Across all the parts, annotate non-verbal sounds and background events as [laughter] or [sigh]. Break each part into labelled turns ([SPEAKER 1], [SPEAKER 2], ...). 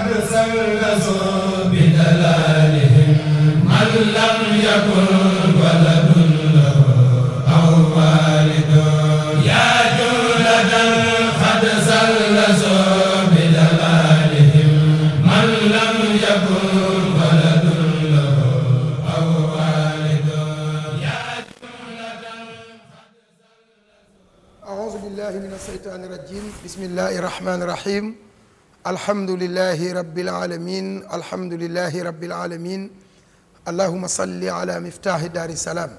[SPEAKER 1] قد سلسوا بدلالهم من لم يكن ولد له أو والد يا جملة قد سلسوا بدلالهم من لم يكن ولد له أو والد يا
[SPEAKER 2] جملة أعوذ بالله من الشيطان الرجيم بسم الله الرحمن الرحيم الحمد لله رب العالمين الحمد لله رب العالمين اللهم صل على مفتاح دار السلام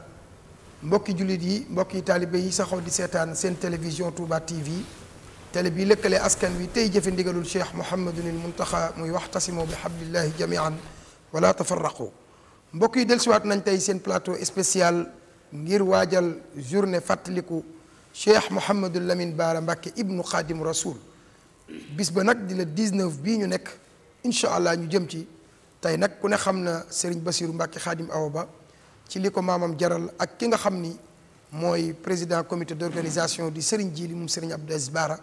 [SPEAKER 2] مبكي جليدي مبكي طالبي سخو دي سيتان سين تلفزيون توبا تي في تلبي لكلي اسكان وي تي جيفن ديغال الشيخ محمد المنتخى موي واحتسموا بحبل الله جميعا ولا تفرقو مبكي دلسي وات نان سين بلاتو سبيسيال غير واجال جورني فاتليكو شيخ محمد اللمين بار مبكي ابن خادم رسول bis ba nag di la 19 bii ñu nekk incha allah ñu jëm ci tey nag ku ne xam na Serigne Bassirou Mbacke Khadim Awa Ba ci li ko maamam jaral ak ki nga xam ni mooy président comité d'organisation di Serigne Djili moom Serigne Abdou Aziz baara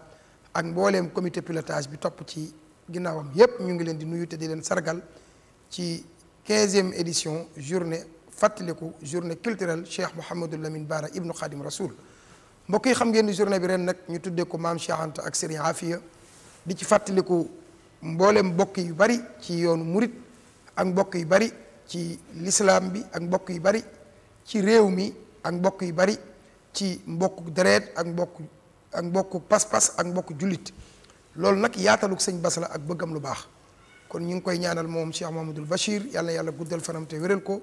[SPEAKER 2] ak mbooleem comité pilotage bi topp ci ginnaawam yépp ñu ngi leen di nuyu te di leen sargal ci quinzième édition journée fàttaliku journée culturelle Cheikh Mouhamadul Lamine Bara ibnu Khadim Rasoul mbokk yi xam ngeen ni journée bi ren ñu tuddee ko maam ak Serigne Afia. di ci fatlikou mbollem mbokk yu bari ci yoonu mourid ak mbokk yu bari ci l'islam bi ak mbokk yu bari ci rew mi ak mbokk yu bari ci mbokku deret ak mbokk ak mbokku pass pass ak mbokku julit loolu nak yaataluk seigne Bas ak beugam lu bax kon ñing koy ñaanal mom Cheikh mamadou Bachir yàlla yàlla guddal fanam te wërel ko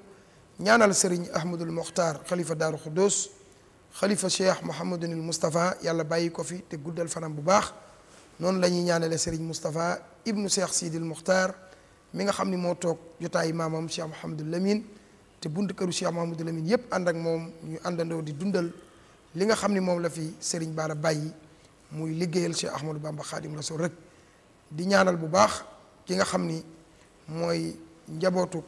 [SPEAKER 2] ñaanal serigne ahmadou Mokhtar khalifa Daaru khodous khalifa Cheikh Mouhamadunil mustafa yàlla bayiko fi te guddal fanam bu bax noonu la ñuy ñaanale Serigne Moustapha ibnu Cheikh Sidil Muxtaar mi nga xam ni moo toog jotaayu maamam Cheikh Mouhamadul Lamine te bunt këru Cheikh Mouhamadul Lamine yëpp ànd ak moom ñu àndandoo di dundal li nga xam ni moom la fi Serigne Bara bàyyi muy liggéeyal Cheikh Ahmadou Bamba Xaadim Rasul rek di ñaanal bu baax ki nga xam ni mooy njabootu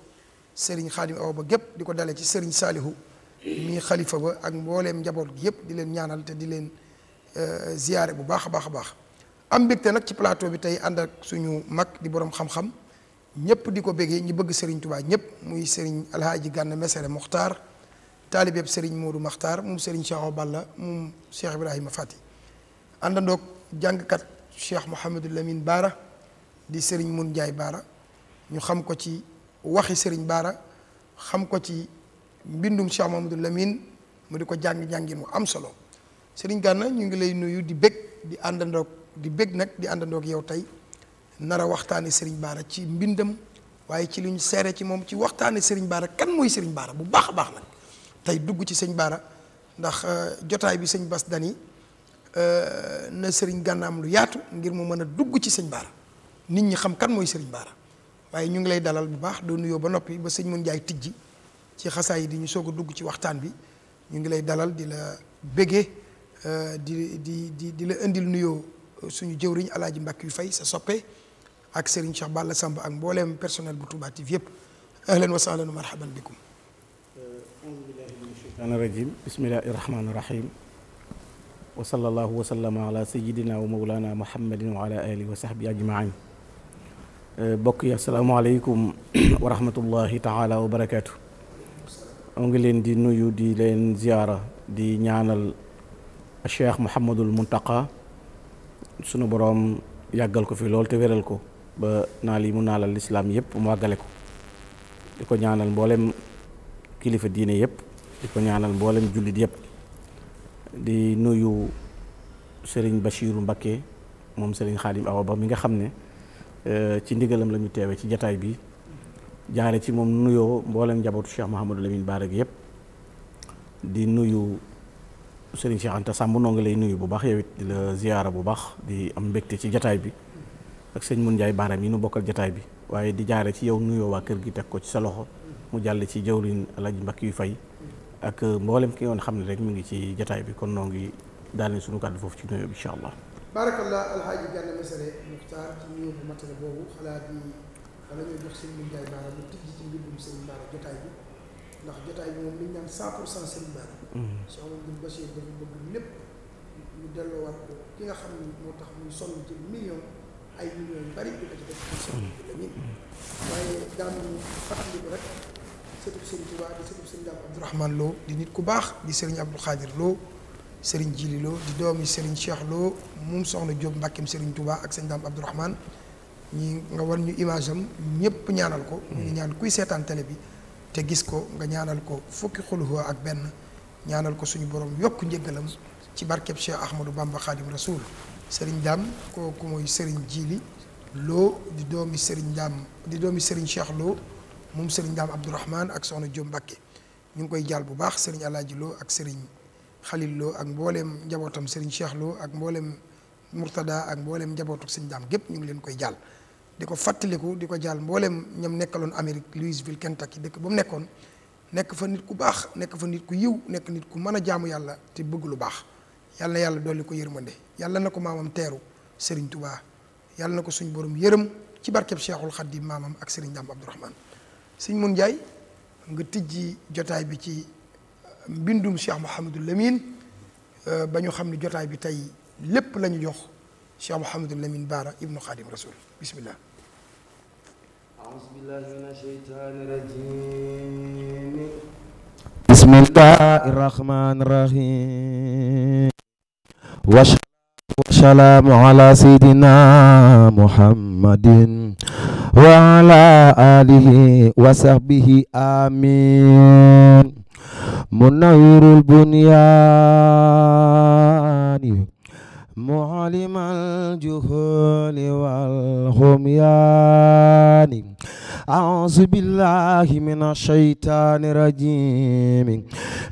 [SPEAKER 2] Serigne Xaadim Awa ba gépp di ko dale ci Serigne Saalihu mii xalifa ba ak mbooleem njaboot gi yëpp di leen ñaanal te di leen ziyaare bu baax a baax a baax am mbégte nag ci plateau bi tey ànd ak suñu mag di boroom xam-xam ñëpp di ko béggee ñu bëgg Serigne Touba ñëpp muy Serigne Alhaaji Gana Messere Mokhtar taalibeeb Serigne Modou Makhtar moom Serigne Cheikh Balla moom Cheikh Ibrahima Fati àndandoog jàngkat Cheikh Mouhamadou Lamine Baara di sëriñ Mun njaay Baara ñu xam ko ci waxi sëriñ Baara xam ko ci mbindum Cheikh Mouhamadou Lamine mu di ko jàng jàngin mu am solo Serigne Gana ñu ngi lay nuyu di bég di àndandoog. di bég nag di àndandoog yow tey nar a waxtaane Serigne Bara ci mbindam waaye ci li ñu seere ci moom ci waxtaane Serigne Bara kan mooy sëriñ Bara bu baax a baax nag tey dugg ci sëñ baara ndax euh, jotaay bi sëñ Bas Dani na sëriñ gànnaam lu yaatu ngir mu mën a dugg ci sëñ Bara nit ñi xam kan mooy sëriñ Bara waaye ñu ngi lay dalal bu baax doo nuyoo ba noppi ba sëñ mun jaay tijji ci xasaay yi di ñu soog a dugg ci waxtaan bi ñu ngi lay dalal di la béggee euh, di di di di la indil nuyoo. suñu jëwriñ alaaji mbàkk yu fay sa soppe ak Serigne Cheikh Balla Samb ak mbooleem personnel bu Touba TV yëpp ahlan wa sahlan wa marhaban bikum
[SPEAKER 3] aoudubillahi min asheytan
[SPEAKER 4] irajim bismillahi irrahmani irrahim wa sallallahu wa sallama ala sayidina wa maulana muhammadin wa ala alihi wa sahbi ajmain bokk yi asalaamaaleykum wa rahmatullahi taala wa barakaatu mu ngi leen di nuyu di leen ziyaara di ñaanal cheikh Mouhamadul Muntaqa sunu boroom yàggal ko fi loolu te wéral ko ba naa lii mu naalal lislaam yëpp mu àggale ko di ko ñaanal mbooleem kilifa diine yëpp di ko ñaanal mboolem jullit yëpp di nuyu sëriñ Bachiru Mbakke moom sëriñ Xaadim Awa Ba mi nga xam ne euh, ci ndigalam lañu teewe ci jataay bi jaare ci moom nuyoo mboolem njabootu Cheikh Mouhamadou Lamine Bara gi di nuyu Serigne Cheikh Anta Samb lay nuyu bu baax yow it di la ziyaara bu baax di am mbégte ci jataay bi ak sëñ Mun Njaay Baaram yi nu bokkal jataay bi waaye di jaare ci yow nuyoo waa kër gi teg ko ci sa loxo mu jàll ci jawriñ Alaaji Mbakk yu fay ak mboolem ki yoon xam ne rek mu ngi ci jataay bi kon noo ngi daal suñu kàddu foofu ci nuyoo bi incha allah.
[SPEAKER 2] barakallah alxaaji Gana Messere Muxtaar ci bi moom li ñu naan 100 Cheikh Amadou Bachir dafa bëgg lépp ñu delloowaat ko ki nga xam ne moo tax muy sonn ci million ay million bari di ko ci def Cheikh Amadou Lamine waaye daanu fàttali ko rek sëtub Serigne Touba di di ku baax di Serigne Abdou Khadir Lo Serigne Djili Lo di doomi Serigne Cheikh Lo moom soxna Diop mbàkkim sëriñ tubaa ak Serigne Dame Abdourahmane ñi nga war ñu image am ñëpp ñaanal ko ñu ñaan kuy seetaan télé bi te gis ko nga ñaanal ko fukki xuluwa ak benn ñaanal ko suñu borom yokku ñeegalam ci barkeb cheikh ahmadou bamba khadim rasoul serigne dam ko moy serigne jili lo di domi serigne dam di domi serigne cheikh lo mum serigne dam abdourahman ak soxna jom bakke ñu ngi koy bu baax serigne aladji lo ak serigne khalil lo ak mbollem njabotam serigne cheikh lo ak mbollem murtada ak mbollem njabootu serigne dam gep ñu ngi leen koy jall diko ko diko jall mbollem ñam nekkalon amerique louisville kentucky dekk bu mu nek fa nit ku bax nek fa nit ku yiw nek nit ku meuna a jaamu yàlla te bëgg lu bax yàlla yàlla doli ko yërmande yàlla nako mamam téru Serigne Touba yàlla nako ko suñ borom yërëm ci barkeb Cheikhul Khadim mamam ak Serigne Dame Abdourahmane serigne Mun jay nga tijji jotay bi ci bindum Cheikh Mouhamadou Lamine bañu xamni jotay bi tay lépp lañu jox Cheikh Mouhamadou Lamine bara ibnu Khadim Rasoul
[SPEAKER 1] bismillah بسم الله من الشيطان الرجيم بسم الله الرحمن الرحيم وسلام على سيدنا محمد وعلى آله وصحبه آمين منور البنيان معلم الجهول والغميان أعوذ بالله من الشيطان الرجيم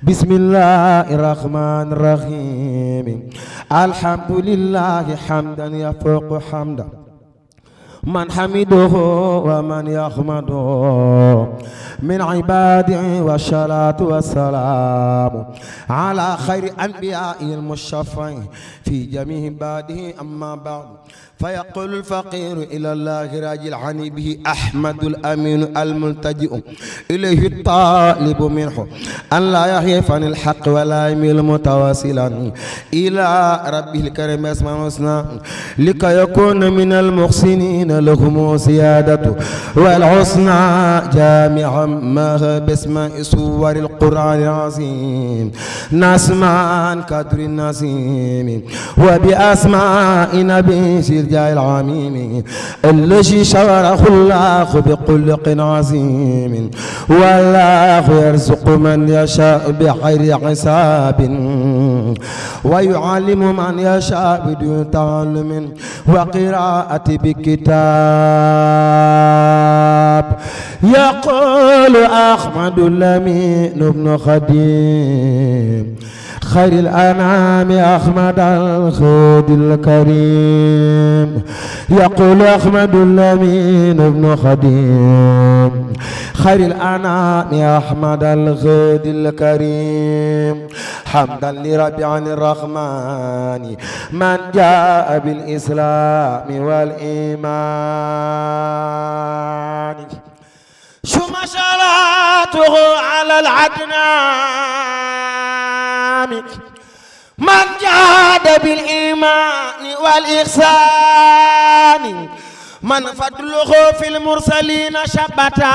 [SPEAKER 1] بسم الله الرحمن الرحيم الحمد لله حمدا يفوق حمدا من حمده ومن يحمده من عباده والصلاة والسلام على خير أنبياء المشفعين في جميع باده أما بعد فيقول الفقير إلى الله راجل عني به أحمد الأمين الملتجئ إليه الطالب منه أن لا يخيف عن الحق ولا يميل متواصلا إلى ربه الكريم أسماء الحسنى لكي يكون من المحسنين لهم سيادة والحسنى جامعا ما باسم سور القرآن العظيم نسمع عن قدر النسيم وبأسماء نبي الجاه العميم الذي شرخ الله بقلق عظيم والله يرزق من يشاء بغير حساب ويعلم من يشاء بدون تعلم وقراءة بكتاب يقول أحمد الأمين بن خديم خير الأنعام أحمد الخود الكريم يقول أحمد الأمين ابن خديم خير الأنعام أحمد الخود الكريم حمدا لربيع الرحمن من جاء بالإسلام والإيمان شو الله على العدنان إمامك من جاد بالإيمان والإحسان من فضله في المرسلين شبتا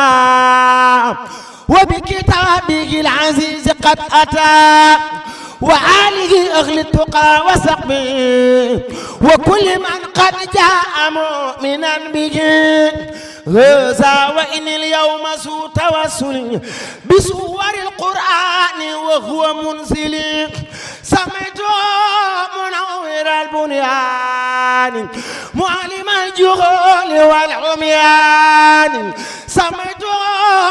[SPEAKER 1] وبكتابه العزيز قد أتى وعاله أغلى التقى وسقمه وكل من قد جاء مؤمنا به هذا وإن اليوم سوء توسل بسور القرآن وهو منزل سمعت منور البنيان معلم الجهول والعميان سمعت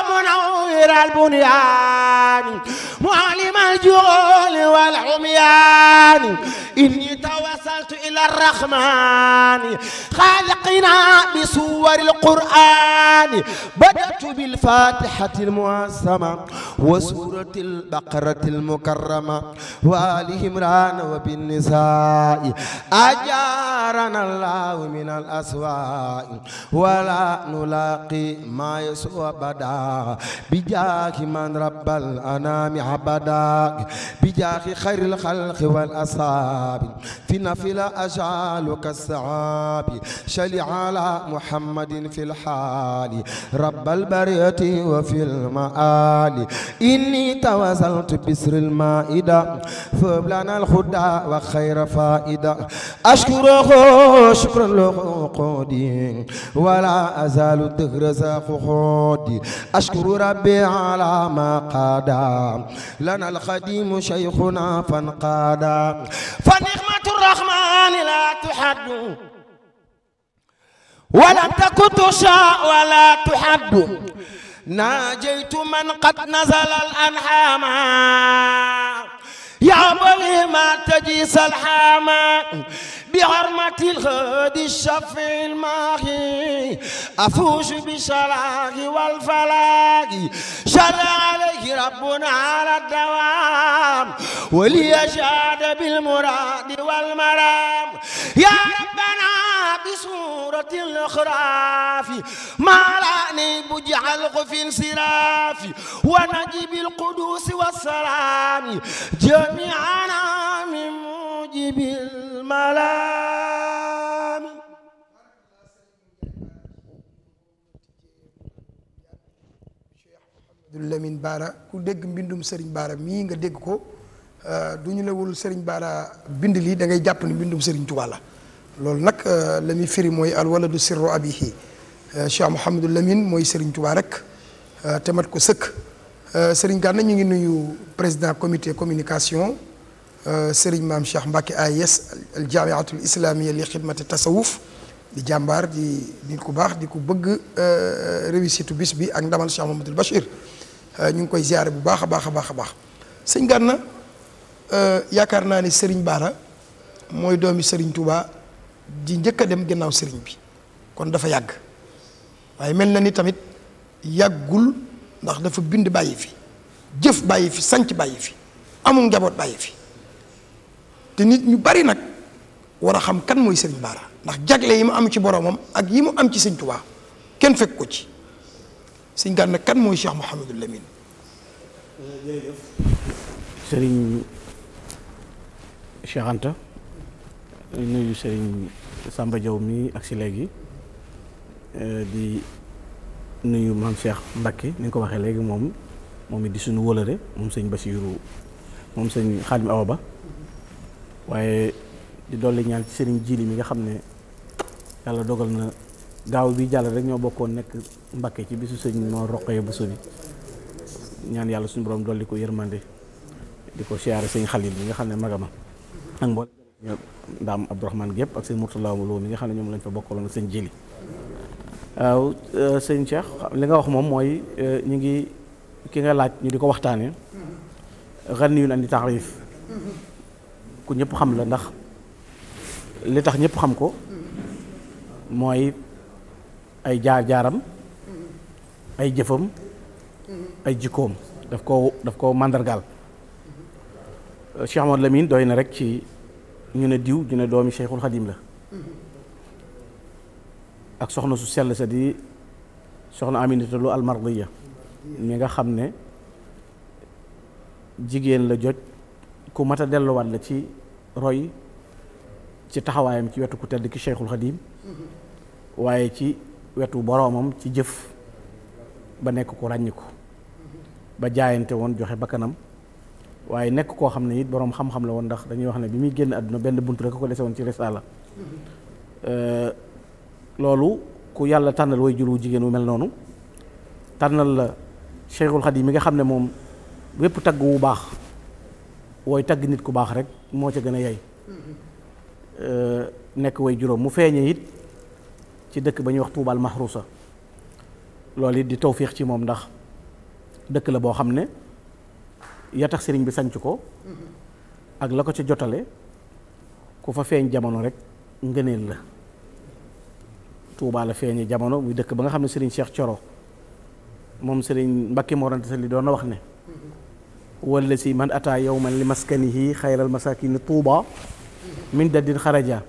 [SPEAKER 1] منور البنيان معلم الجهول والعميان إني توسلت إلى الرحمن خالقنا بسور القرآن القرآن بدأت بالفاتحة المعصمة وسورة البقرة المكرمة وآله عمران وبالنساء أجارنا الله من الأسواء ولا نلاقي ما يسوى بدا بجاك من رب الأنام عبدا بجاك خير الخلق والأصاب في نفل أجالك السعاب شل على محمد في الحياة الحال رب البرية وفي المآل إني توزلت بسر المائدة فبلنا الخدا وخير فائدة أشكره شكر له قودي ولا أزال دهر خودي أشكر ربي على ما قادا لنا الخديم شيخنا فانقادا فنعمة الرحمن لا تحد ولا تكن تشاء ولا تحب ناجيت من قد نزل الأنحام يا بلي ما تجي الحامة بحرمة الهادي الشفيع الماغي أفوش بالشلاق والفلاغ شرع عليه ربنا على الدوام وليشهد بالمراد والمرام يا ربنا بسورة الخراف ما رأني بجعل غفين سراف ونجيب القدوس والسلام جميعنا من موجب الملام
[SPEAKER 2] لمن بارا كل دك بندم سرين بارا مين دك كو دنيا ولو سرين بارا بندلي دعى جابني بندم سرين توالا loolu nag euh, la muy firi mooy alwaladu sirru abihi euh, Cheikh Mouhamadou Lamine mooy Serigne tubaa rek euh, te mat ko sëkk Serigne Gana ñu ngi nuyu président comité communication Serigne maam Cheikh Mbacke AIS al jamiatul islamia li xidmati tasawuf di jàmbaar di nit ku baax di ku bëgg réussite bis bi ak ndamal Cheikh Mouhamadou Bachir ñu ngi koy ziare bu baax a baax a baax a baax sëñ Gana yaakaar naa ne Serigne na mooy doomi Serigne Touba. ji njëkk a dem ginnaaw sëriñ bi kon dafa yàgg waaye mel na ni tamit yàggul ndax dafa bind bàyyi fi jëf bàyyi fi sanc bàyyi fi amul njaboot bàyyi fi te nit ñu bari nag war a xam kan mooy sëriñ Baara ndax jagle yi mu am ci boromam ak yi mu am ci sëñ kenn fekk ko ci sëñ Gana kan mooy Cheikh Mouhamadul Lamine.
[SPEAKER 3] jërëjëf
[SPEAKER 4] sëriñ Cheikh nuyu sëriñ Samba Diaw mi ak si euh di nuyu mam Cheikh Mbacke ni ko waxee léegi mom momi di suñu wólëre mom sëñ bassirou mom sëñ khadim Awa Ba di doli ñaan ci sëriñ Jili mi nga xam ne dogal na gaaw bi jall rek ñoo bokkon nek Mbacke ci bisu sëñ mo roqee bu suñu ñaan yalla suñu borom doli ko yërmande di ko siyaare khalil mi nga xam magama ak mbol ndaam Abdourahmane Gépp ak sëñ Mourtala Lo mi nga xam ne lañ fa bokkaloon ak sëñ Jili waaw euh, sëñ Cheikh li nga wax moom mooy euh, ñu ngi ki nga laaj ñu di ko waxtaane ren yu andi taarif ku ñëpp xam la ndax li tax ñëpp xam ko mooy ay jaar-jaaram ay jëfam ay jikom daf ko daf ko mandargal Cheikh Amadou Lamine doy na rek ci ñu ne diw ñu ne doomi Cheikhul Khadim la ak soxna su sel sa di soxna Aminata al mardiya mi nga xamne jigen la joj ku mata delu wat la ci roy ci taxawayam ci wetu ku tedd ki Cheikhul Khadim waye ci wetu boromam ci jëf ba nek ko ràññiku ba jaayante won joxe bakanam waye nek ko xamne nit borom xam-xam la won ndax dañuy wax ne bi mi génn aduna benn buntu rek ko lesse won ci risala euh loolu ku yàlla tanal way jur jigen jigéen wu mel nonu tanal la Cheikhul Khadim mi nga xamne mom moom wépp tagg wu bax way tag nit ku bax rek mo ca gëna yey euh nek way juróom mu feñe nit ci dëkk bañ wax toubal Mahrusa loolu di tawfiq ci mom ndax dëkk la bo xamne ne ya tax sering bi sanc ko ak la ko ci jotale ku fa feñ jamono rek ngeenel la Touba la feñ jamono muy dekk ba nga xamne serigne Cheikh Coro mom serigne Mbacke Morante Sali doon wax ne wala si man ata yawman li maskanihi xayral masakin Touba min dadin kharaja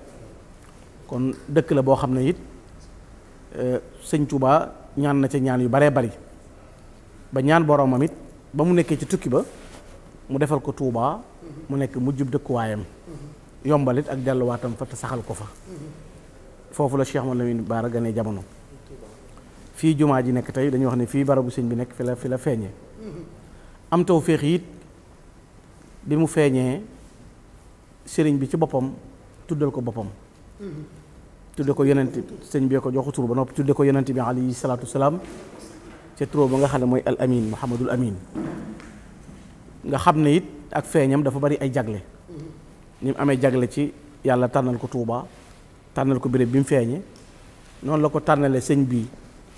[SPEAKER 4] kon dekk la bo xamne yit euh serigne Touba ñaan na ci ñaan yu bare bari ba ñaan boromam it ba mu nekké ci tukki ba mu defal ko Touba. mu nek mujjub de dëkkuwaayam. yombalit ak delu watam fa te saxal ko fa. fofu la Cheikh mohammed Lamine Bara gane jamono. fi juma ji nek tay dañu wax ni fi barabu seigne bi nek fi la fi la feeñee. am tawfiq yi bi mu feeñee sëriñ bi ci bopam tuddal ko bopam tudde ko yonent seigne bi ko joxu tour ba noppi tudde ko yonent bi ali sallatu salaam ci tour ba nga xam moy al amin Muhammadul Amin. nga xam ne it ak feeñam dafa bari ay jagle mm-hmm. ni mu amee jagle ci yàlla tànnal ko Touba tànnal ko béréb bi mu feeñe noonu la ko tànnale sëñ bi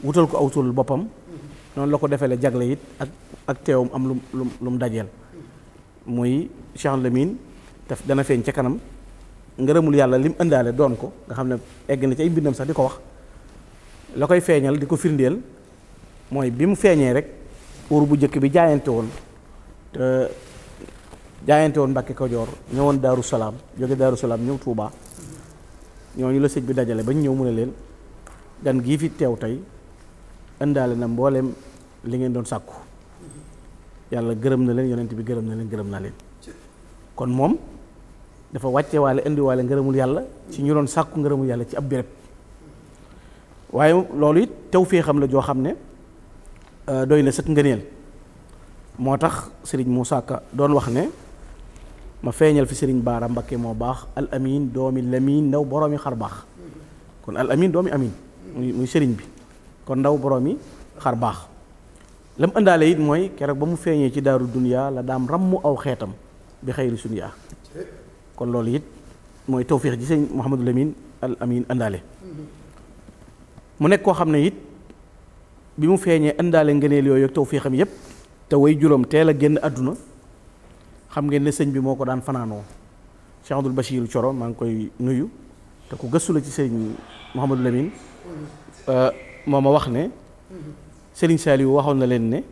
[SPEAKER 4] wutal ko awtul boppam mm-hmm. noonu la ko defele jagle it ak ak teewam am lu lu lu mu dajeel mm-hmm. muy Cheikh Lamine dana feeñ ca kanam ngërëmul yàlla li mu ëndaale doon ko nga xam ne egg na ci ay mbindam sax di ko wax la koy feeñal di ko firndeel mooy bi mu feeñee rek óor bu njëkk bi jaayante woon te jaayante woon Mbàkke Kajoor ñëwoon Daaru Salaam jóge Daaru Salaam ñëw Touba ñooñu la sëñ bi dajale bañ ñëw mu ne leen gan gii fi teew tey indaale na mbooleem li ngeen doon sàkku yàlla gërëm na leen yonent bi gërëm na leen gërëm na leen kon moom dafa wàcce waale indiwaale ngërëmul yàlla ci ñu doon sàkku ngërëmul yàlla ci ab béréb waaye loolu it tew fee xam la joo xam ne euh, doy na sët ngëneel moo tax sëriñ Moussa Ka doon wax ne ma feeñal fi sëriñ Baara Mbakke moo baax al amin doomi lamin ndaw boroomi xar baax kon al amin doomi amin muy sëriñ bi kon ndaw boroomi xar baax lam ëndaale it mooy keroog ba mu feeñee ci daaru duniyaa la daam ràmmu aw xeetam bi xayri suniyaa kon loolu it mooy tawfiix ji sëñ Mouhamadou Lamine al amin ëndaale mu nekk koo xam ne it bi mu feeñee indaale ngëneel yooyu ak tawfiixam yépp te way juróom teel a génn àdduna xam ngeen ne sëñ bi moo ko daan fanaanoo Cheikh Abdoul Bachir Coro maa ngi koy nuyu te ku gëstu la ci sëñ Mouhamadou Lamine euh, moo ma wax ne Serigne Saliou waxoon na leen ne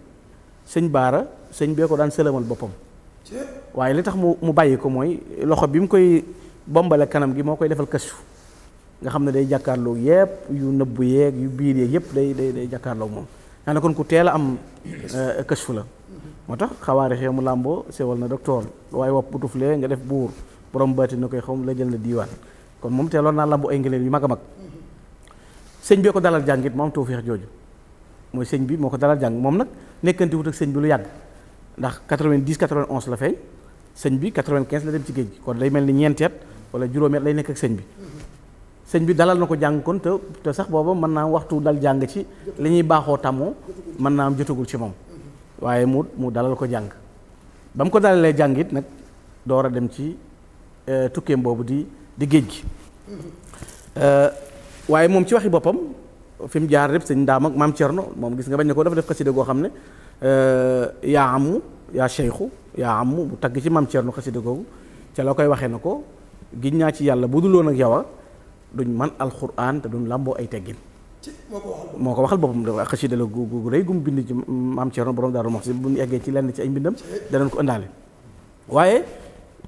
[SPEAKER 4] sëñ Baara sëñ bee ko daan sëlamal boppam waaye li tax mu mu bàyyi ko mooy loxo bi mu koy bombale kanam gi moo koy defal kasu nga xam ne day jàkkaarloo yépp yu nëbbu yéeg yu biir yeeg yépp day day day jàkkaarloo moom. yaa ku teel am Euh, kashfu la moo tax xawaarix mu làmboo sewal na docteur waaye wopp bu tuflee nga def buur borom baati na koy xawm la jël na diiwaan kon moom teeloon naa làmboo ay ngëneel yu mag a mag sëñ bee ko dalal jàng it moom tawfeex jooju mooy sëñ bi moo ko dalal jàng moom nag nekkanti wut ak sëñ bi lu yàgg ndax 90 91 la feeñ sëñ bi 95 la dem ci géej gi kon day mel ni ñeenti at wala juróomi at lay nekk ak sëñ bi sëñ bi dalal na ko jàng kon te sax booba mën naa waxtu dal jàng ci li ñuy baaxoo tamoo mën naa am jotagul ci moom waaye mu mu dalal ko jàng ba ko dalalee jàng nag door a dem ci e, tukkeem boobu di di géej gi e, waaye moom ci waxi boppam fi mu jaar lépp sëñ ndaam ak maam Cerno moom gis nga bañ ne ko dafa def xaside goo xam ne e, yaa amu yaa seyxu yaa amu bu tagg ci maam Cerno xaside googu ca la koy waxee na ko giñ naa ci yàlla bu dul woon ak yow duñ man alquran te duñ lambo ay teggin moko waxal bopam da xasida la gu gu reey gum bind ci maam ron borom daaru mox si bu yegge ci lenn ci ay da danañ ko andale waaye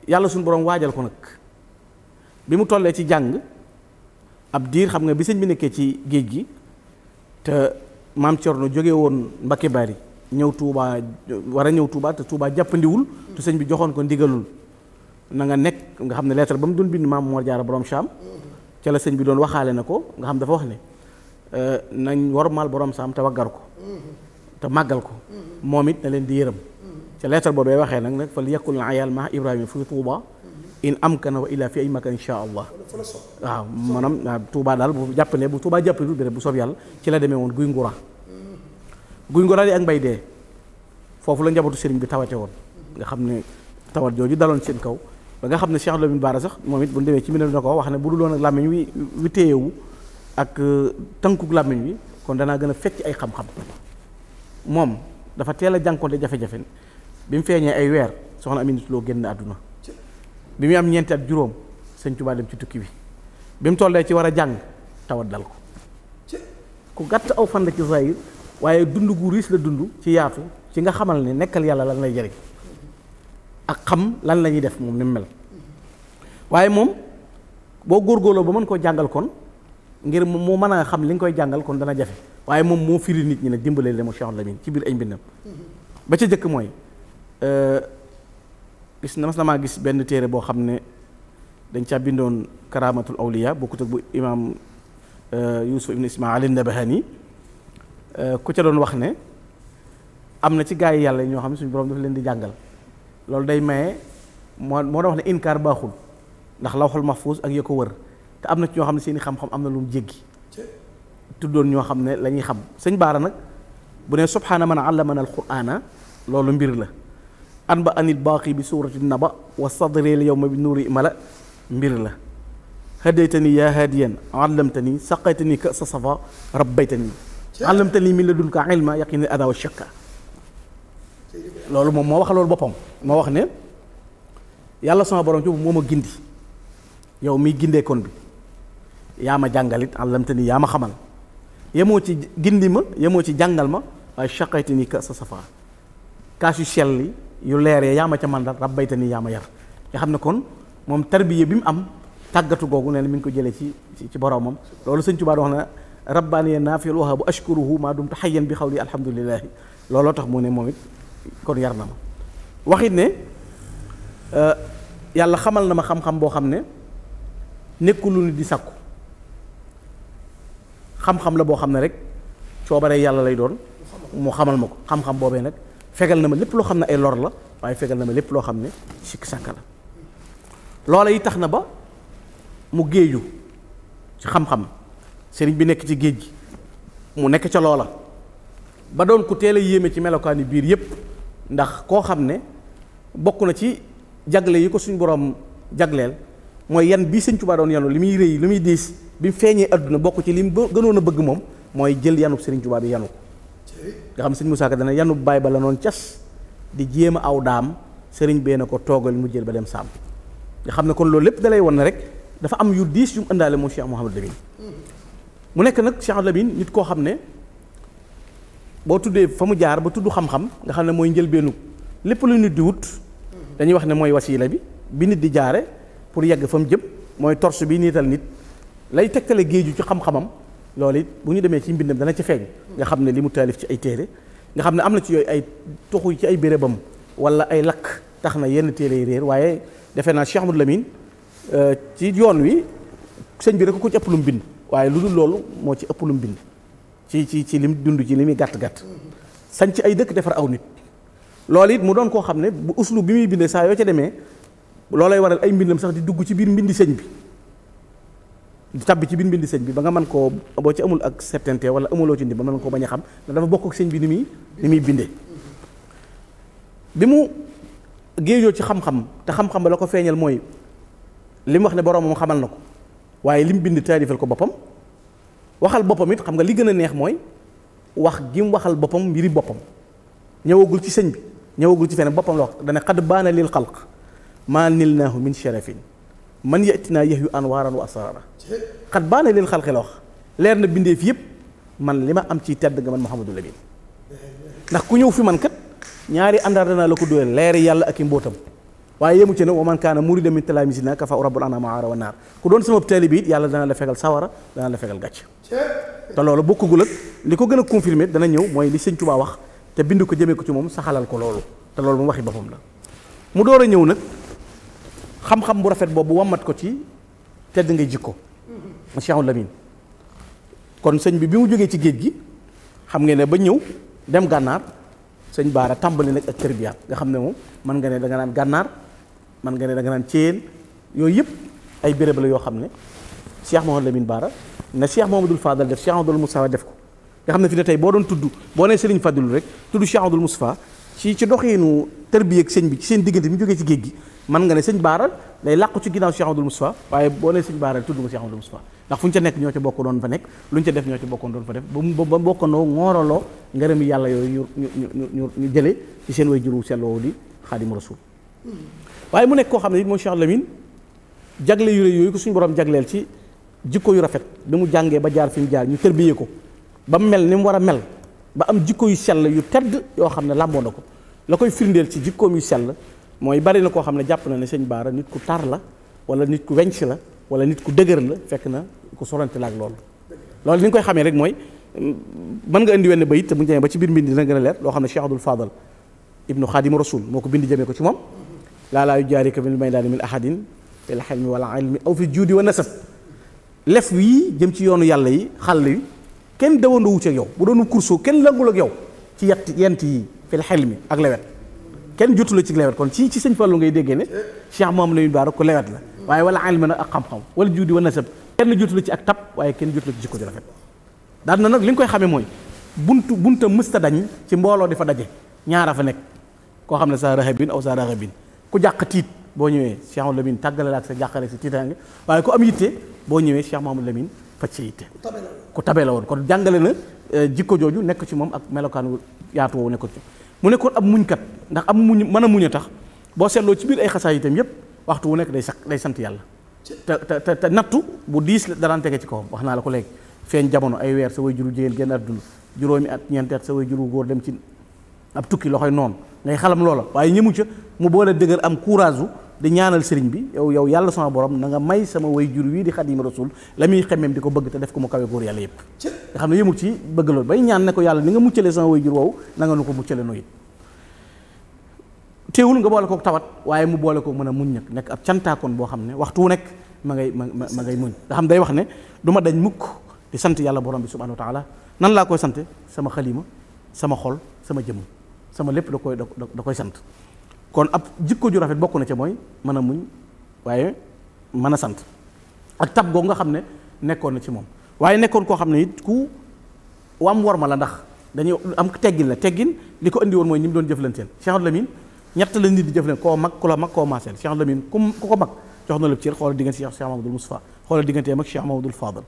[SPEAKER 4] yalla sun borom waajal ko nak bi mu tolle ci jang ab dir xam nga bi señ bi nekkee ci geej gi te maam Thierno joge won Mbakke Bari ñew Touba wara ñew Touba te Touba wul te señ bi joxon ko ndigalul na nga nek nga xamne lettre bam bind maam mo Jaara borom sham ci la sëñ bi doon waxale nako nga xam dafa wax ne nañ mal borom sam te waggar ko te magal ko momit na len di yeeram ci lettre bobé waxé nak nak fal yakul ayal ma ibrahim fi tuba in amkana wa ila fi ay makan insha allah waaw manam tuba dal bu jàpp ne bu tuba japp du rek bu sof yàlla ci la démé won guy ngura guy ngura di ak mbay dé fofu la njabatu sëriñ bi tawate won nga xam ne tawat joju dalon seen kaw ba nga xam ne Cheikh Lamine Bara sax moom it bu ñu demee ci mi ne na ko wax ne bu dul woon ak làmmiñ wi wi téyewu ak euh, tënkuk làmmiñ wi kon danaa gën a fecc ay xam-xam moom dafa teel a jànkoonte jafe-jafe bi mu feeñee ay weer soxna Aminata Lo génn àdduna bi muy am ñeenti at juróom sëñ Tuubaa dem ci tukki bi bi mu tollee ci war a jàng tawat dal ko ku gàtt aw fan la ci zahir waaye dund gu riis la dund ci yaatu ci nga xamal ne nekkal yàlla lan lay jëriñ ak xam lan lañuy def moom ni mel waaye moom boo góor góorgóorloo ba mën koo jàngal kon ngir moo mën a xam li nga koy jàngal kon dana jafe waaye moom moo firi nit ñi ne dimbalee le mu Cheikh Lamine ci biir ay mbindam ba ca jëkk mooy euh, gis na mas na gis benn téere boo xam ne dañ caa bindoon karaamatul awliya bokkut ak bu imaam euh, Yuusuf ibn Ismaayil an euh, ku ca doon wax ne am na ci gaa yi yàlla ñoo xam ne suñu borom dafa leen di jàngal loolu day maye moo moo doon wax ne inkaar baaxul ndax lawxul mahfuus ak ya ko wër te am na ci ñoo xam ne seen i xam-xam am na lu mu jéggi tuddoon ñoo xam ne la ñuy xam sëñ baara nag bu ne subhaana man allamana alqur'ana loolu mbir la an ba anil baaqi bi surati naba wa sadril yowma bi nuuri mala mbir la hadaytani yaa haadiyan allamtani saqaytani ka sa safa rabbaytani allamtani min ladunka ilma yaqini ada wa shakka loolu moom moo wax loolu boppam moo wax ne yàlla sama borom ci moo ma gindi yow miy gindeekoon bi yaa ma jàngalit àllamte ni yaa ma xamal yemoo ci gindi ma yemoo ci jàngal ma waaye ni ka sa safaa kaas yu selli yu leeree yaa ma ca mandal rabbayte ni yaa ma yar nga xam ne kon moom tarbiye bi mu am tàggatu googu nee na mi ngi ko jëlee ci ci boromam loolu sëñ Tuubaa wax na rabbaaniya naafil waxaa bu ashkuruhu maa dumtu hayyan bi xawli alhamdulillahi looloo tax mu ne moom kon yar na ma waxit ne euh, yàlla xamal na ma xam-xam boo xam ne nekkul lu nit di sàkku xam-xam la boo xam ne rek soo coobaree yàlla lay doon mu xamal ma ko xam-xam boobee nag fegal na ma lépp loo xam ne ay lor la waaye fegal na ma lépp loo xam ne sikk sàkka la loola yi tax na ba mu géeju ci xam-xam sëriñ bi nekk ci géej gi mu nekk ca loola ba doon ku teel a yéeme ci melokaani biir yépp ndax koo xam ne bokk na ci jagle yi ko suñ borom jagleel mooy yan bi sëñ Tuubaa doon yanu li muy rëy li muy diis bi mu feeñee adduna bokk ci li mu gënoon a bëgg moom mooy jël yanub sëriñ Tuubaa bi yanu ko nga xam sëñ Musaa Ka dana yanub baay ba la noon cas di jéem a aw daam sëriñ bee na ko toogal mu jël ba dem saam nga xam ne kon loolu lépp dalay wan na rek dafa am yu diis yu mu ëndaale moom Cheikh Mouhamadou Lamine hmm. mu nekk nag Cheikh Lamine nit koo xam ne boo tuddee fa mu jaar ba tudd xam-xam nga xam ne mooy njëlbeenu lépp lu nit di wut dañuy wax ne mooy wasiila bi bi nit di jaare pour yegg fa mu jëm mooy torche bi niital nit lay tekkale géeju ci xam-xamam loolu it bu ñu demee ci mbindam dana ci feeñ nga xam ne li mu taalif ci ay téere nga xam ne am na ci yooyu ay toxu ci ay bérébam wala ay lakk tax na yenn téere yi réer waaye defe naa Cheikh Amadou Lamine euh, ci yoon wi sëñ bi rek ko ci ëpp lu mu bind waaye lu loolu moo ci ëpp lu bind ci ci ci lim dund ci li muy gàtt gàtt sañ ci ay dëkk defar aw nit loolu it mu doon koo xam ne bu uslu bi muy bindee saa yoo ca demee loolay waral ay mbindam sax di dugg ci biir mbindi sëñ bi di ci biir mbindi sëñ bi ba nga mën koo boo ci amul ak certainté wala amuloo ci ndi ba mën koo bañ a xam ndax dafa bokk ak sëñ bi ni muy muy bindee bi mu géejoo ci xam-xam te xam-xam ba la ko feeñal mooy li mu wax ne boroomam xamal na ko waaye li mu bind taalifal ko boppam waxal bopam it xam nga li gëna neex moy wax gi mu waxal bopam mbiri bopam ñëwagul ci sëñ bi ñëwagul ci fene bopam la wax dana qad bana lil khalq maa nilnaahu min sharafin man yatina yahyu anwaran wa asrara qad bana lil khalq lo wax leer na bindee fi yëpp man lima am ci tedd nga man Mouhamadou labib ndax ku ñëw fi man kat ñaari andar dana la ko doon leer yàlla ak mbotam waaye yemu ci ne wa mu kaana dem min tala misina kafa rabbul anama aara wa naar ku doon sama taalibe it yàlla dana la fegal sawara dana la fegal gàcc
[SPEAKER 3] te
[SPEAKER 4] loolu bokkagul ak li ko gën a confirmer dana ñëw mooy li sëñ Tuubaa wax te bind ko jëmee ko ci moom saxalal ko loolu te loolu mu waxi boppam la mu door a ñëw nag xam-xam bu rafet boobu wammat ko ci tedd ngay jikko
[SPEAKER 3] mm-hmm.
[SPEAKER 4] Cheikhul Lamin kon sëñ bi bi mu jógee ci géej gi xam ngeen ne ba ñëw dem gànnaar sëñ Baara tàmbali nag ak tërbiyaat nga xam ne moom mën nga ne da nga naan gànnaar mën nga ne da nga naan yooyu yëpp ay béréb la yoo xam ne Cheikh Mouhamadou Lamine Baara moom Cheikh Mouhamadoul Fadal def a Mouhamadoul Moustapha def ko nga xam ne fi ne tey boo doon tudd boo nee Serigne Fadilu rek tudd Cheikh Mouhamadoul Moustapha ci ci doxiinu tërbiyeeg sëñ bi ci seen diggante bi mu jógee ci géej gi man nga ne sëñ baaral day làqu ci ginnaaw Cheikh Abdoul Moustapha waaye boo nee sëñ Baara tudd nga Cheikh Abdoul Moustapha ndax fu ñu ca nekk ñoo ca bokk doon fa nekk lu ñu ca def ñoo ca bokkoon doon fa def ba ba bokkandoo ngooraloo ngërëmi yàlla yooyu ñu ñu ñu ñu jëlee ci seen way juru sell woowu di Xaadimu Rasuul waaye mu nekk koo xam ne it mooy Cheikh Lamine jagle yu rëy yooyu ko suñu borom jagleel ci jikko yu rafet bi mu jàngee ba jaar fi mu jaar ñu tërbiyee ko ba mel ni mu war a mel ba am jikko yu sell yu tedd yoo xam ne làmboo na ko la koy firndeel ci jikkoom yu sell moy bari na ko xamne jàpp na ne seigne bara nit ku tar la wala nit ku wench la wala nit ku dëgër la fekk na ko sorante lak lool lool ni ngui koy xamé rek moy man nga andi wenn beuy te bu ñu ba ci bir mbind na gëna leer lo xamne Cheikh abdul Fadal ibnu khadim Rasul moko ko bind jëmee ko ci mom la la yu jaarika min maydan min ahadin bil xelmi wal ilmi aw fi judi wa nasab lef wi jëm ci yoonu yàlla yi xal yi kenn dawandoo wu ci ak yow bu doonu kurso kenn langul ak yow ci yett yent yi fil xelmi ak lewet kenn jotu la ci lewet kon ci ci sëñ Fallou ngay déggee ne Cheikh moom la ñu baara ko lewet la waaye wala alma na ak xam-xam wala juudi wa nasab kenn jotu la ci ak tab waaye kenn jotu la ci jikko daal na nag li nga koy xamee mooy buntu bunta mësta dañ ci mbooloo di fa daje ñaara fa nekk koo xam ne sa rahabin aw sa rahabin ku jàq tiit boo ñëwee Cheikh Mamadou Lamine sa jàqale sa tiitaange waaye ku am yitte boo ñëwee Cheikh Mamadou Lamine faj sa yitte ku tabe la woon kon jàngale na eh, jikko jooju nekk ci moom ak melokaan yaatu woowu nekk ci mu nekkoon am muñkat ndax am muñ mën a muñ a tax boo seetloo ci biir ay xasaay itam yëpp waxtu wu nekk day sax day sant yàlla te te te nattu bu diis la daraan tege ci kawam wax naa la ko léegi feeñ jamono ay weer sa way juru jigéen génn àdduna juróomi at ñeenti at sa way juru góor dem ci ab tukki loxoy noonu ngay xalam loola waaye ñëmu ca mu boole dëgër am courage di ñaanal sëriñ bi yow yow yalla sama borom na nga may sama way jur di khadim rasul la xemem diko di bëgg te def ko mu kawé goor yalla yépp nga xam ne yëmul ci bëgg lool bay ñaan ne ko yalla ni nga muccélé sama way jur na nga ko nga bolé ko tawat waye mu bolé ko nek muñ nag nek ab cianta kon bo ne waxtu nek ma ngay ma ngay muñ da xam day wax ne duma dañ mukk di sant yalla borom bi subhanahu wa taala nan la koy sante sama khalima sama xol sama jëm sama lip da koy da koy sant kon ab jikko ju rafet bokku na ci moy mën a muñ waaye mën sant ak tab go nga xamne nekkon ci mom waye nekkon ko xamne it ku wam war ma la ndax dañuy am teggin la teggin liko andi won moy nim doon jëflanteel Cheikh Lamine ñett la nit di jëfleen ko mak ko la mag koo maaseel Cheikh Lamine ku ku ko mak jox na la ci xol diggante Cheikh cheikh Mamadou Moustapha xol digganteem mak Cheikh Mamadou Fadal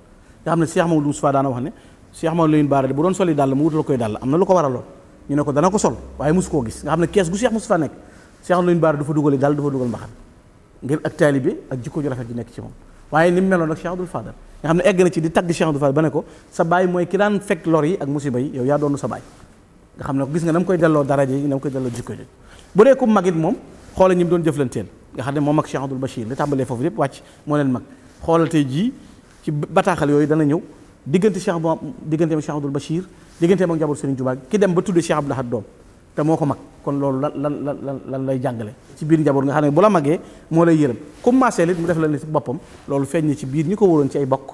[SPEAKER 4] nga xamne Cheikh Mamadou Moustapha na wax ne Cheikh Mamadou Lamine Bara bu doon soli dal mu wutal koy dal amna lu ko waraloon ñu ne ko dana ko sol waye mosu koo gis nga xamne kess gu Cheikh Moustapha nek Cheikh Alioune Bara du fa dugal dal du fa dugal mbaxal ngir ak taalibe ak jikko ju rafet ji nek ci mom waye nim mu meloon ak Cheikh Abdoul Fadal nga xamne egg na ci di tag Cheikh Abdoul Fadal baneko sa baay moy ki dan fek lor yi ak musiba yi yow ya doonu sa baay nga xamne gis nga nam koy delo dara ji nam koy delo jikko ji bu dee ko magit mom xol xoolal ñi mu doon jëflanteel nga xamne mom ak Cheikh Abdoul bashir li tambalé fofu yëpp wàcc mo len mag xolal tay ji ci bataxal yoy dana ñëw diggante Cheikh diggante Cheikh Abdoul bashir diggante moom jabar Serigne Touba ki dem ba tuddee Cheikh Abdoul Ahad te moo ko mag kon loolu lan lan lan lan lay jàngale ci biir njaboot nga xam ne bu la magee moo lay yërëm comme maasee it mu def la ni si boppam loolu feeñ na ci biir ñi ko waroon ci ay bokk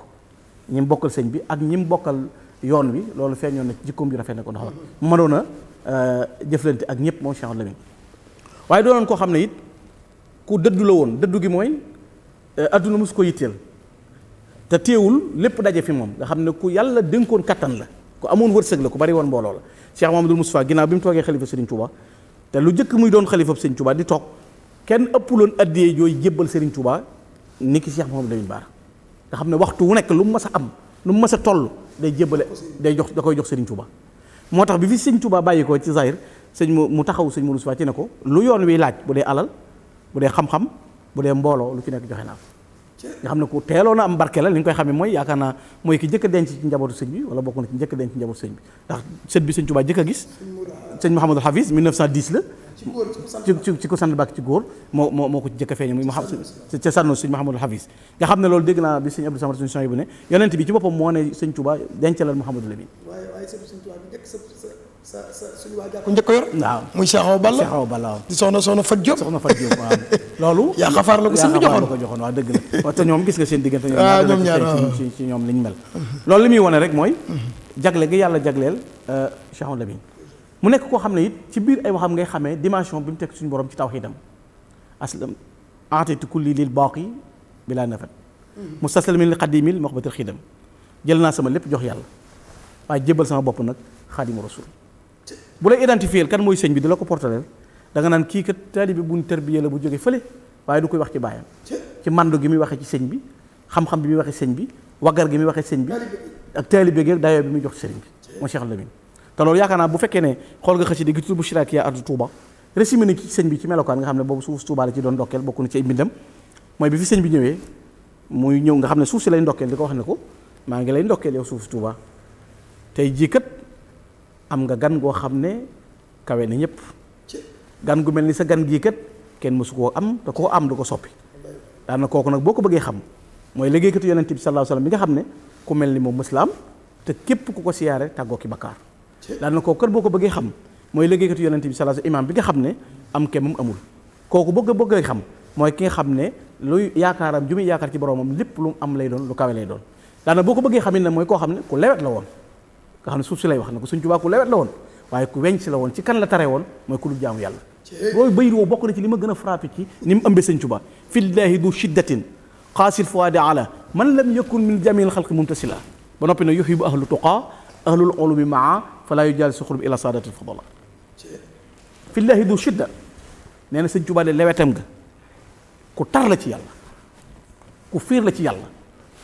[SPEAKER 4] ñi mu bokkal sëñ bi ak ñi mu bokkal yoon wi loolu feeñoon na jikkoom ju rafet ne ko doxal mu mënoon a euh, jëflante ak ñëpp moom Cheikh Lamine waaye doonoon koo xam ne it ku dëddu la woon dëddu gi mooy euh, adduna mos ko yitteel te teewul lépp daje fi moom nga xam ne ku yàlla dénkoon kattan la ku amoon wërsëg la ku bari woon mbooloo la Cheikh Mamadou Moustapha ginnaaw bi mu toogee xalifa Serigne Touba te lu njëkk muy doon xalifa Serigne Touba di toog kenn ëpp ëppuloon addiyee jooy jébbal Serigne Touba ni ki Cheikh Mamadou Lamine Bara nga xam ne waxtu wu nekk lu mu mës a am lu mu mës a toll day jébbale day jox da koy jox Serigne Touba moo tax bi fi sëñ Touba bàyyi ko ci Zahir sëñ mu mu taxaw sëñ Moustapha ci ne ko lu yoon wi laaj bu dee alal bu dee xam-xam bu dee mbooloo lu ci nekk joxe naa nga xam ne ku teeloon a am barke la li ñu koy xamee mooy yaakaar naa mooy ki njëkk a denc ci njabootu sëñ bi wala bokk na ci njëkk a denc ci njabootu sëñ bi ndax sët bi sëñ Tuubaa jëkk a gis ci ko sant bàkk ci góor moo moo moo ko ci jëkk a feeñe muy ma ca sànno sëñ Mouhamadou Hafiz nga xam ne loolu dégg naa bi sëñ Abdou Samad sëñ bu ne yonent bi ci boppam moo ne sëñ Tuubaa dencalal Mouhamadou Lamine
[SPEAKER 3] sa njëkk yor.
[SPEAKER 4] waaw muy Cheikh Awa Balla Cheikh Awa Balla waaw. di soxna soxna Fat Diop [laughs] loolu. yaa xafaar la ko sëñ bi joxoon yaa xafaar la dëgg la waaw te ñoom gis nga seen diggante. waaw ñoom ah, ñaar waaw ah. ci liñ mel. loolu li muy wane rek mooy. jagle gi yàlla jagleel euh, Cheikh bi mu nekk koo xam ne it ci biir ay waxam ngay xamee dimension bi mu teg suñu borom ci tawxiidam aslam aataytu kulli lil baaqi bilaa nafat mustaslimin li xadimil maxbatil xiidam jël naa sama lépp jox yàlla waaye jébbal sama bopp nag xaadimu rasul bu lay identifier kan mooy sëñ bi di la ko portaleel da naan kii kat taalibe buñ tarbiyee la bu jóge fële waaye du koy wax ci baayam ci màndu gi muy waxee ci sëñ bi xam-xam bi muy waxee sëñ bi waggar gi muy waxee sëñ bi ak taalibe gi dayoo bi muy jox sëriñ bi moo te loolu yaakaar naa bu fekkee ne xool nga xasida gi tudd bu shiraak yaa ardu Touba résumé na sëñ bi ci melokaan nga xam ne boobu su Touba la ci doon ndokkeel bokk na ci ay mbindam mooy bi fi sëñ bi ñëwee muy ñëw nga xam ne suuf si lay ndokkeel di ko wax ne ko maa ngi lay ndokkeel yow suuf Touba tey jii kat am nga gan goo xam ne kawe na ñëpp gan gu mel ni sa gan gii kat kenn mësu koo am te koo am du ko soppi daana kooku nag boo ko bëggee xam mooy liggéeykatu yonent bi sallallahu alayhi wasallam bi nga xam ne ku mel ni moom mësla am te képp ku ko siyaare tàggoo ki bakkaar daana kooku kat boo ko bëggee xam mooy liggéeykatu yonent bi sallallahu alayhi wasallam imaam bi nga xam ne am kenn moom kooku bëgg bëggee xam mooy ki nga xam ne luy yaakaaram ju muy yaakaar ci boromam lépp lu mu am lay doon lu kawe lay doon daana boo ko bëggee xam ne mooy koo xam ne ku lewet la woon nga xam ne suuf si lay wax na ko suñ Tuubaa ku lewet la woon waaye ku weñ si la woon ci kan la tare woon mooy ku dul jaamu yàlla loolu bayit woo bokk na ci li ma gën a frappé ci ni mu ëmbee sëñ Tuubaa fillaahi du shiddatin xaasil fuwaadi ala man lam yakun min jamil xalqi muntasila ba noppi ne yuxibu ahlu tuqaa ahlul ulumi maa falaa yujaal si xurub ila saadati fadala fillaahi du shidda nee na sëñ Tuubaa de lewetam nga ku tar la ci yàlla ku fiir la ci yàlla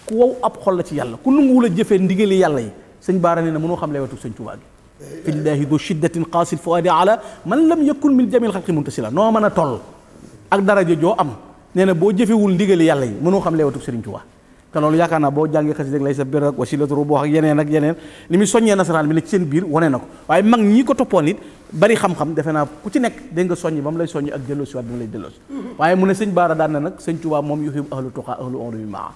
[SPEAKER 4] ku wow ab xol la ci yàlla ku nanguwul a jëfee ndigali yàlla yi sëñ Baara nee na mënoo xam lewetuk sëñ Tuubaa gi fi llaahi du shiddatin qaasil fuaadi ala man lam yakun min jamil xalqi muntasila noo mën a toll ak daraja joo am nee na boo jëfewul ndigali yàlla yi mënoo xam lewetuk sëriñ Tuubaa te loolu yaakaar naa boo jàngee xasida lay sa bir ak wasilatu rubuux ak yeneen ak yeneen li muy soññee nasaraan bi ne ci seen biir wane na ko waaye mag ñi ko toppoon it bari xam-xam defe naa ku ci nekk dégg nga soññi ba mu lay soññi ak delloosi waat bi mu lay delloosi waaye mu ne sëñ Baara daan na nag sëñ Tuubaa moom yuhibbu ahlu tuqaa ahlu uluumi maa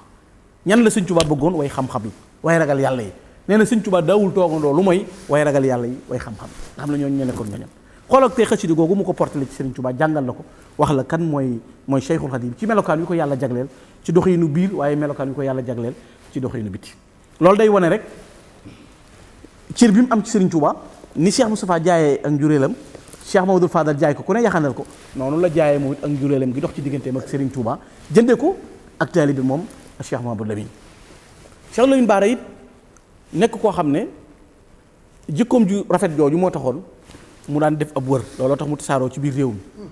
[SPEAKER 4] ñan la sëñ Tuubaa bëggoon way xam-xam yi way ragal yàlla yi nee na sëñ Tuubaa daawul toogandoo lu mooy way ragal yàlla yi way xam-xam nga xam ne ñooñu ñoo nekkoon ñooñu xoolal tey xasida googu mu ko portale ci sëriñ Tuubaa jàngal la ko wax la kan mooy mooy Cheikhul Khadim ci melokaan ko yàlla jagleel ci doxiinu biir waaye melokaan yu ko yàlla jagleel ci doxiinu biti loolu day wane rek cir bi mu am ci sëriñ Tuubaa ni mu Moustapha jaayee ak njuréelam Cheikh Mamadou Fadal jaay ko ku ne yaxanal ko noonu la jaayee moom it ak njuréelam gi dox ci digganteem ak sëriñ Tuubaa jëndee ko ak taalibe bi moom Cheikh Mamadou Lamine Cheikh nekk koo xam ne jikkoom ju rafet jooju moo taxoon mu daan def ab wër looloo tax mu tasaaroo ci biir réew mi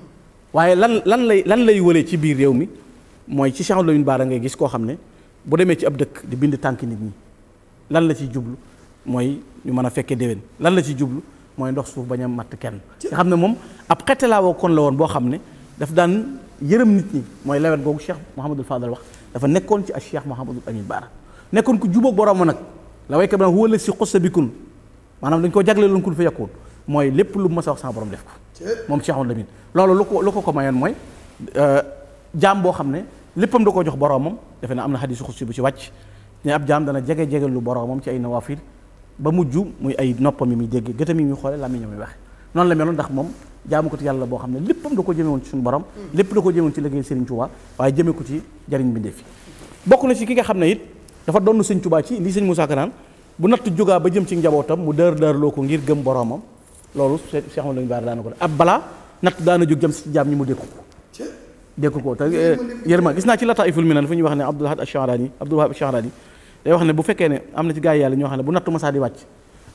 [SPEAKER 4] waaye lan lan lay lan lay wëree ci biir réew mi mooy ci Cheikh Lamine Bara ngay gis koo xam ne bu demee ci ab dëkk di bind tànk nit ñi lan la ciy jublu mooy ñu mën a fekkee déwén lan la ciy jublu mooy ndox suuf bañ a matt kenn nga xam ne moom ab xettalaawoo kon la woon boo xam ne daf daan yërëm nit ñi mooy lewet googu Cheikh Mouhamadul Fadal wax dafa nekkoon ci ak Cheikh Mouhamadul Amin Bara nekkoon ku jubóog borooma nag la way bi huwa lisi xussa bi manam dañ ko lon kul fa yakul moy lépp lu ma sax sa borom def ko mom Cheikh Lamine lolu lu ko lu ko ko mayoon moy euh jam bo xamné léppam da koo jox boromam defe na amna hadith xadisu bu ci wàcc ni ab jam dana jege jege lu boromam ci ay nawafil ba mujju muy ay noppam mi muy dégg mi yi muy xoole làmmiñam mi wax non la meloon ndax mom jaamu ko ci yàlla bo xamne léppam da ko jëme won ci sun borom lépp da ko jëme won ci liggéey Serigne Touba waye jëme ko ci jariñ bindee fi bokk na ci ki nga xamne it dafa donn sëñ Tuubaa ci lii sëñ Moussa Kanaan bu natt jógaa ba jëm ci njabootam mu dër dërloo ko ngir gëm boromam loolu Cheikh Amadou Bara daana ko ab balaa natt daana jóg jëm si jaam ñi mu dékku ko dékku ko te eh, yërma gis naa ci Lataa'iful Minan fu ñuy wax ne Abdul Ahad Ash-Sha'rani Abdul Wahab Ash-Sha'rani ne bu fekkee ne am na ci gaa yi yàlla ñoo xam ne bu nattu masaa di wàcc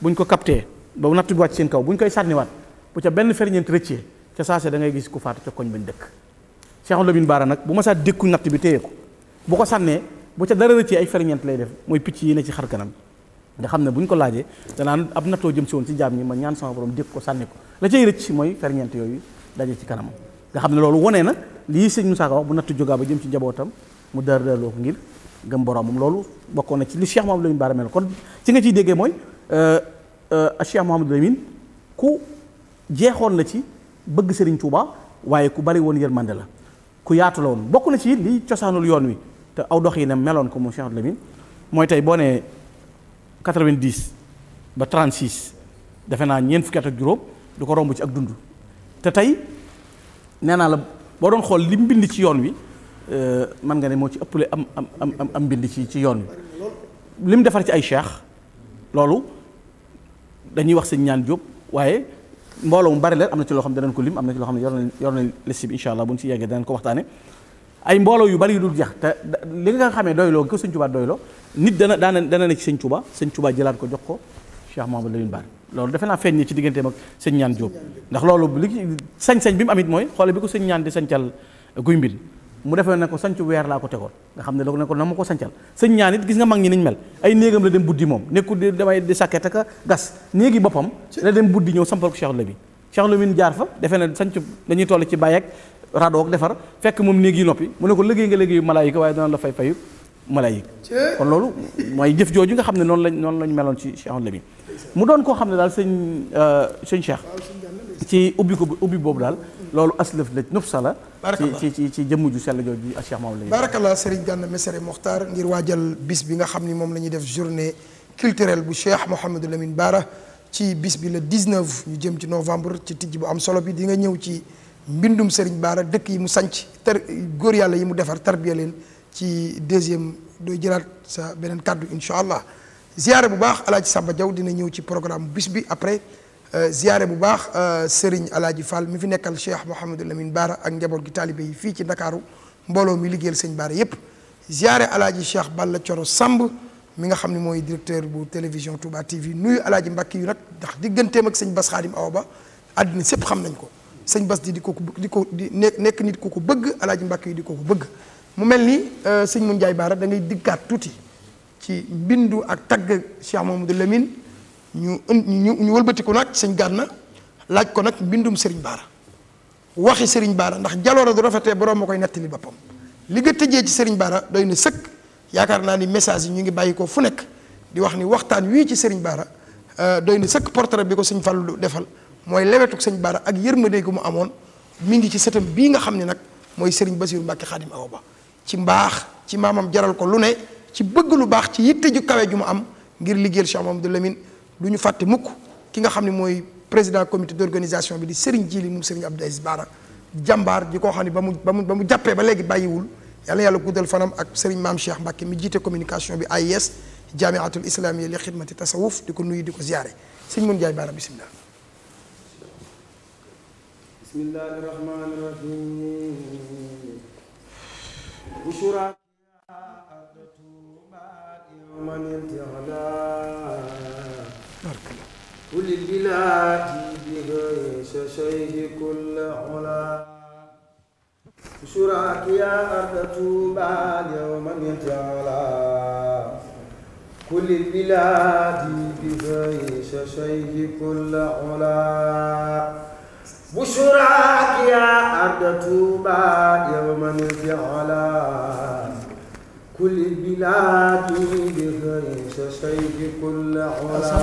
[SPEAKER 4] buñ ko capté ba natt bi wàcc seen kaw buñ koy sànniwaat bu ca benn ferñeent rëccee ca saase da ngay gis ku faatu ca koñ bañ dëkk Cheikh Amadou baara nag bu masaa dékku natt bi téye ko bu ko sànnee bu ca dara rëccee ay ferñeent lay def mooy picc yi ne ci xar kanam nga xam ne bu ñu ko laajee danaan ab natoo jëm si woon ci jaam ñi ma ñaan sama borom dégg ko sànni ko la cay rëcc mooy ferñeent yooyu daje ci kanamam nga xam ne loolu wone na lii sëñ Moussa ko wax bu nattu jógaa ba jëm ci njabootam mu dara darloo ngir gëm boromam loolu bokkoon na ci li Cheikh Mouhamadou Lamine Bara mel kon ci nga ciy déggee mooy Cheikh Mouhamadou Lamine ku jeexoon la ci bëgg Serigne Touba waaye ku bari woon yërmande la ku yaatu la woon bokk na ci li cosaanul yoon wi te aw doxinam meloon ko moom Cheikh Lamine mooy tey boo nee 90 ba 36 defe naa ñeent fukki ak juróom du ko romb ci ak dund te tey nee naa la boo doon xool li mbind ci yoon wi euh, man nga ne moo ci ëppale am am am am mbind ci ci yoon wi lim defar ci ay cheikh loolu dañuy wax sëñ ñaan Diop waaye mbooloo mu bari leen am na ci loo xam ne ko lim am na ci loo xam ne yor nañ yor nañ allah bu ñu si yeggee danañ ko waxtaane ay mbooloo yu bari yu dul jeex te li nga xamee doyloo ko sëñ Tuubaa doyloo nit dana dana dana ne ci sëñ Tuubaa sëñ Tuubaa jëlaat ko jox ko Cheikh Mouhamadou Lamine Bara loolu defe naa feeñ ni ci digganteem ak sëñ ñaan Jóob ndax loolu li sañ-sañ bi mu am it mooy xoole bi ko sëñ ñaan di sañcal guy mbil mu defee ne ko sanc weer laa ko tegoon nga xam ne ne ko na ma ko sancal sëñ ñaan it gis nga mag ñi niñ mel ay néegam la dem buddi moom nekku di damay di sàkkete ka gas néegi boppam la dem buddi ñëw sampal ko Cheikh Lamine Cheikh Lamine jaar fa defe ne sanc dañuy toll ci bàyyeek radoog defar fekk moom néeg yi noppi mu ne ko liggéey nga liggéeyu malaayika waaye dana la fay fayu malaayika kon loolu mooy jëf jooju nga xam ne noonu lañ noonu lañ meloon ci Cheikh Lamin mu doon koo xam ne daal sëñ euh, sëñ Cheikh ci ubbi ko ubbi boobu daal loolu aslëf la nuf sala ci ci ci jëmm ju sell jooju Cheikh Maodo la
[SPEAKER 2] barakallah Serigne Gana Messere Mokhtar ngir waajal bis bi nga xam ni moom la ñuy def journée culturelle bu Cheikh Mouhamadou Lamine baara ci bis bi le 19 ñu jëm ci novembre ci tijj bu am solo bi di nga ñëw ci mbindum Serigne baara dëkk yi mu sanc ter góor yàlla yi mu defar tarbiya leen ci deuxième doo jëlaat sa beneen kàddu incha allah ziare bu baax alaaji Samba jaw dina ñëw ci programme bis bi après euh, ziare bu baax euh, Serigne alaaji Fall mi fi nekkal Cheikh Mouhamadou Lamine Bara ak njaboot gi taalibe yi fii ci ndakaaru mbooloo mi liggéeyal sëñ Bara yépp ziare alaaji Cheikh Balla Coro Samb mi nga xam ne mooy directeur bu télévision Touba TV nuyu alaaji mbakki yu nag ndax digganteem ak sëñ Bas Xaadim Ba àddina sépp xam nañ ko sëñ Bas di di ko di ko nekk nit ku ko bëgg Alaaji Mbàkke yi di ko ko bëgg mu mel ni euh, sëñ Mun Njaay Baara da ngay diggaat tuuti ci mbindu ak tagg Cheikh Mamadou Lamine ñu ñu ñu wëlbati ko nag sëñ Gànna laaj ko nag mbindum sëriñ Baara waxi Serigne Baara ndax jaloore du rafetee borom ma koy nettali boppam li nga tëjee ci Serigne Baara doy na sëkk yaakaar naa ni message yi ñu ngi bàyyi ko fu nekk di wax ni waxtaan wii ci Serigne Baara euh, doy na sëkk portrait bi ko sëñ Fallu defal. mooy lewetuk sëñ Bara ak yërmande gu mu amoon mi ngi ci sëtam bii nga xam ne nag mooy sëriñ Basiru Mbàkke Xaadim Awa Ba ci mbaax ci maamam jaral ko lu ne ci bëgg lu baax ci yitte ju kawe ju mu am ngir liggéeyal Cheikh Mamadou Lamine du ñu fàtte mukk ki nga xam ne mooy président comité d'organisation bi di sëriñ Jili moom sëriñ Abdou Aziz Bara jàmbaar di koo xam ne ba mu ba mu ba mu jàppee ba léegi bàyyiwul yàlla yàlla guddal fanam ak sëriñ maam Cheikh Mbàkke mi jiite communication bi ay AIS jamiatul islamiyya li xidmati tasawuf di ko nuyu di ko ziyaare sëñ mun jaay Bara bismillah
[SPEAKER 1] بسم الله الرحمن الرحيم وشركاء من التغلا وللبلاد بغيش شيء كل علا وشراك يا أرض توبى يوم يتعالى كل البلاد بغيش شيء كل علا بشراك يا أرض يوم نزي على كل البلاد بغير شيخ كل علا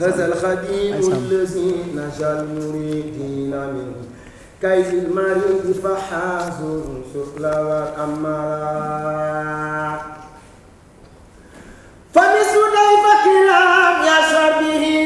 [SPEAKER 1] هذا الخديم الذي نجا المريدين منه كيف المريض فحازر سفل وكمرا فمثل ضيف كلام يشرب به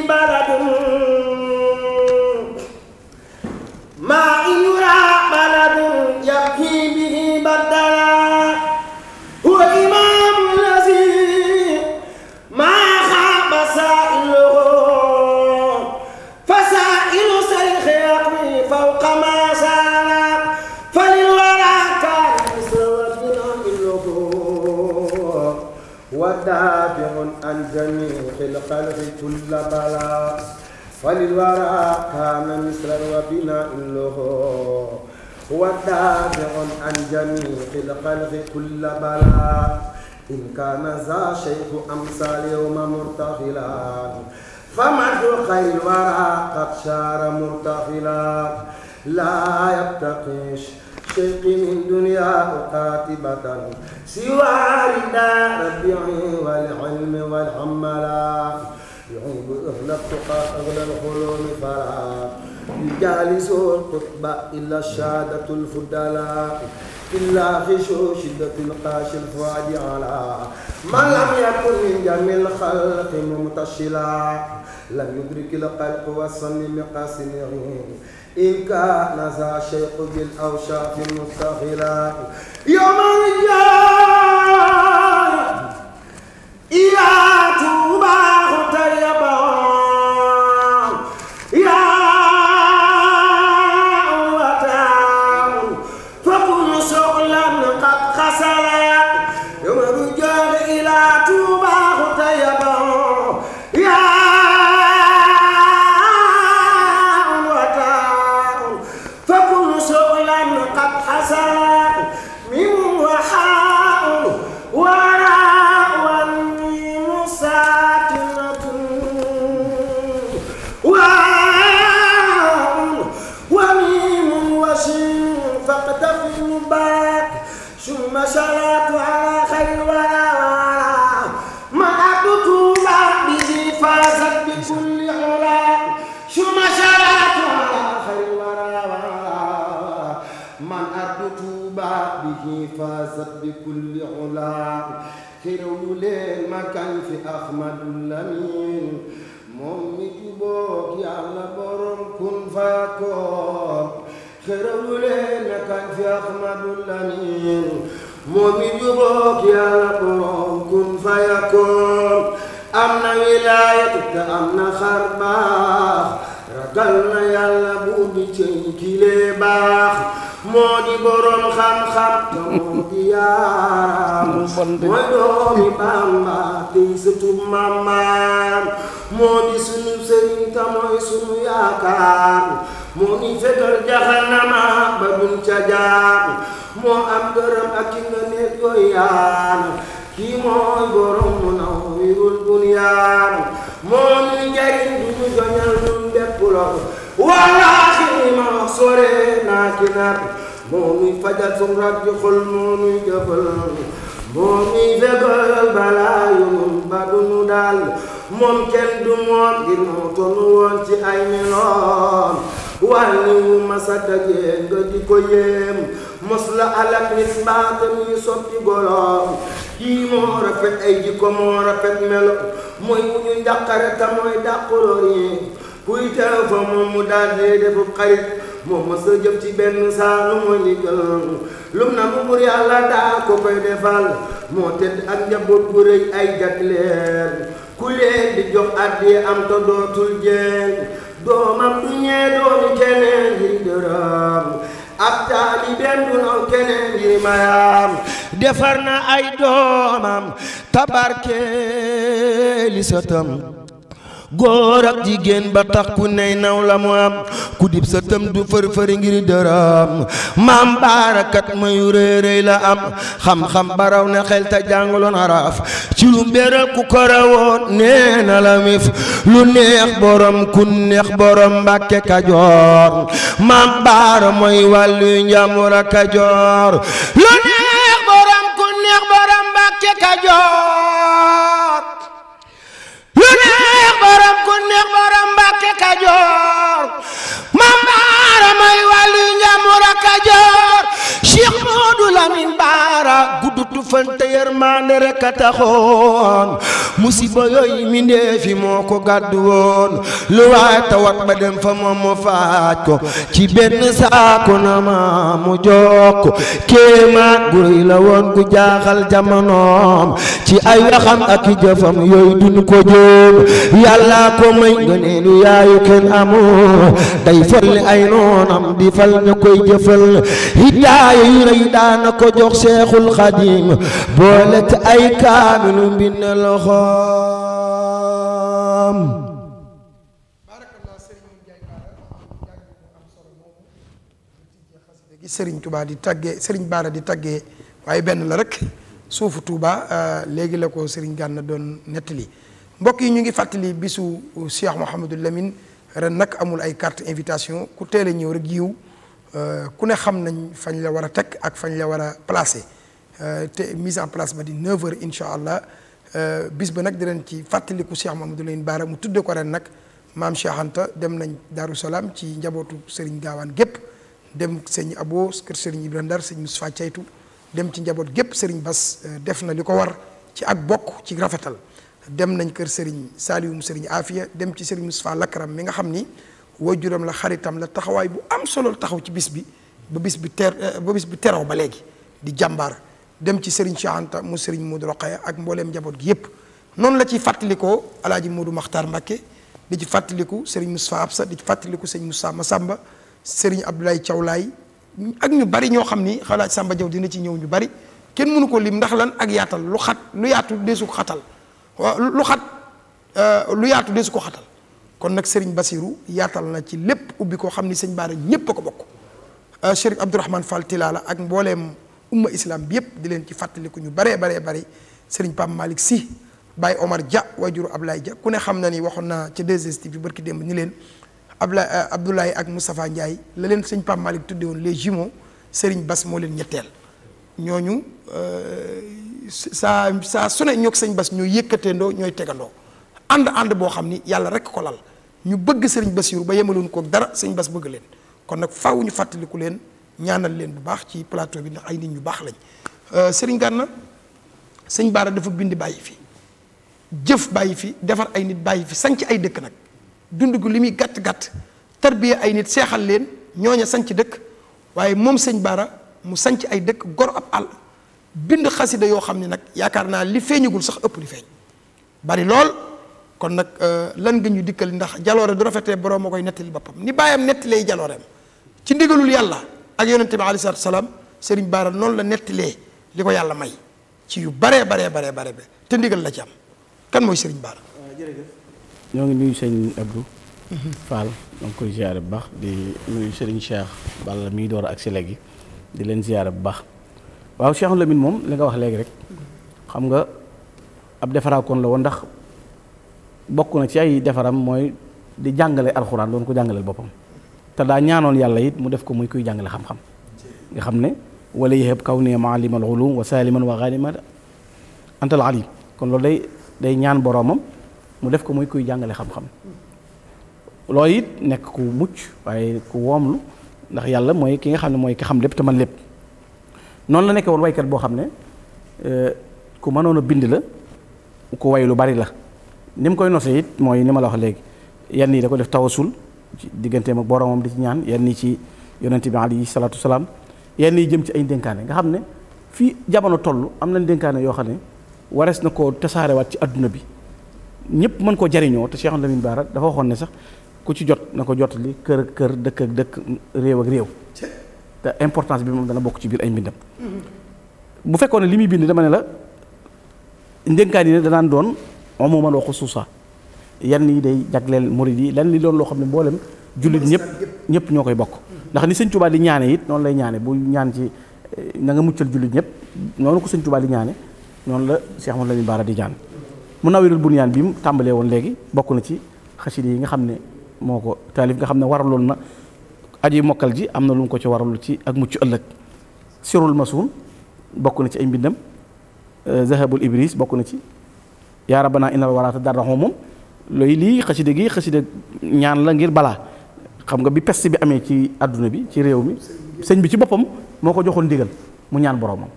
[SPEAKER 1] عن جميع الخلق كل بلاء وللورى كان مصر وبناء له هو دافع عن جميع الخلق كل بلاء إن كان ذا شيخ أمثال يوم مرتحلا فمن خير الورى قد شار مرتحلا لا يبتقيش الشرق من دنياه قاتبة سوى رداء ربيع والعلم والحملا يعود أهل التقى أغلى الحلوم فرا يجالس القطب إلا الشهادة الفدلاء إلا خش شدة القاش الفؤاد على ما لم يكن من جميع الخلق ممتشلا لم يدرك القلق والصميم مقاسمه إن كان ذا شيخ بالأوشاق مستغلا يوم رجال إلى توبى طيبا عزت بكل علا خير ولين ما كان في احمد اللمين مومي جبوك يا الله برم كن فاكوك خير ولين ما كان في احمد اللمين مومي جبوك يا الله برم كن فاكوك امنا ولاية امنا خرباخ رجلنا يا الله بودي تشنكي لباخ modi di borom xam-xam te moo di yaaram mooy doomi bàmba di sëtu mamaam moo di sunu sëriñ mau sunu yaakaar moo ni fetal jaxanama ba duñ ca jaar moo am gërëm ak ki nga nekk yooy yaan kii mooy borom mau naw wirul bunyaan moo nuy jariñ du ñu joñal ma sore fajal suñ rab ji xol nuy jëfal moo nuy fegal balaa yu nun ba du moom kenn du moom ngir moo woon ci ay meloom wàllu ma sa dajee nga di yéem mos la alal nit mbaatam yi soppi goloom kii moo rafet ay jikko moo rafet melo mooy wu ñu njàqare te mooy dàqulor yi kuy teew fa moom mu daal di xarit moom mës a jëm ci benn saa lu ma ndigal lum na mu bur yàlla daa ko koy defal moo tëdd ak njaboot bu rëy ay jagleen ku leen di jox àddee am te dootul doomam du ñee doomi keneen ngir dërëm ab taalibeem du naw keneen ngir mayaam defar na ay doomam tabarkeeli sëtam góor ak jigéen ba tax ku ney naw la mu am ku dib sa tëm du fërfëri ngir dëram maam baarakat mayu réeréy la am xam-xam baraw na xel te jàngaloon araaf ci lu mbéral ku ko rawoon nee na la mif lu neex borom ku neex borom mbàkke kajoor maam baara mooy wàllu njàmbur a kajoor lu neex borom ku neex borom mbàkke kajoor ak neex borom Mbàkke Kajoor mam baara may wa daara guddutu fante yërmaande rekk a taxoon musiba yooyu mindeefi moo ko gàddu woon lu waay tawat ba dem fa moom mu faaj ko ci benn saako na ma mu jox ko kéemaat gu la woon gu jaaxal jamonoom ci ay waxam ak i jëfam yooyu duñ ko jóob yàlla ko may gëneelu yaayu kenn amul day folli ay noonam di fal ñu koy jëfal hidaaya yi rëy daana ko jox seex cheikhul xadim boolet ay kaamilu mbindal xoom
[SPEAKER 2] sëriñ Touba di tàggee sëriñ Baara di tàggee waaye benn la rek suufu Touba léegi la ko sëriñ Gana doon nettali mbokk yi ñu ngi fàttali bisu Cheikh Mouhamadou Lamine ren nag amul ay carte invitation ku teel a ñëw rek yiw ku ne xam nañ fañ la war a teg ak fañ la war a placer Euh, mise en place ba di 9h inshallah euh, bis nak di len ci fàttaliku Cheikh Mamadou len Bara mu tudde ko ren nak mam Cheikh dem nañ daru salam ci njabotou Serigne gawan dem serigne Abo kër Serigne Ibrahima Ndar dem ci njabot sering Serigne Bas euh, def na liko war ci ak bok ci rafetal dem nañ ker Serigne Serigne Afia dem ci Serigne Moustapha Lakram mi nga xamni wajuram la xaritam la taxaway bu am solo taxaw ci bis bi ba ter euh, ba bis teraw ba di jambar dem ci Serigne Cheikh Anta mu Serigne Modou Rokhaya ak mbooleem njaboot gi yépp noonu la ci fàttalikoo alaaji Modou Makhtar Mbacké di ci fàttaliku Serigne Moustapha Absa di ci fàttaliku Serigne Moustapha sàmba Serigne Abdoulaye Thiaw Laye ak ñu bari ñoo xam ni xalaaj Samba Diaw dina ci ñëw ñu bari kenn mënu ko lim ndax lan ak yaatal lu xat lu yaatu deesu ko xatal lu xat euh, lu yaatu deesu ko xatal kon nag Serigne Bassirou yaatal na ci lépp ubbi koo xam ni sëñ Baara ñépp a ko bokk euh, Chérif Abdourahmane Fall ak mbooleem umma islam bi yëpp di leen ci fàttaliku ñu baree baree bari sëriñ Pape malik si Baye Omar Dia waajuru Ablaye ja ku ne xam na ni waxoon naa ca 2STV bi barki démb ni leen Ablaye euh, Abdoulaye ak Moustapha Ndiaye la leen sëñ Pape malik tudde woon les jumeaux sëriñ Bas moo leen ñetteel ñooñu euh, saa saa su ne ñoog sëñ Bas ñooy yëkkateendoo ñooy tegandoo ànd ànd boo xam ni yàlla rek ko lal ñu bëgg sëriñ Basiru ba yemaloon kook dara sëñ Bas bëgg leen kon nag leen. ñaanal leen bu baax ci plateau bi ndax ay nit ñu baax lañ euh, sëriñ Gana sëñ Baara dafa bind bàyyi fi jëf bàyyi fi defar ay nit bàyyi fi sanc ay dëkk nag dund gu li muy gàtt gàtt tarbiya ay nit seexal leen ñooña sanc dëkk waaye moom sëñ Baara mu sanc ay dëkk gor ab àll bind xasida yoo xam ne nag yaakaar naa li feeñagul sax ëpp li feeñ bari lool kon nag euh, lan nga ñu dikkal ndax jaloore du rafetee borom a koy nettali boppam ni bàyyam nettalee jalooreem ci ndigalul yàlla ak yonente bi alayhi salaatu salaam sëriñ Baara noonu la nettalee li ko yàlla may ci yu baree baree baree bare te ndigal la ci am kan mooy sëriñ Baara. waaw
[SPEAKER 4] ñoo ngi nuyu sëñ Abdou. Fall ñoo ngi koy bu baax di nuyu sëriñ Cheikh Balla door ak si léegi di leen ziare bu baax waaw Cheikh Lamine moom li nga wax léegi rek xam nga ab defaraakoon la woon ndax bokk na ci ay defaram mooy di jàngale alxuraan doon ko jàngaleel boppam. te daa ñaanoon yàlla it mu def ko muy kuy jàngale xam-xam nga xam ne wala yëpp kaw ne maalimal ulum wa saliman wa ghaliman antal alim kon loolu day day ñaan boroomam mu def ko muy kuy jàngale xam-xam loolu it nekk ku mucc waaye ku woomlu ndax yàlla mooy ki nga xam ne mooy ki xam lépp te man lépp noonu la nekkee woon waykat boo xam ne ku mënoon a bind la ku way lu bari la ni mu koy nosee it mooy ni ma la wax léegi yenn yi da ko def tawasul ci digganteem ak boromam di ci ñaan yenn yi ci yonente bi alayhi salaatu salaam yenn yi jëm ci ay dénkaane nga xam ne fii jamono toll am nañ dénkaane yoo xam ne warees na koo tasaarewaat ci àdduna bi ñëpp mën koo jariñoo te Cheikh Lamine dafa waxoon ne sax ku ci jot na ko jotali kër ak kër dëkk ak dëkk réew ak réew te importance bi moom dana bokk ci biir ay mbindam mm-hmm. bu fekkoon ne li muy bind dama ne la ndénkaan yi ne danaan doon moom moo mën waxu suusa yenn yi day jagleel murid yi lenn li doon loo xam ne mboolem jullit ñëpp ñëpp ñoo koy bokk ndax ni sëñ di ñaane it noonu lay ñaane bu ñaan ci eh, nanga nga muccal jullit ñëpp noonu ko sëñ di ñaane noonu la Cheikh Ahmadou Lamine Bara di ñaan mu nawirul bunyaan bi mu tàmbalee woon léegi bokk na ci xasida yi nga xam ne moo ko taalif nga xam ne waraloon na aji mokkal ji am na lu mu ko ci waralu ci ak mucc ëllëg sirul masuun bokk na ci ay mbindam eh, zahabul ibris bokk na ci yaa rabbana inal waraata dara moom looy lii xasida gi xasida ñaan la ngir balaa xam nga bi pest bi amee ci àdduna bi ci réew mi sëñ bi ci boppam moo ko joxoon ndigal mu ñaan boromam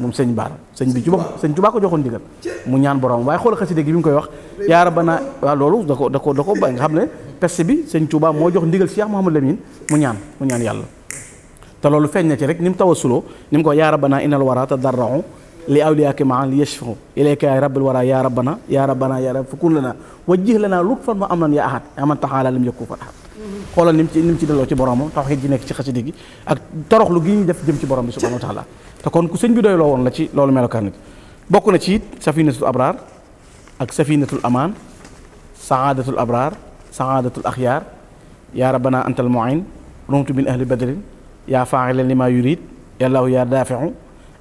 [SPEAKER 4] moom sëñ baara sëñ bi ci bopp sëñ Tuubaa ko joxoon ndigal mu ñaan boromam waaye xool xasida gi bi mu koy wax yaa rabbana waaw loolu da ko da ko da ko ba nga xam ne peste bi sëñ Tuubaa moo jox ndigal Cheikh Mouhamadou Lamine mu ñaan mu ñaan yàlla te loolu feeñ na ci rek ni mu tawa tawasuloo ni mu ko yaara yaa rabbana innal wara tadarra'u لأوليائك معا ليشفوا إليك يا رب الورى يا ربنا يا ربنا يا رب فكن لنا وجه لنا لطفا وأمنا يا أحد يا من تعالى لم يكن أحد xoolal ni mu ci ni mu ci delloo ci boromam tawxiid ji nekk ci xasida gi ak toroxlu gi ñu def jëm ci borom bi subhanahu wa taala te kon ku sëñ bi doy loo woon la ci loolu melokaan gi bokk na ci it safinatul abraar ak safinatul amaan saadatul abraar saadatul axyaar yaa rabbana antal muin rumtu min ahli badrin yaa faaxilan lima yurid yallaahu yaa daafiu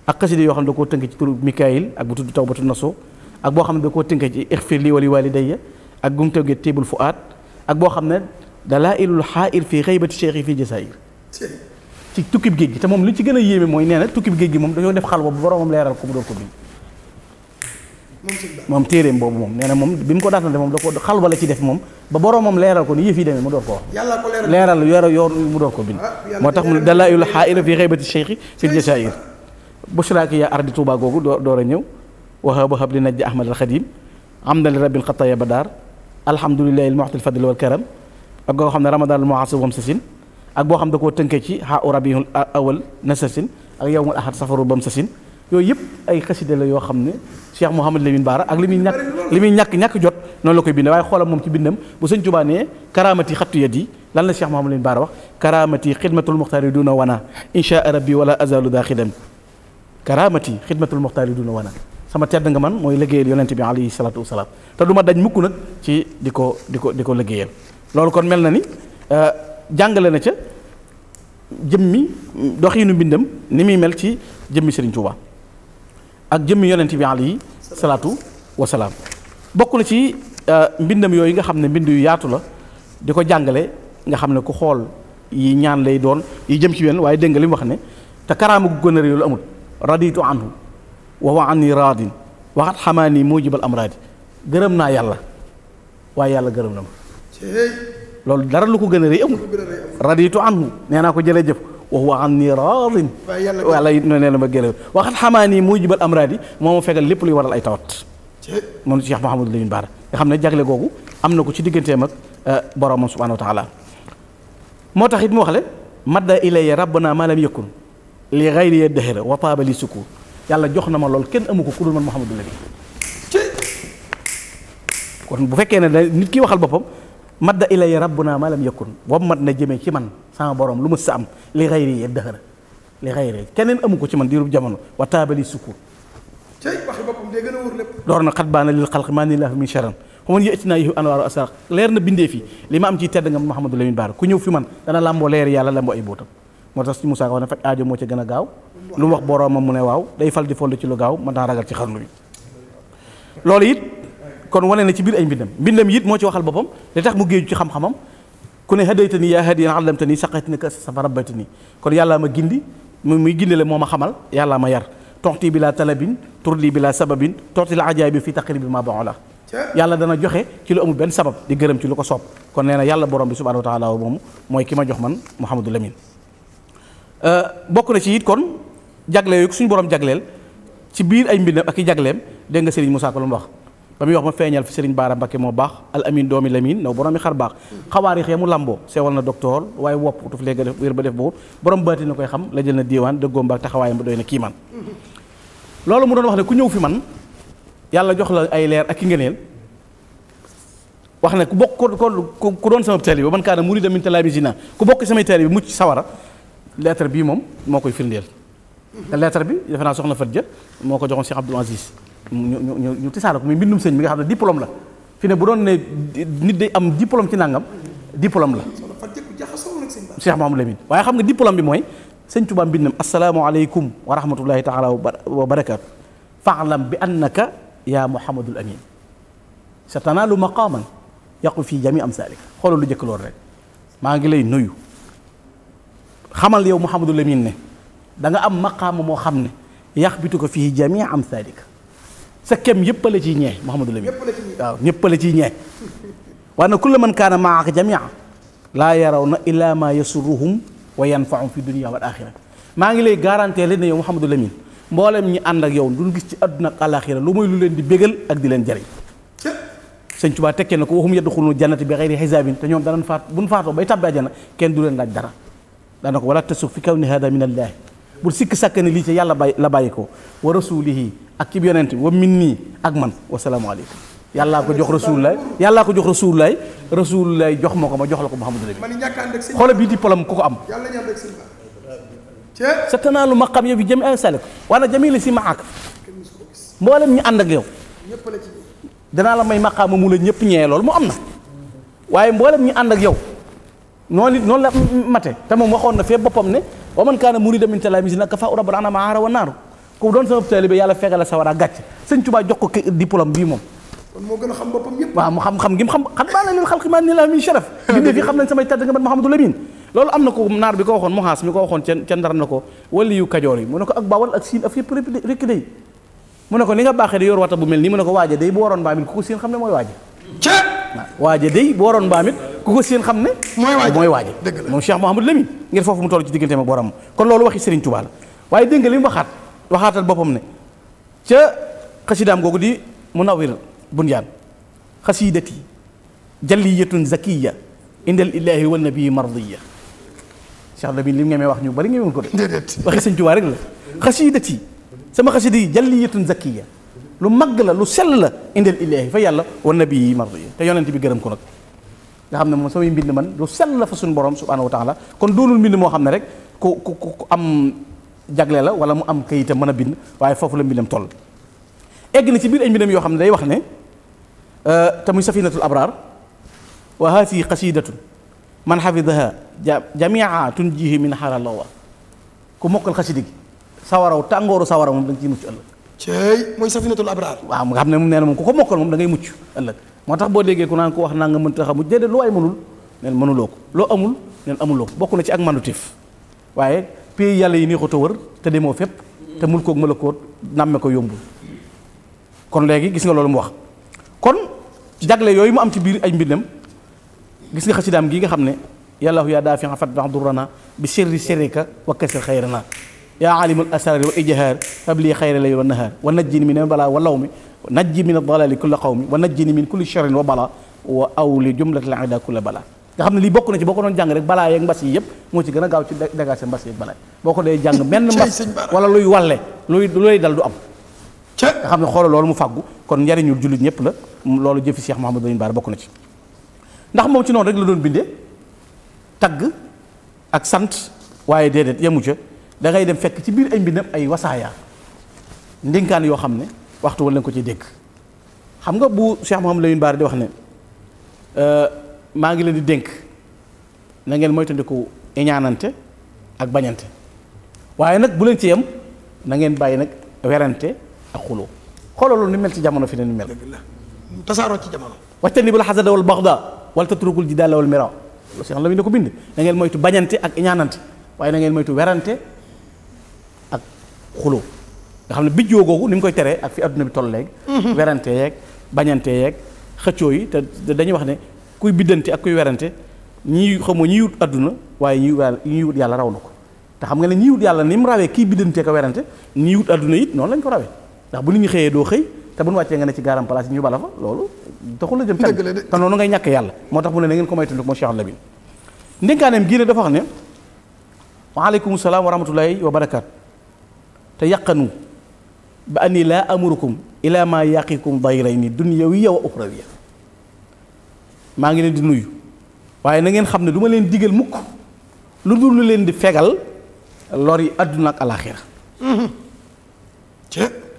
[SPEAKER 4] القصيدة يوحنا دكتور تنكي تقول ميكائيل أقول تدو توبة النصو أقول خامن دكتور تنكي إخفي لي ولي والي دايا أقول تبغي تيب الفؤاد أقول خامن دلائل الحائر في غيبة الشيخ في الجزائر تكتب جيجي تمام لي تجينا يي مي موينين تكتب جيجي مم دنيو نفخل وبرا مم لير الكبر الكبير مم تيرم بوم مم نعم مم بيم كودات مم دكتور خال ولا تيدف مم ببرا مم لير الكبير يي في مم دكتور
[SPEAKER 2] لير
[SPEAKER 4] الكبير لير الكبير مم دكتور دلائل الحائر في غيبة الشيخ في الجزائر bushraaki yaa ardi Touba googu door a ñëw waxaaba xab li najj ahmad al xadim am na li rabbil xataya badaar alhamdulilahi almuxtil fadl wal karam ak goo xam ne ramadan al muasib wam sasin ak boo xam da koo tënkee ci xa u rabiul awal na sasin ak yowmul ahad safaru bam sasin yooyu yëpp ay xasida la yoo xam ne Cheikh Mouhamadou Lamine Bara ak li muy ñàkk li muy ñàkk ñàkk jot noonu la koy bindee waaye xoolam moom ci bindam bu sëñ Tuubaa nee karaamati xattu yat yi lan la Cheikh Mouhamadou Lamine Bara wax karaamati xidmatul muxtaari duna wana insha rabbi wala azalu daaxidan karaamati xidmatul du duna wana sama tedd nga man mooy liggéeyal yonent bi alayhi salaatu wasalaam te du ma daj mukk nag ci di ko di ko di ko liggéeyal loolu kon mel na ni euh, jàngale na ca jëmmi doxiinu mbindam ni muy mel ci jëmmi Sëriñ Tuuba ak jëmmi yonent bi alayhi salaatu wasalaam bokk na ci euh, mbindam yooyu nga xam ne mbind yu yaatu la di ko jàngale nga xam ne ku xool yi ñaan lay doon yi jëm ci wenn waaye dégg nga li mu wax ne te karaamu gën a réy raditu anhu wa huwa anni raadin waxat xamaa ni mujibal amraadi gërëm naa yàlla waaye yàlla gërëm na ma loolu dara lu ko gën a rëy amul raditu anhu nee naa ko jërëjëf wa huwa anni raadin
[SPEAKER 3] yàlla
[SPEAKER 4] it nee na ma gërëm waxat xamaa ni mujibal amraadi moo ma fegal lépp luy waral ay tawat moom Cheikh Mouhamadou Lamine Bara nga xam ne jagle googu am na ko ci digganteem ak boromam subhanahu wa taala moo tax it mu wax le madda ilayya rabbana ma lam yakun لغير الدهر وطاب لي سكون يلا جوخنا ما لول كين امكو كودول من محمد النبي كون بو فكينا نيت كي واخال بوبام مد الى ربنا ما لم يكن ومد نجمي كي من سان بوروم لوم سام لغير الدهر لغير كنن امكو تي من ديرو جامانو وطاب لي سكون
[SPEAKER 2] تي واخال بوبام دي غنو وور لب
[SPEAKER 4] دورنا خطبان للخلق ما الله من شرن ومن ياتنا يه انوار اسرق ليرنا بيندي في لي ما ام تي محمد النبي بار كو في من دا لامبو لير يالا لامبو اي بوتام motax ci suñu Musaa Ka wax ne aajo moo ci gëna gaaw lu wax borom mo ne waw day fal di fond ci lu gaaw man da ragal ci xarnu yi lolu yit kon wone na ci bir ay mbindam mbindam yit mo ci waxal bopam li tax mu géeju ci xam-xamam ku ne hadaytani ya hadiyan allamtani ni ka safa rabbatani kon yalla ma gindi mu muy gindi le moma xamal yalla ma yar tuhti bila talabin turli bila sababin tuhti al ajaib fi taqrib ma ba'ala yàlla dana joxe ci lu amu ben sabab di gërëm ci lu ko soob kon neena yàlla borom bi subhanahu wa taala mom moy kima jox man Mouhamadou Lamine Euh, bokk na ci it kon jagle yooyu suñu borom jagleel ci biir ay mbindam ak i jagleem dégg nga Serigne Moussa Ka lu mu wax ba muy wax ma feeñal fi Serigne Baara Mbakke moo baax al amin doomi lamin naw borom mi xar baax xawaarix ya mu lamboo sewal na docteur waaye wopp tuf léegi ba def buur borom baati na koy xam la jël na diiwaan dëggoo mbaak taxawaayam ba doy na kii man loolu mu doon wax ne ku ñëw fi man yàlla jox la ay leer ak i ngëneel wax ne ku bokk ko ku doon sama taalibe ba man kaana muriidan min talaamiizinaa ku bokk samay taalibe bi sawara lettre bi mom moo firndel firndeel lettre bi defe naa soxna fadja moko joxon Cheikh abdou Aziz ñu ñu tissalako mi bindum muy sëñ mi nga xam diplôme la fi ne bu doon ne nit day am diplôme ci nangam diplôme la Cheikh mamou Lamine waye xam nga diplôme bi mooy sëñ bindum assalamu alaykum wa rahmatullahi taala wa barakat fa'lam bi annaka ya Muhammadul Amin satanalu maqaman yaqfi yaqu fii jami am saalik lu jëkk lor rek ma ngi lay nuyu xamal yow muhammadu lamin ne da nga am maqaama moo xam ne yax ko fii jamii am sadik sa kem yëpp la ciy ñee Mouhamadou Lamine waaw ñëppale ci ciy ñee waaye nag kulla man kana maaka jamia la yarawna illa ma yasuruhum wa yanfaahum fi dunya wal akhirah ma ngi lay garanté leen ne yow muhammadu lamin mbolam ñi ànd ak yow duñ gis ci aduna ak alaxira lu muy lu leen di bégal ak di leen jariñ sëñ tuba tekke na ko waxum yadxuluna jannata bi xayri xisaabin te ñoom danañ faat buñ faato bay tabbe àjjana kenn du leen laaj dara لأنك ولا تسوف في كون هذا من الله بل سك سكن لي يلا باي لا بايكو ورسوله أكيد يننت ومني أجمن والسلام عليكم يلا كو جوخ رسول الله يلا كو جوخ رسول الله رسول الله جوخ مكو ما جوخ لكم محمد النبي
[SPEAKER 2] خول بي ديبلوم كوكو ام يلا نياك
[SPEAKER 4] سيمبا ستنا لو مقام يبي جيم انسالك وانا جميل سي معاك مولم ني اندك يو ييب لا سي دي دانا لا ماي مقام مولا نييب نيي لول مو امنا واي مولم ني اندك يو noonu it noonu la mate te moom waxoon na fee boppam ne wa man kaana muriidan min talaamiisi nag ka faa urabban ana maara wa naaru ku doon sama taalibe yàlla fegal la sawara gàcc sëñ Tuubaa jox ko diplôme bii moom kon xam boppam yëpp waaw mu xam-xam gi xam xam na leen xalqi maa ni laa min sharaf [laughs] bindee fi ne ko ak bawal waaja day boo waroon mbaam it ku ko seen xam ne mooy waaja moom Cheikh Mouhamadou Lamine ngir foofu mu toll ci diggante ma borom kon loolu waxi Serigne Touba la waaye dégg nga li mu waxaat waxaatal boppam ne ca xasidaam googu di munawir bunyaan xasidati jalliyatun zakiya indal ilahi wa nabii mardiya Cheikh Lamine li mu ngemee wax ñu bari ngemee ko de waxi Serigne Touba rek la xasidati sama xasida yi jalliyatun zakiya lu mag la lu sel la indil ilahi fa yàlla wa nabi marri te yonent bi gërëm ko nak nga xamne mom samay mbind man lu sel la fa sun borom subhanahu wa taala kon doonul mbind mo xamne rek ko ko ku am jagle la wala mu am kayita meuna bind waye fofu la mbindam toll egg na ci bir ay mbindam yo xamne day wax ne euh ta muy safinatul abrar wa haati qasidatun man xafidaha jamia tunjihi min haralaw lawa ku mokkal xasida gi sawaraw tàngooru sawara moom da nga ciy mucc cey mooy safinatul abraar waaw nga xam ne moom nee na moom ku ko mokkal moom da ngay mucc ëllëg moo tax boo déggee ku naan ko wax naa nga mënta xam mucc déedéet lu waay mënul neen mënuloo ko loo amul neen amuloo ko bokk na ci ak mandutif waaye pays yàlla yi nii xuta wër te demoo fépp te mul koog ma la koo nàmme ko yombul kon léegi gis nga loolu mu wax kon jagle yooyu mu am ci biir ay mbindam gis nga xasidaam gi nga xam ne yàlla yàllahu yaa daa fi nga fat bax durrana bi sérri sérika wa kasir xayrana يا عالم الأسرار والإجهار فبلي خير الليل والنهار ونجني من البلاء واللوم ونجي من الضلال كل قوم ونجني من كل شر وبلاء أو لجملة الأعداء كل بلاء nga xam ne lii bokk na ci boo ko doon jàng rek balaa yeeg mbas yi yëpp moo ci gën a gaaw ci dégagé mbas yeeg balaa boo ko dee jàng benn mbas wala luy walle luy luy dal du am nga xam ne xoolal loolu mu fàggu kon njariñul jullit ñëpp la loolu jëfi Cheikh Mouhamadou Lamine Bara bokk na ci ndax moom ci noonu rek la doon bindee tagg ak sant waaye déedéet yemu ca da ngay dem fekk ci biir ay mbindam ay wasaaya ndénkaan yoo xam ne waxtu wala ko ci dégg xam nga bu Cheikh mohammed layoun Bara di wax ne maa ngi leen di dénk na ngeen moytandiku iñaanante ak bañante waaye nag bu leen ci yem na ngeen bàyyi nag werante ak xuloo xoolal ni mel ci jamono fi ne ni mel. tasaaroo ci jamono. waxtaan ni bu la xasada wal baxda wala tatrukul jidaala wal mira Cheikh Lamine ko bind na ngeen moytu bañante ak iñaanante waaye na ngeen moytu werante. xuloo nga xam ne bijjoo googu ni mu koy tere ak fi adduna bi toll léegi mhm. werante yeeg bañante yeeg xëccoo yi te dañuy wax ne kuy biddante ak kuy werante ñi xamoo ñi wut adduna waaye ñi ñi yàlla raw na ko te xam nga ne ñi wut yàlla ni mu rawee kii biddante ko werante ñi wut adduna it noonu lañ ko rawee ndax bu nit ñi xëyee doo xëy te bu wàccee nga ne ci gaaram place yi ñu bala fa loolu taxul la jëm fenn te noonu ngay ñàkk yàlla moo tax mu ne na ngeen ko moytandiku moo Cheikh Labine ndénkaaneem gii ne dafa wax ne waaleykum salaam wa rahmatullahi wa te yaqanu ba ani laa amurukum ilaa maa yaqikum dayrayni dunyawiyya wa uxrawiyya maa ngi leen di nuyu waaye na ngeen xam ne du leen digal mukk lu dul lu leen di fegal lor yi àdduna ak alaaxira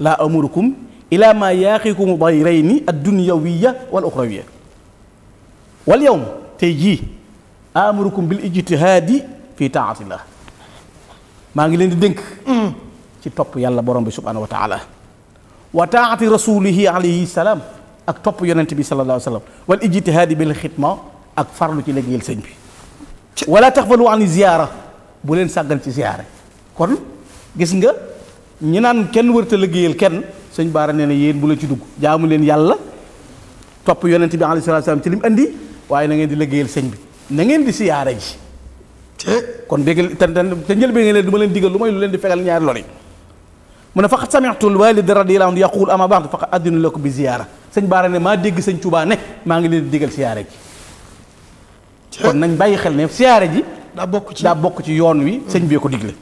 [SPEAKER 4] laa amurukum ilaa maa yaqikum dayrayni ad-dunyawiyya wal uxrawiyya wal yawm tey jii amurukum bil ijtihaadi fi taatillah maa ngi leen di dénk ci top yalla borom bi subhanahu wa ta'ala wa ta'ati rasulihi alayhi salam ak top yonent bi sallallahu alayhi wasallam wal ijtihad bil khitma ak farlu ci liggeyal señ bi wala taqbalu an ziyara bu len sagal ci ziyara kon gis nga ñi nan kenn wërta liggeyal kenn señ bara neena yeen bu la ci dugg jaamu len yalla top yonent bi alayhi salam ci lim andi waye na ngeen di liggeyal señ bi na ngeen di ziyara ji kon dégg tan tan te njël be ngeen duma len digal lu lu len di fegal ñaar lori من فقط سمعت الوالد رضي الله عنه يقول أما بعد فقط أدن لك بزيارة سن بارن ما ديغ سن توبا نه ما نغي لي ديغل زيارة جي كون نان باي خيل نه زيارة جي دا بوك تي دا بوك تي يون وي سن بي كو ديغل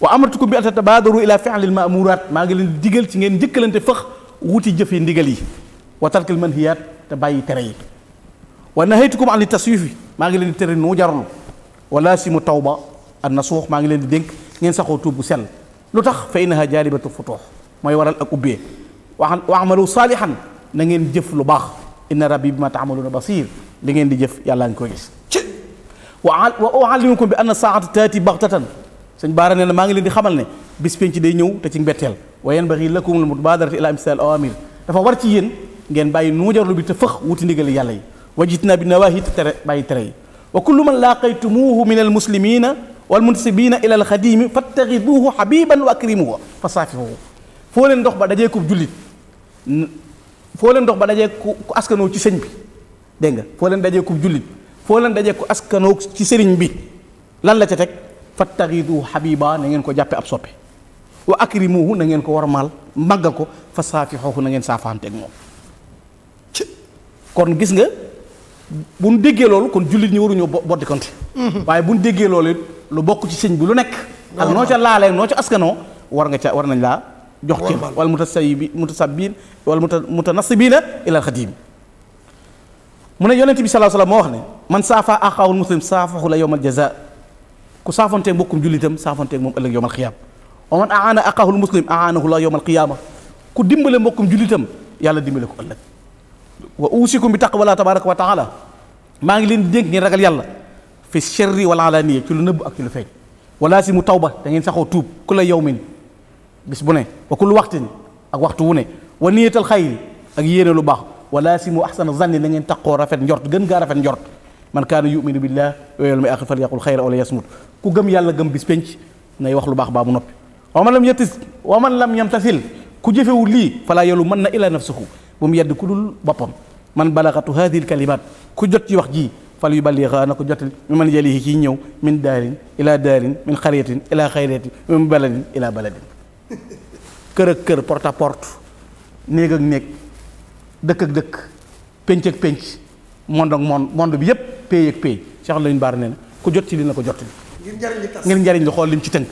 [SPEAKER 4] وامرتكم بي تتبادروا الى فعل المامورات ما نغي لي ديغل تي نين ديكلنت فخ ووتي جيفي ديغل يي إيه. وترك المنهيات تا باي تري ونهيتكم عن التسويف ما نغي لي تري نو جارلو ولا سيم توبه النصوح ما نغي لي دينك نين ساخو توبو سيل lu tax fa innaha jaalibatu futuux mooy waral ak ubbee wa waamalu saalihan na ngeen jëf lu baax inna rabbi bi ma taamaluuna basir li ngeen di jëf yàllaa ngi koy gis wa uallimukum bi anna saata taati baxtatan sëñ baara nee na maa ngi leen di xamal ne bis penc day ñëw te ci mbetteel wa yanbaghi lakum al mubaadarati ila imtisal awamir dafa war ci yéen ngeen bàyyi nuujarlu bi te fëx wuti ndigal yàlla yi wajitna bi nawaahi te tere bàyyi tere yi wa kullu man laaqaytumuuhu min al muslimina wal munsibina ila al khadim fattaghidhuhu habiban wa akrimuhu fasafihu fo len dox ba dajé ko julit fo len dox ba dajé ko askano ci señ bi deng fo len dajé ko julit fo len dajé ko askano ci señ bi lan la ci tek fattaghidhu habiba na ngeen ko jappé ab soppé wa akrimuhu na ngeen ko warmal magako fasafihu na ngeen safante ak mom kon gis nga buñ déggé lolou kon julit ñi waru ñu bodd kanté mm-hmm. waye buñ déggé lolé lu bokk ci sëñ bi lu nekk ak noo ca laalee noo ca askanoo war nga ca war nañ laa jox cër wala mutasabi mutasabbin wala muta mutanasibina ila alxadim mu ne yonente bi salaa salaam moo wax ne man saafa axaawul muslim saafaxu la yowmal jaza ku saafonteeg mbokkum jullitam saafonteeg moom ëllëg yowmal xiyaam wa man aana axaahul muslim aanahu la yowmal qiyaama ku dimbale mbokkum jullitam yàlla dimbale ko ëllëg wa uusikum bi taqwallah tabaraka wa maa ngi leen di yàlla في الشر والعلانية كل نب أكل فين ولازم توبة تنين سخو توب كل يوم بس بني وكل وقت وقت وني ونية الخير أجيين لباخ ولازم أحسن الظن تنين تقوى رفن جرت جن جارفن جرت من كان يؤمن بالله ويوم الآخر فليقل خير أو ليصمت كو يلا جم بس بنش نيو خلو باخ بابو نبي لم يتس ومن لم يمتثل كجف ولي فلا يلومن إلى نفسه ومن يدكول بابم من بلغته هذه الكلمات كجت يوخجي fal yu ballixa na ko jotal mi man jëliyi kii ñëw min daarin ila daarin min xariyatin ila mu min baladin ila baladin kër ak kër porte à néeg ak néeg dëkk ak dëkk pénc ak pénc monde ak monde monde bi yépp pay ak pay Cheikh Lañu Baar nee na ku jot ci li na ko jot ngir njariñ li xool lim ci tënk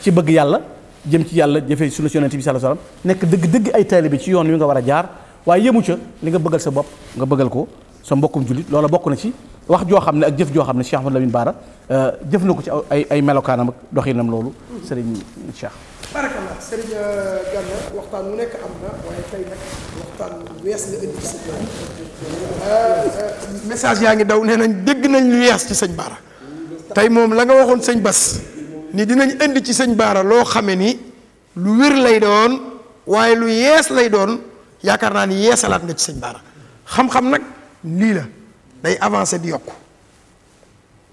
[SPEAKER 4] ci bëgg yàlla jëm ci yàlla jëfe sunu yonent bi sallallahu alayhi wasallam nekk dëgg dëgg ay taalibe ci yoon wi nga war a jaar waaye yëmu ca li nga bëggal sa bopp nga bëggal ko sa mbokkum jullit loola bokk na ci wax joo xam ne ak jëf joo xam ne Cheikh Ahmadou Bara euh, jëf na ko ci ay ay melokaanam ak doxinam loolu. Serigne Cheikh.
[SPEAKER 2] barakallah Serigne euh, euh, yaa ngi daw nee nañ dégg nañ lu yees ci sëñ Bara tey moom la nga waxoon sëñ Bas ni dinañ indi ci sëñ baara loo xame ni lu wér lay doon waaye lu yees lay doon yaakaar naa ni yeesalaat nga ci sëñ Bara xam-xam nag. lila, la day avancé di yokku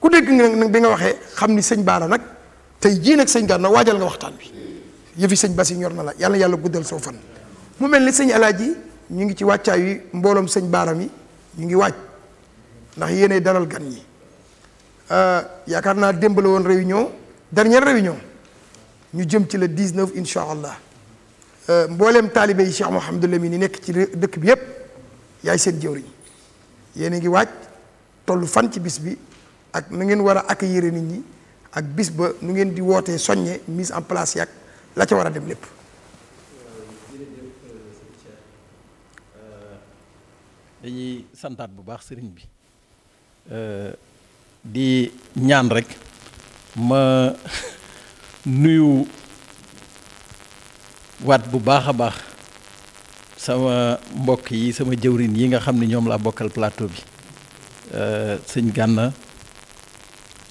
[SPEAKER 2] ku dégg nga nag bi nga waxee xam ni sëñ Baara nag tey jii nag nga waxtaan wi yëfi sëñ Basi ñor na la yàlla yàlla guddal soo fan mu mel ni sëñ Alaaji ñu ngi ci wàccaay yi mbooloom sëñ Baara mi ñu ngi waaj ndax yéenay dalal gan ñi euh, yaakaar naa démb la woon réunion dernière réunion ñu jëm ci le 19 incha allah euh, mbooleem taalibe yi Cheikh Mouhamadou Lamine yi nekk ci dëkk bi yépp yaay seen jëwriñ yene ngi wacc tollu fan ci bis bi ak na ngeen wara accueillir nit ñi ak bis ba nu ngeen di wote soññe mise en place yak la ci wara dem lepp
[SPEAKER 5] euh, dañuy santat bu baax sëriñ bi euh, di ñaan rek ma [laughs] nuyu wat bu baaxa baax. sama mbokk yi sama jëwrin yi nga xam ne ñoom laa bokkal plateau bi euh, sëñ Gànna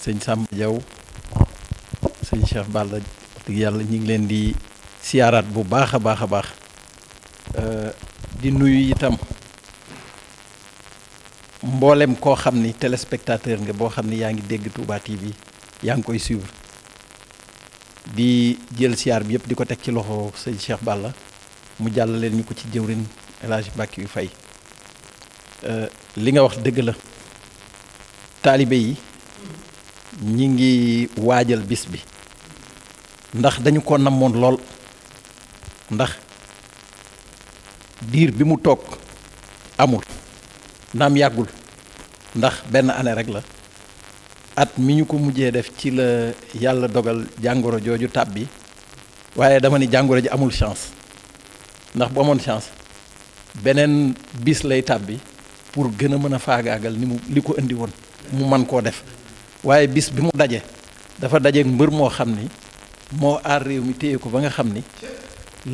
[SPEAKER 5] sëñ Samba jaw sëñ Cheikh Balla dëgg yàlla ñu ngi leen di siyaaraat bu baax a baax a baax euh, di nuyu itam mboolem koo xam ni téléspectateur nga boo xam ni yaa ngi dégg Touba TV yaa ngi koy suivre di jël siyaar bi yëpp di ko teg ci loxo sëñ Cheikh Balla mu jàll leen ñu ko ci jëwrin El Hadj yu fay euh, li nga wax dëgg la taalibe yi ñi ngi waajal bis bi ndax dañu ko namoon lool ndax diir bi mu toog amul naam yàggul ndax benn année rek la at mi ñu ko mujjee def ci la yàlla dogal jàngoro jooju tàbbi waaye dama ni jàngoro ji amul chance ndax bu amoon chance beneen bis lay tàbbi pour gën a mën a faagaagal ni mu li ko indi woon mu man koo def waaye bis bi mu daje dafa dajeek mbër moo xam ni moo aar réew mi téye ko ba nga xam ni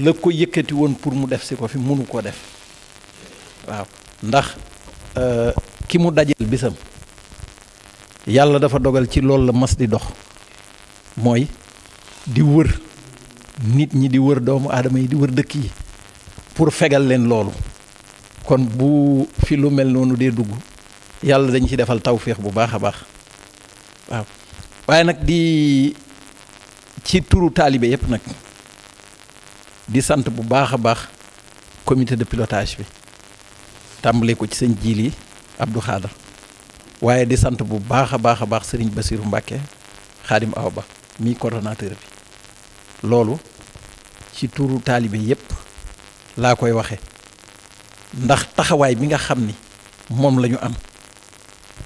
[SPEAKER 5] la ko yëkkati woon pour mu def si ko fi mënu koo def waaw ndax euh, ki mu dajeel bisam yàlla dafa dogal ci loolu la mas di dox mooy di wër nit ñi di wër doomu aadama yi di wër dëkk yi pour fegal leen loolu kon bu fi lu mel noonu dee dugg yàlla dañ ci defal tawféex bu baax a baax waaw waaye nag di ci turu taalibe yépp nag di sant bu baax a baax comité de pilotage bi tàmbale ko ci sëñ Jili Abdou Khadar waaye di sant bu baax a baax a baax sëriñ basiiru Mbàkke Xaadim Awa mi coordonnateur bi loolu ci turu taalibe yépp laa koy waxe ndax taxawaay bi nga xam ni moom lañu am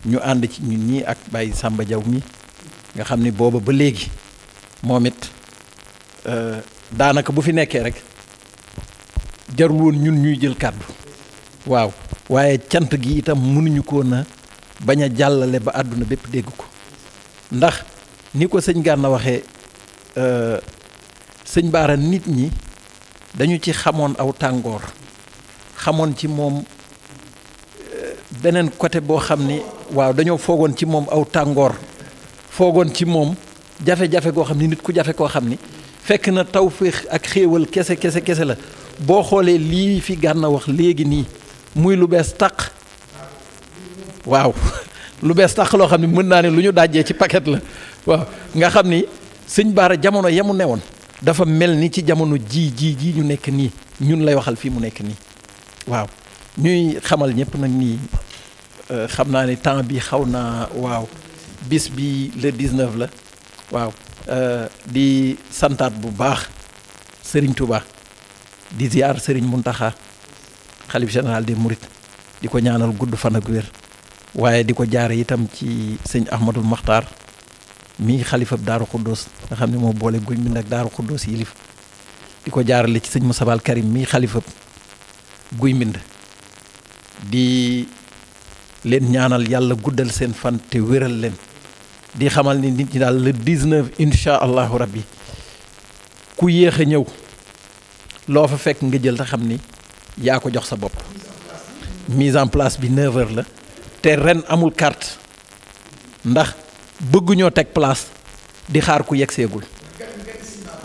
[SPEAKER 5] ñu ànd ci ñun ñii ak bàyyi sàmba jaw mi nga xam ni booba ba léegi moom it euh, daanaka bu fi nekkee rek jarul woon ñun ñuy jël kàddu waaw waaye cant gi itam mënuñu ko na bañ a jàllale ba àdduna bépp dégg ko ndax ni ko sëñ Gana waxe euh, sëñ Baara nit ñi dañu ci xamoon aw tàngoor xamoon ci moom euh, beneen côté boo xam ni waaw dañoo foogoon ci moom aw tàngoor foogoon ci moom jafe-jafe goo xam ni nit ku jafe koo xam ni fekk na tawféex ak xéewal kese kese kese la boo xoolee lii fi na wax léegi nii muy lu bees tàq waaw [laughs] lu bees tàq loo xam ne mën naa ne lu ñu dajjee ci paquet la waaw nga xam ni sëñ Baara jamono yamu newoon dafa mel ni ci jamono jii ji jii ñu nekk nii ñun lay waxal fii mu nekk nii waaw ñuy xamal ñëpp nag nii euh, xam naa ne temps bi xaw naa waaw bis bi le 19 la waaw euh, di santaat bu baax sëriñ Touba di ziar Serigne Mountakha xalif général des Mourides di ko ñaanal gudd fan ak wér waaye di ko jaare itam ci sëñ Ahmadul Maxtaar mii xalifab daaru xuddoos nga xam ne moo boole guy mbind ak daaru xuddoos yilif di ko jaarale ci sëñ Moussa Bal Karim mii xalifab guy mbind di leen ñaanal yàlla guddal seen fan te wéral leen di xamal ni nit ñi daal le 19 incha allahu rabbi ku yéex a ñëw loo fa fekk nga jël te xam ni yaa ko jox sa bopp mise en place bi 9 la te ren amul carte ndax bëgguñoo teg place di xaar ku yegg seegul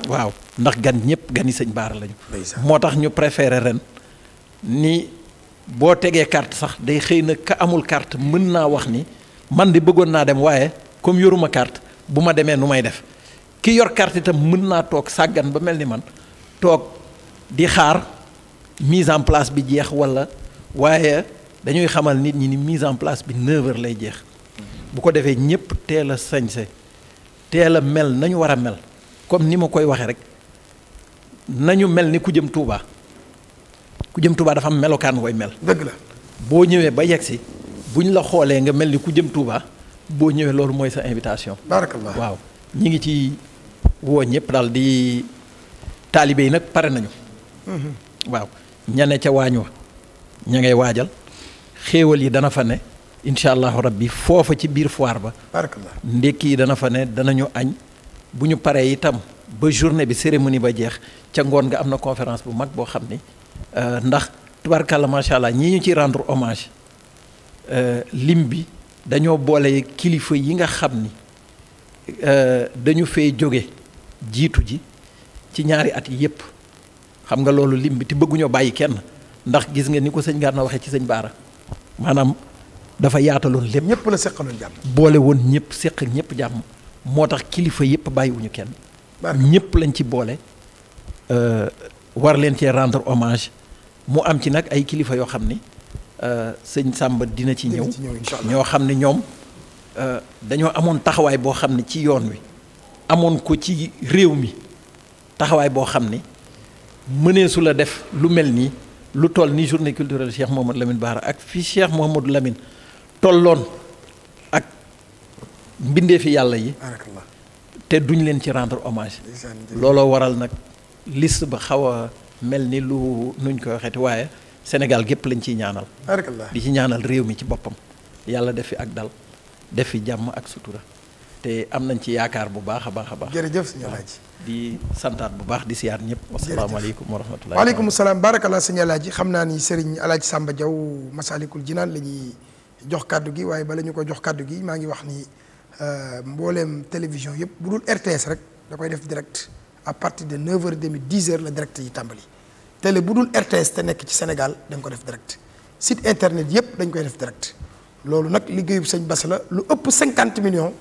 [SPEAKER 5] waaw ndax gan ñëpp gani sëñ baara lañu. moo tax ñu préféré ren ni boo tegee carte sax day xëy na ka amul carte mën naa wax ni man di bëggoon naa dem waaye comme yoruma carte bu ma demee nu may def ki yor carte itam mën naa toog sàggan ba mel ni man toog di xaar mise en place bi jeex walla waaye dañuy xamal nit ñi ni mise en place bi 9h lay jeex. bu ko defee ñëpp teel a sañse teel a mel nañu war a mel comme ni ma koy waxee rek nañu mel ni ku jëm tuubaa ku jëm Touba dafa melokaan woy mel. dëgg la boo ñëwee ba yegg si buñ la xoolee nga mel ni ku jëm tuubaa boo ñëwee loolu mooy sa invitation. barakallah waaw ñi ngi ci woo ñëpp daal di taalibe yi nag pare nañu.
[SPEAKER 3] Mm-hmm.
[SPEAKER 5] waaw ña ne ca waañ wa ña ngay waajal xéewal yi dana fa ne. incha allahu rabbi foofa ci biir foire ba. ndékki yi dana fa ne danañu añ bu ñu paree itam ba journée bi cérémonie ba jeex ca ngoon nga am na conférence bu mag boo xam ni euh, ndax tubarkalla macha allah ñii ñu ci rendre hommage euh, lim bi dañoo boole kilifa yi nga xam ni euh, dañu fee jóge jiitu ji ci ñaari at yi yëpp xam nga loolu lim bi te bëgguñoo bàyyi kenn ndax gis nga ni ko sëñ Gana waxee ci sëñ Baara maanaam. dafa yaataloon lépp. ñëpp la seqaloon jàmm. boole woon ñëpp seq ak ñëpp jàmm moo tax kilifa yëpp bàyyiwuñu kenn. ñëpp lañ ci boole. Euh, war leen cee rendre hommage mu am ci nag ay kilifa yoo xam ni euh, sëñ Samba dina ci ñëw. ñoo xam ne ñoom euh, dañoo amoon taxawaay boo xam ne ci yoon wi. amoon ko ci réew mi taxawaay boo xam ni mëneesu la def lu mel nii lu toll ni journée culturelle Cheikh Mouhamadou Lamine Bara ak fii Cheikh Mouhamadou Lamine. tolloon ak fi yalla yi te duñ len ci rendre hommage lolo waral nak liste ba xawa melni mel ni lu nuñ ko waxe waye senegal gep lañ ci ñaanal di ci ñaanal rew mi ci bopam yalla def fi ak dal def fi jamm ak sutura te am nañ ci yaakar bu baax a baax di santat bu baax di ñep assalamu alaykum wa rahmatullahi wa alaykum
[SPEAKER 2] assalam barakallahu señu laaji xamna ni sëriñ Alaaji Samba jaw Masalikul jinan la jox kàddu gi waaye bala ñu ko jox kàddu gi maa ngi wax ni euh, mbooleem télévision yëpp bu dul RTS rek da koy def direct à partir de 9h30 10h la direct yi tàmbali télé bu dul RTS te nekk ci Sénégal dañ ko def direct site internet yëpp dañ koy def direct loolu nag liggéeyub sëñ Bass la lu ëpp 50 million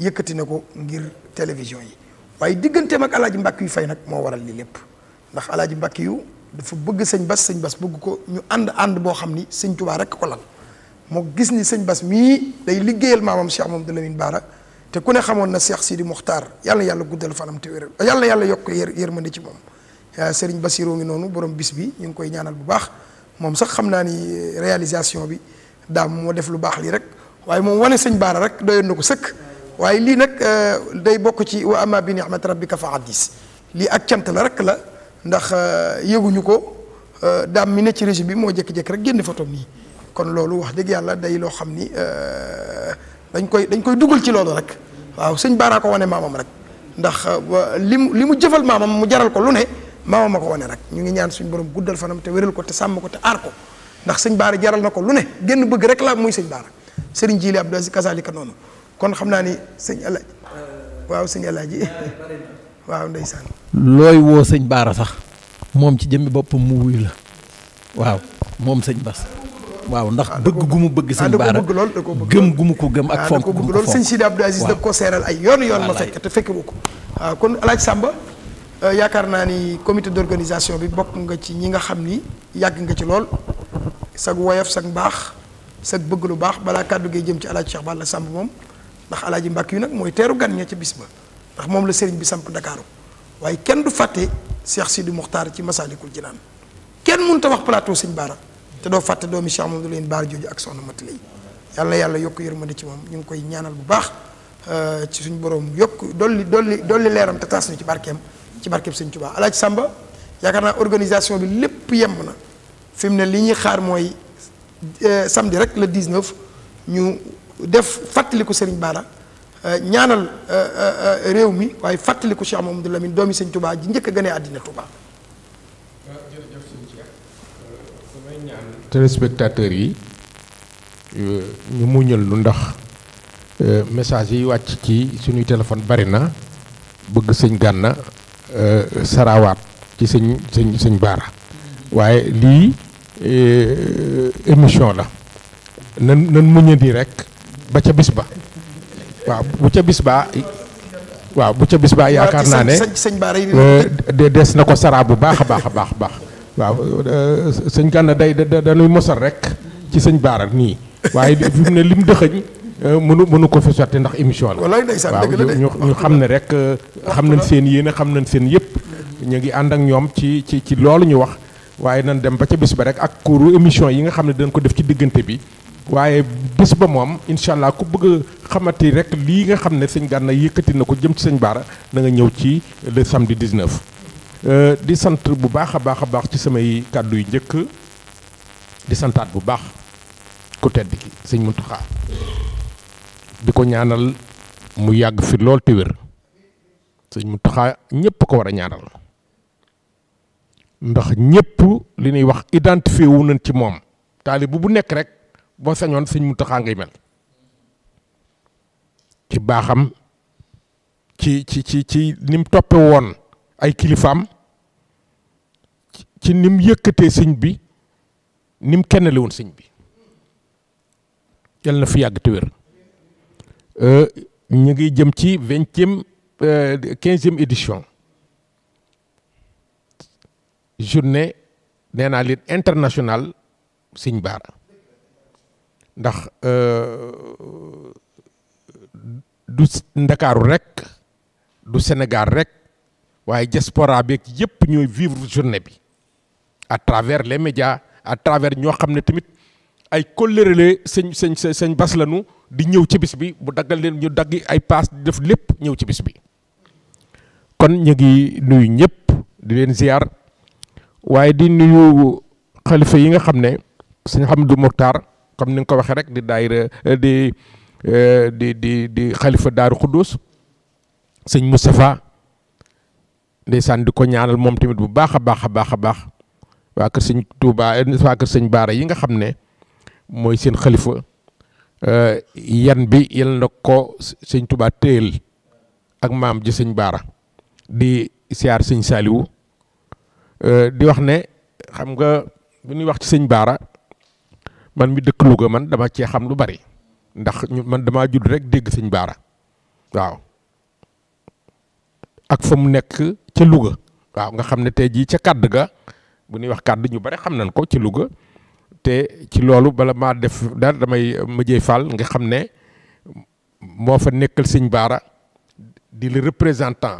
[SPEAKER 2] yëkkati na ko ngir télévision yi waaye digganteem ak alaaji mbàkk yu fay nag moo waral lii lépp ndax alaaji mbàkk yu dafa bëgg sëñ Bass sëñ Bass bëgg ko ñu ànd ànd boo xam ni sëñ rek ko lal moo gis ni sëñ Bas mii day liggéeyal maamam Cheikh Mamadou Lamine Bara te ku ne xamoon na Cheikh Sidi Muxtaar yàlla yàlla guddal fanam te wéral yàlla yàlla yokk yër yërmande ci moom Serigne Bassirou ngi noonu borom bis bi ñu ngi koy ñaanal bu baax moom sax xam naa ni réalisation bi daam moo def lu baax lii rek waaye moom wane sëñ Baara rek doyoon na ko sëkk waaye lii nag day bokk ci wa ama bi ni'mat rabbika fa haddis lii ak cant la rek la ndax yëguñu ko daam mi ne ci régie bi moo jékki-jékki rek génn photo nii kon loolu wax dëgg yàlla day loo xam ni euh, dañ koy dañ koy dugal ci loolu rek waaw sëñ Baara ko wane maamam rek ndax li mu li mu jëfal maamam mu jaral ko lu ne maamam ma ko wane rek ñu ngi ñaan suñ borom guddal fanam te wéral ko te sàmm ko te aar ko ndax sëñ Baara jaral na ko lu ne génn bëgg rek la muy sëñ Baara sëriñ Jili Abdou Aziz Kasalika noonu kon xam naa ni sëñ Alaaji waaw sëñ Alaaji waaw ndeysaan
[SPEAKER 5] looy woo sëñ Baara sax moom ci jëmmi bopp mu wuyu la waaw moom waaw ndax ah, bëgg gu mu bëgg sëñ ah, Baara gëm gu mu ko gëm ak ah, fonk gu mu ko fonk sëñ Sidi Abdou Aziz daf ko seeral ay yoon yoon ma fekk
[SPEAKER 2] te fekke bu ko waaw kon alaaj Sàmba euh, yaakaar naa ni comité d'organisation bi bokk nga ci ñi nga xam ni yàgg nga ci lool sag woyof sag mbaax sag bëgg lu baax balaa kàddu gee jëm ci alaaj Cheikh Balla Samb moom ndax alaaji mbàkk yu nag mooy teeru gan ña ca bis ba ndax moom la sëriñ bi samp Dakaaru waaye kenn du fàtte Cheikh Sidi Muxtaar ci Masaalikul Jinaan kenn mënut a wax plateau sëñ Baara te doo fàtte doomi Cheikh Mamadou Lamine Bara jooju ak soxna Mati Lay yàlla yàlla yokk yërmande ci moom ñu ngi koy ñaanal bu baax euh, ci suñu borom yokk dolli dolli dolli leeram te taas ñu ci barkeem ci barkeem Sëñ tubaa alaaj Sàmba yaakaar naa organisation bi lépp yemb na fi mu ne li ñuy xaar mooy euh, samedi rek le 19 ñu def fàttaliku Serigne baara euh, ñaanal réew mi waaye fàttaliku Cheikh Mamadou Lamine doomi Sëñ tubaa ji njëkk a gënee àddina Tuubaa
[SPEAKER 6] téléspectateurs yi euh, ñu muñal lu ndax euh, message yi wàcc ci suñuy téléphone bari na bëgg sëñ gànna euh, sarawaat ci sëñ sëñ sëñ baara waaye lii émission la nan nan muñandi rek ba ca bis ba waaw bu ca bis baa waaw bu ca bis baa yaakaar naa ne des na ko saraa bu baax a baax a baax baax waaw sëñ Gana day dañuy mosal rek ci sëñ Baara nii waaye fi mu ne lim dëxëñ euh, mënu mënu ko fi sotti ndax émission la. walaay ndeysaan dëgg la waaw ñu xam ne rek euh, xam nañ seen yéene xam nañ seen yëpp. ñu ngi ànd ak ñoom ci ci ci loolu ñu wax waaye nan dem ba ca bis ba rek ak kuuru émission yi nga xam ne dañ ko def ci diggante bi. waaye bis ba moom incha allah ku bëgg a xamati rek lii nga xam ne sëñ Gana yëkkati na ko jëm ci sëñ Baara na nga ñëw ci le samedi 19. Euh, di sant bu baax a baax a baax ci samay kàddu yu njëkk di santaat bu baax ku tedd ki sëñ Muntaxa di ko ñaanal mu yàgg fi lool te wér sëñ Muntaxa ñëpp ko war a ñaanal ndax ñëpp li ñuy wax identifié wu nañ ci moom taalibu bu nekk rek boo sañoon sëñ Muntaxa ngay mel ci baaxam ci ci ci ci ni toppe woon ay kilifaam ci nim yëkkatee sëñ bi nim kennale woon sëñ bi yal na fi yàgg te euh, ñu ngi jëm ci vingtième euh, quinzième édition journée nee naa leen internationale sëñ Baara ndax euh, du Ndakaaru rek du Sénégal rek waaye diaspora beeg yëpp ñooy vivre journée bi à travers les médias à travers ñoo xam ne tamit ay kóllërale sëñ sëñ sëñ bas lañu di ñëw ci bis bi bu daggal leen ñu dagg ay paas di def lépp ñëw ci bis bi kon ñu ngi ñëpp di leen ziar waaye di nuyu xalifa yi nga xam ne sëñ Hamdu Mokhtar comme ni nga ko waxee rek di daayira di euh, di di di xalifa Daaru Xuddus sëñ Moustapha ndeysaan di ko ñaanal moom tamit bu baax a baax a baax a baax waa kër sëñ Baara yi nga xam ne mooy seen xalifa eh, yan bi yal na ko sëñ Touba téyel ak maam ji sëñ Baara di siyaar sëñ saaliwu eh, di wax ne xam nga bu ñuy wax ci sëñ Baara man mi dëkk Louga man dama cee xam lu bari ndax man damaa judd rek dégg sëñ Baara waaw ak fa mu nekk ca Louga waaw nga xam ne tey jii ca kàdd ga bu ni wax kàddu ñu bari xam nan ko ci Louga te ci loolu bala maa def daal damay mujjee Fall nga xam ne moo fa nekkal sëñ Baara di le représentant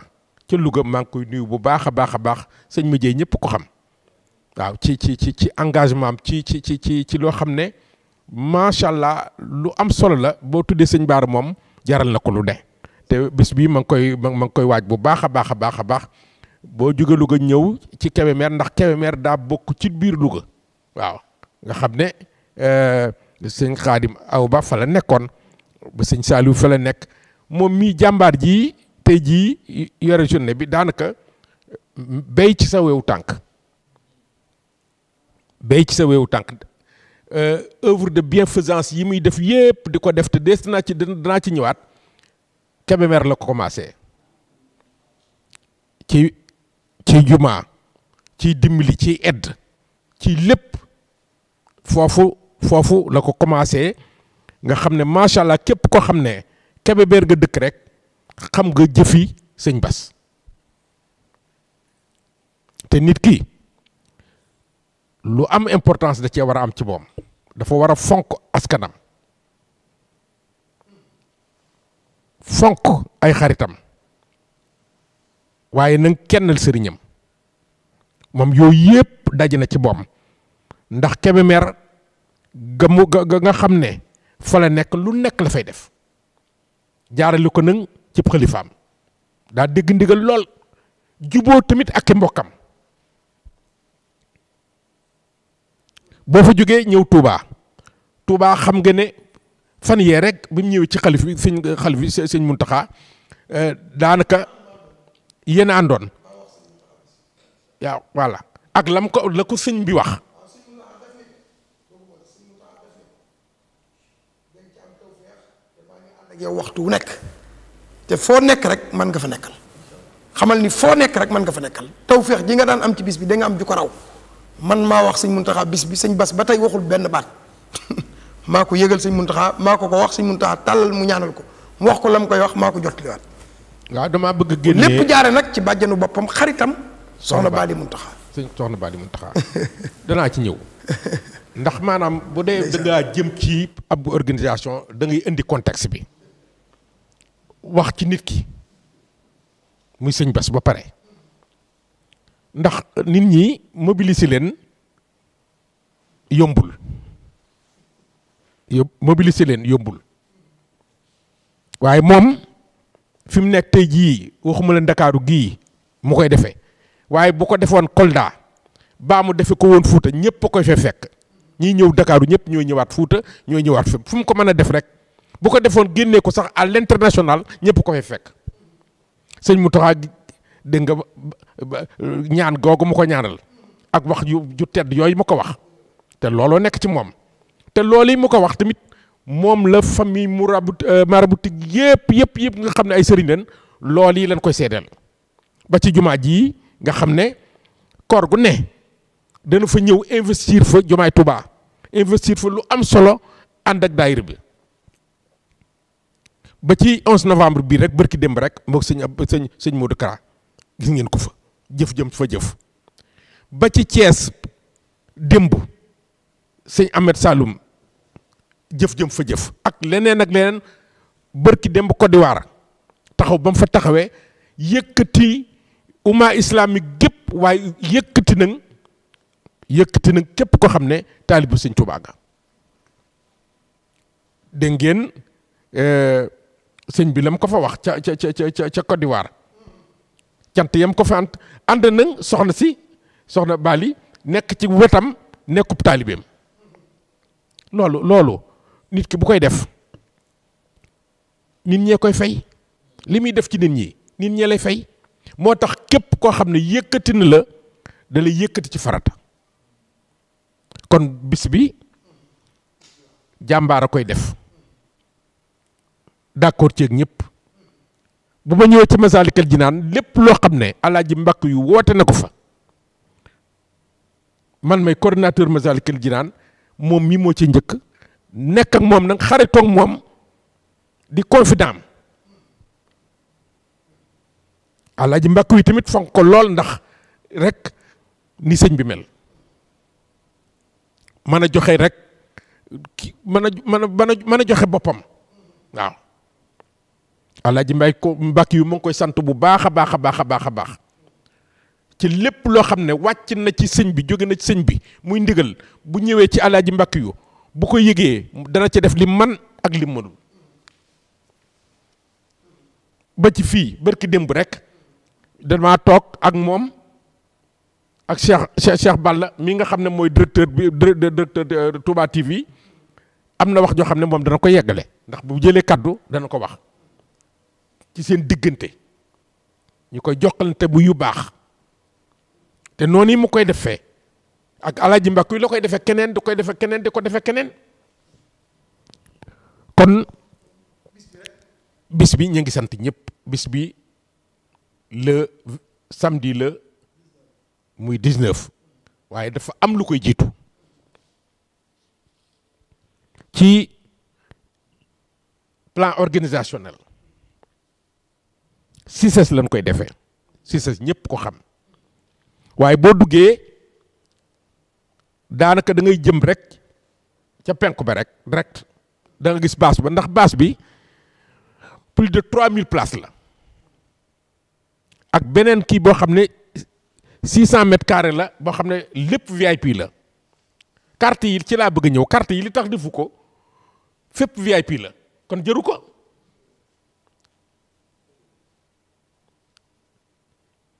[SPEAKER 6] ca Louga maa ngi koy nuyu bu baax a baax a baax sëñ mujjee ñëpp ko xam waaw ci ci ci ci engagement ci ci ci ci ci loo xam ne macha allah lu am solo la boo tuddee sëñ Baara moom jaral na ko lu ne te bis bii ma ngi koy ma ngi koy waaj bu baax a baax a baax a baax. boo jóge Louga ñëw ci Kébémer ndax Kébémer daa bokk ci biir Louga waaw nga xam ne euh, sëñ Xaadim aw ba fa la nekkoon ba sëñ Saliou fa la nekk moom mii jàmbaar jii tey jii yore journée bi daanaka béy ci sa wewu tànk béy ci sa wewu tànk euh, œuvre de bienfaisance yi muy def yépp di ko def te des naa ci danaa ci ñëwaat Kébémer la ko commencé ci ci jumaa ci dimbali ci edd ci lépp foofu foofu la ko commencé nga xam ne macha allah képp ko xam ne Kébémer nga dëkk rek xam nga jëfi sëñ Bas te nit ki lu am importance da cee war a am ci boom dafa war a fonk askanam fonk ay xaritam waaye na kennal sëriñam moom yooyu yépp daje na ci bom ndax Kébémer ga nga xam ne fole nekk lu nekk la fay def jaarale ko nag ci xalifaam daa dégg ndigal lool juboo tamit ak i mbokkam boo fa jógee ñëw tuubaa Touba xam nga ne fan yee rek bi ñëwee ci xalif bi sëñ xalif bi eh, daanaka yéen a àndoon waaw voilà ak lam ko la ko sëñ bi wax
[SPEAKER 2] ak waxtu wu nekk te foo nekk rek man nga fa nekkal xamal ni foo nekk rek mën nga fa nekkal tawféex ji nga daan am ci bis bi da nga am ju ko raw man maa wax mun Muntaxa bis bi sëñ Bas ba tey waxul benn baat [laughs] maa ko yëgal sëñ Muntaxa maa ko ko wax sëñ Muntaxa tàllal mu ñaanal ko mu wax ko lam koy wax maa ko jotliwaat waaw damaa bëgg génne lépp jaare nag
[SPEAKER 6] ci bàjjanu boppam xaritam. soxna Baali Muntaxa soxna Baali Muntaxa danaa ci ñëw. ndax maanaam bu dee da jëm ci ab organisation da ngay indi contexte bi wax ci nit ki muy sëñ Bass ba pare ndax nit ñi mobiliser leen yombul yo mobiliser leen yombul waaye moom. fi mu nekk tey jii waxuma la ndakaaru gii mu koy defee waaye bu ko defoon Kolda baa mu defe ko woon Fuuta ñëpp koy fa fekk ñiy ñëw ndakaaru ñëpp ñooy ñëwaat Fuuta ñooy ñëwaat fépp fu mu ko mën a def rek bu ko defoon génnee ko sax à l'international ñëpp ko fay fekk sëñ mu taxaa dégg nga ñaan googu mu ko ñaanal ak wax ju ju tedd yooyu mu ko wax te looloo nekk ci moom te loolu mu ko wax tamit moom la famille murabut euh, maraboutique yëpp yëpp yëpp nga xam ne ay sëriñ leen lool yi lañ koy seedeel ba ci jumaa ji nga xam ne koor gu ne dana fa ñëw investir fa jumaay Touba investir fa lu am solo ànd ak daayir bi ba ci 11 novembre bii rek bërki démb rek moog sëñ sëñ sëñ Modou Kara gis ngeen ko fa jëf jëm fa jëf ba ci Thiès démb sëñ Ahmed Saloum jëf jëm fa jëf ak leneen ak leneen bërki dem ba Côte taxaw ba mu fa taxawee yëkkati umma islamique gépp waaye yëkkati nañ yëkkati nañ képp ko xam ne taalibu sëñ Tuubaa nga dégg ngeen euh, sëñ bi lam ko fa wax ca ca ca ca Côte d'Ivoire cant yam ko fa ant ànd nañ soxna si soxna Bali nekk ci wetam nekkub taalibeem loolu loolu nit ki bu koy def nit ñee koy fay li muy def ci nit ñi nit ñee lay fay moo tax képp koo xam ne yëkkati na la da lay yëkkati ci farat kon bis bi jàmbaar a koy def d'accord ceeg ñëpp bu ma ñëwee ci Masaalikal Jinaan lépp loo xam ne alaaji mbakk yu woote na ko fa man may coordinateur Masaalikal Jinaan moom mii moo ci njëkk nekk moom nag xaritoog moom di confident alaaji mbàkk wi tamit fonk ko lool ndax rek ni sëñ bi mel mën a joxe rek ki mën a mën a mën a joxe boppam waaw alaaji mbay ko mbàkk yu mu ngi koy sant bu baax a baax a baax a baax a baax ci lépp loo xam ne wàcc na ci sëñ bi jóge na ci sëñ bi muy ndigal bu ñëwee ci alaaji mbàkk yu bu ko yëgee dana ci def li man ak lim mënul ba ci fii barki démb rek dama toog ak moom ak Cheikh Cheikh Balla mi nga xam ne mooy directeur bi directeur Touba am na wax joo xam ne moom dana ko yeggale ndax bu jëlee kaddu dana ko wax ci seen diggante ñu koy jokkalante bu yu baax te noonu yi mu koy defee ak alaaji mbàkku yi la koy defee keneen di koy defee keneen di ko defee keneen kon bis bi ñu ngi sant ñëpp bis bi le samedi muy muy 19 waaye dafa am lu koy jiitu ci plan organisationnel CICES lañ koy defee CICES ñëpp ko xam waaye boo duggee. daanaka da ngay jëm rek ca penku ba rek direct danga nga gis bâche ba ndax bâche bi plus de mille places la ak beneen kii boo xam ne 600 mètres carrés la boo xam ne lépp VIP la carte yi ci laa bëgg ñëw carte yi li tax defu ko fépp VIP la kon jëru ko.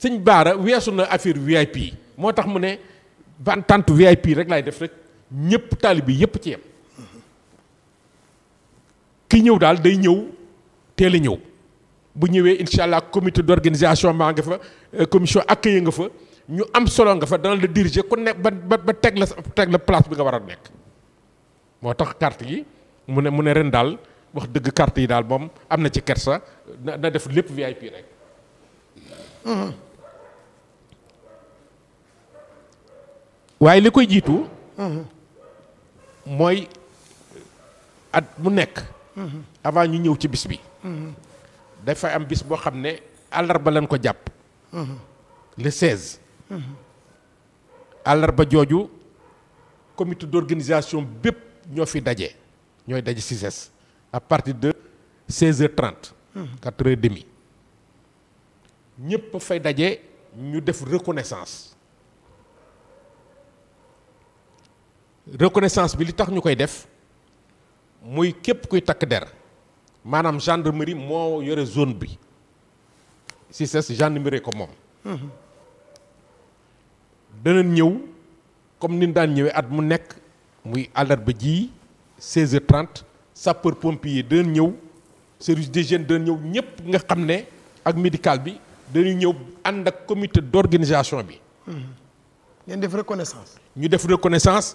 [SPEAKER 6] sëñ baara weesu na affaire VIP moo tax mu ne ban tante VIP rek laay def rek ñëpp taalibe yëpp ci yem ki ñëw daal day ñëw teel a ñëw bu ñëwee incha allah comité d'organisation maa nga fa euh, commission accueil nga fa ñu am solo nga fa dana la diriger ku nekk ba ba teg la teg la place bi nga war a nekk moo tax carte yi mu ne mu ne ren daal wax dëgg carte yi daal moom am na ci kersa na def lépp VIP rek. Mm-hmm. waye likoy jitu jiitu. Mhm. mooy at mu nekk. Mhm. avant ñu ñew ci bis bi. Mhm. dafa am bis bo l'arbre, alarba lañ ko jàpp. le 16. alarba le comité d'organisation bép ñoo fi daje ñooy 6 à partir de 16h30. 4h30 ñepp fay dajé ñu def reconnaissance. reconnaissance bi li tax ñu def muy képp kuy takk der maanaam gendarmerie moo yore zone bi si ses gendarmerie ko moom danañ ñëw comme ni daan ñëwee at mu nekk muy àllarba ji 16h30 sapeur pompier danañ ñëw service des jeunes danañ ñëw ñëpp nga xam ne ak médical bi dañuy ñëw ànd ak comité d'organisation bi. Hmm. ngeen def reconnaissance. ñu def reconnaissance.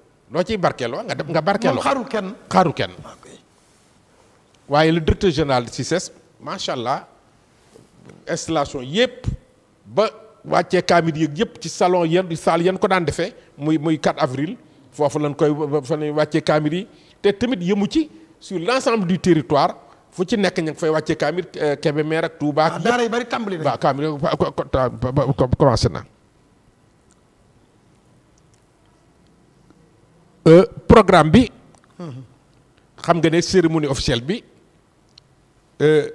[SPEAKER 6] loo ciy barkeeloo nga dem nga barkeeloo xaarul kenn xaaru kenn ah, waaye le directeur général de CICES macha allah installation yépp ba wàccee kaamil yëg yépp ci salon yan saal yan ko daan defee muy muy 4 avril foofu lañ koy fa lañ wàccee kaamil yi te tamit yëmu ci sur l'ensemble du territoire fu ci nekk ñu ngi fay wàccee kaamil euh, Kébémer ak Touba. waaw ah, daara yu bari tàmbali nañ waaw kaamil na. Euh, programme bi xam nga ne cérémonie officielle bi euh,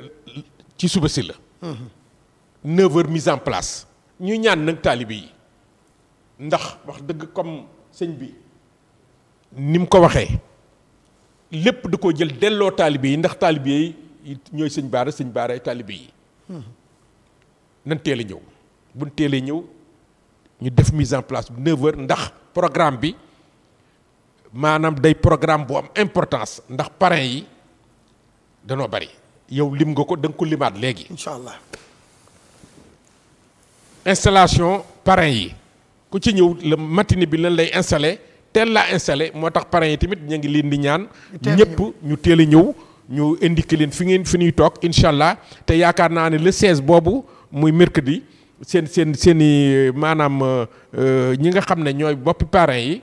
[SPEAKER 6] ci suba 9h mise en place. nous ñaan nag talibi Nous ndax wax dëgg comme sëñ bi nim nous ko waxee lépp da avons jël delloo talibi ndax talibi yi ñooy sëñ baara sëñ ay talibi yi. nan teel a ñëw buñ des mise en place 9h programme bi manam day programme bu am importance ndax parrains yi danoo bari yow lim nga ko da nga ko limaat léegi. incha installation parrain yi ku ci ñew le matinée bi lan lay installer teel la installer motax tax parrain yi timit ñi ngi leen di ñaan. ñepp ñu teel ñew ñu indiqué leen fi ngeen fi ñuy toog incha te yaakar naa ne le 16 bobu muy mercredi sen sen seni manam euh, ñi nga xamne ñoy ñooy boppi parrain yi.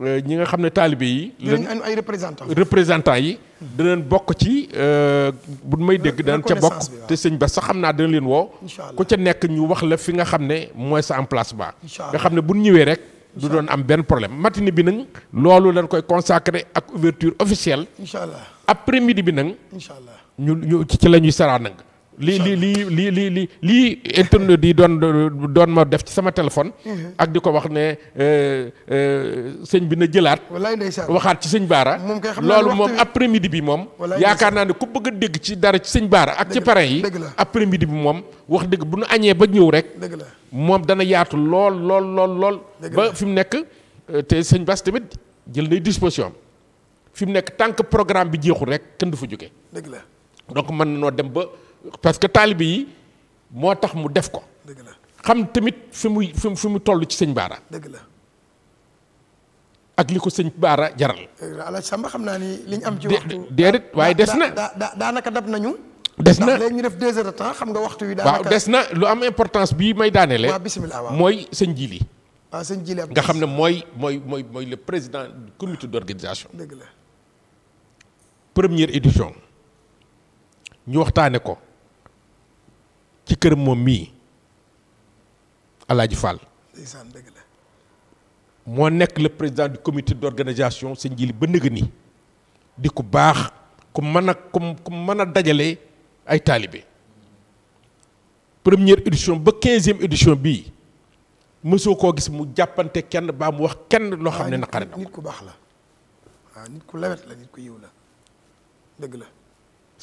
[SPEAKER 6] Euh, ñi nga xam ne taalibe yi. dinañ am ay représentants représentants yi. danañ bokk ci euh, bu may dégg danañ ca bokk te sëñ ba sax xam naa dana leen woo. ku ca nekk ñu wax la fi nga xam ne mooy sa emplacement. nga xam ne bu ñëwee rek. du doon am benn problème matinée bi nag. loolu lañ koy consacré ak ouverture officielle. incha allah après midi bi nag. incha allah ñu ñu ci la ñuy saraa nag. li li lii li li li lii internet di doon doon ma def ci sama téléphone uh-huh. ak di ko wax ne euh, euh, sëñ bi na jëlaat waxaat ci sëñ Baara loolu moom après midi bi moom yaakaar naa ne ku bëgg dégg ci dara ci sëñ Baara ak ci pare yi après midi bi moom wax dëgg bu nu añee ba ñëw rek moom dana yaatu lool lool lool lool ba fi mu nekk euh, te sëñ Bass tamit jël nay disposition am fi mu nekk tant que programme bi jeexul rek kenn du fa jóge la donc mën na noo dem ba parce que taalibe yi moo tax mu def ko. xam tamit fi muy fi mu toll ci sëñ Baara. dëgg la. ak li ko sëñ Baara jaral.
[SPEAKER 2] ala samba xam naa ni li ñu am ci waxtu.
[SPEAKER 6] déedéet waaye des na daanaka dab nañu. des na léegi ñu def deux de temps xam nga waxtu wi. waaw des na lu am importance bii may daanele. waaw bisimilah waaw mooy sëñ Jili. waaw sëñ Jili nga xam ne mooy mooy mooy mooy le président du comité d'organisation. dëgg la. première édition ñu waxtaane ko. ci kër moom mii Alaaji Fall mo nek le président du comité d'organisation sëñ djili ba nëgë ni di ku bax ku mën a ku ku mën a dajale ay talibé première édition ba 15e édition bi mësoo koo gis mu jàppante kenn ba mu wax kenn loo xam ne naqari na nit ku baax la waaw nit ku lawet
[SPEAKER 2] la nit ku yiw la dëgg la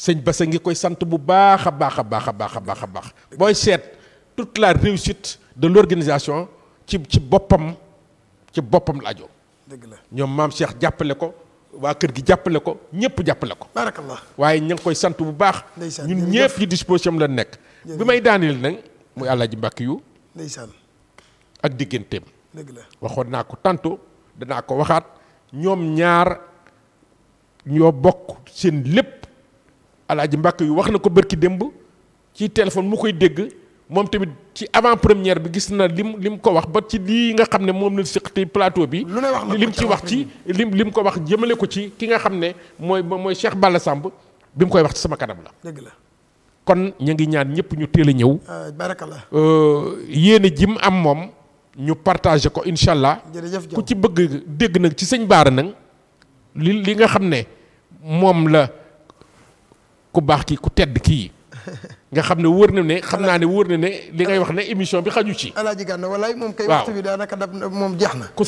[SPEAKER 6] sëñ Bass a ngi koy sant bu baax a baax a baax a baax a baax a baax booy seet tout la réussite de l'organisation ci ci boppam ci boppam la ajo dëgg la ñoom maam Cheikh jàppale ko waa kër gi jàppale ko ñëpp jàppale ko. barakallah waaye ña ngi koy sant bu baax. ñun ñëpp ci disposition la nekk. bi may daaneel nag muy El Hadj Mbacke yu. ndeysaan ak digganteem. dëgg la waxoon naa ko tantôt danaa ko waxaat ñoom ñaar ñoo bokk seen lépp alaaji mbàkk yu wax na ko bërki démb ci téléphone mu koy dégg moom tamit ci avant première bi gis na lim lim ko wax ba ci lii nga xam ne moom la siqti plateau bi lim ci wax ci lim lim ko wax jëmale ko ci ki nga xam ne mooy mooy Cheikh Balla Samb bi koy wax ci sama kanam la dëgg la kon ñu ngi ñaan ñëpp ñu teel a ñëw euh, barakallah euh, yéene jim am moom ñu partagé ko incha allah ku ci bëgg dégg nag ci sëñ Baara nag li li nga xam ne moom la ku baax kii ku tedd kii nga xam ne wóor na ne xam naa ne wóor na ne li ngay wax ne émission bi xaju ci. alaaji Gana walaay moom kay daanaka dab moom jeex na. ku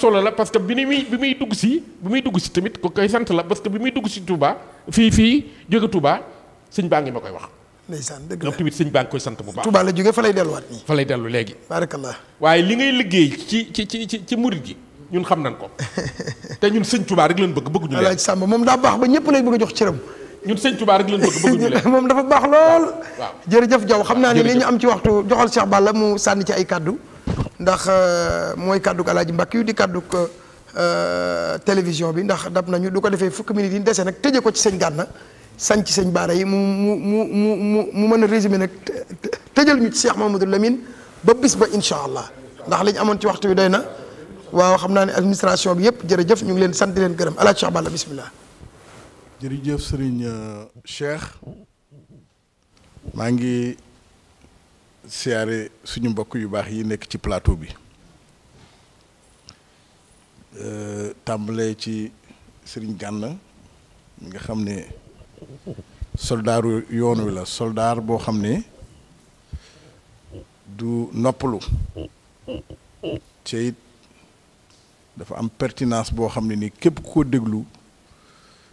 [SPEAKER 6] solo la parce que bi ni muy bi muy dugg si bi muy dugg si tamit ku koy sant la parce que bi muy dugg si Touba fii fii jóge Touba sëñ baa ngi ma koy wax. ndeysaan dëgg la tamit sëñ sant bu baax. Touba
[SPEAKER 2] la jóge fa lay delluwaat
[SPEAKER 6] nii. fa lay dellu léegi. barakallah waaye li ngay liggéey ci ci ci ci ci murit xam nañ ko [laughs] te ñun sëñ Touba rek lañ bëgg bëgguñu leen. alaaji Samba moom daa baax ba ñëpp lay bëgg a jox cëram ñun sëñ Tuubaa rek lañ bëgg bëgguñu [laughs] moom dafa baax lool
[SPEAKER 2] jërëjëf Jaw xam naa ne li ñu am ci waxtu joxal Cheikh Balla mu sànni ci ay kàddu ndax euh, mooy kàdduk Alaaji Mbàkke yu di kàdduk euh, télévision bi ndax dab nañu du ko defee fukki minutes yi dese nag tëje ko ci sëñ Gànna sañ ci sëñ Baara yi mu mu mu mu mu mën a résumé nag tëjal ñu ci Cheikh Mamadou Lamine ba bis ba incha allah ndax li amoon ci waxtu bi doy na waaw xam naa ne administration bi yëpp jërëjëf ñu ngi leen sant di leen gërëm Alaaji Cheikh Balla bismillah
[SPEAKER 7] jërëjëf sëriñ euh, Cheikh maa ngi siyaare suñu mbokk yu baax yi nekk ci plateau bi euh, tàmbalee ci sëriñ gànn mi nga xam ne soldaaru yoon wi la soldaar boo xam ne du noppalu te it dafa am pertinance boo xam ne ni képp ku ko déglu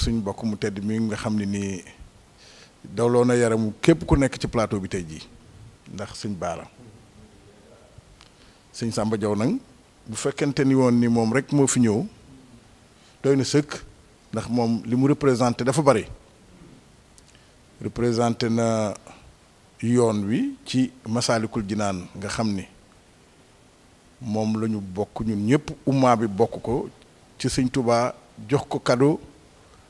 [SPEAKER 7] suñ suñu bokk mu tedd mi nga xam ne nii dawloo na yaramu képp ku nekk ci plateau bi tey jii ndax suñ baara suñ sàmba Jaw nag bu fekkente ni woon ni moom rek moo fi ñëw doy na sëkk ndax moom li mu représenté dafa bari représenté na yoon wi ci masaalikul naan nga xam ni moom la ñu bokk ñun ñëpp ummaa bi bokk ko ci sëñ Tuubaa jox ko cadeau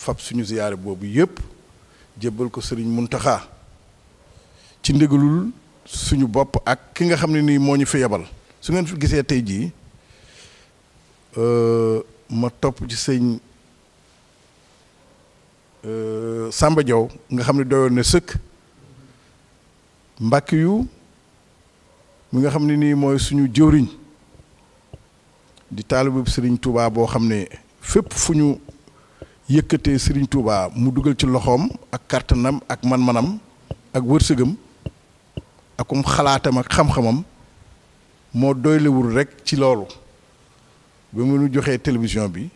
[SPEAKER 7] fab suñu ziyaare boobu yépp jébbal ko sëriñ Muntaxa ci ndigalul suñu bopp ak ki nga xam ne nii moo ñu fi yebal su ngeen fi gisee tey jii euh, ma topp ci sëñ euh, Samba nga xam ne doyoon na sëkk mbàkk yu mi nga xam ne nii mooy suñu jëwriñ di taalibu sëriñ Touba boo xam ne fépp fu ñu yëkkatee Serigne tuubaa mu dugal ci loxoom ak kàttanam ak man-manam ak wërsëgam akum xalaatam ak xam-xamam moo doylewul rek ci loolu bi mu nu joxee télévision bi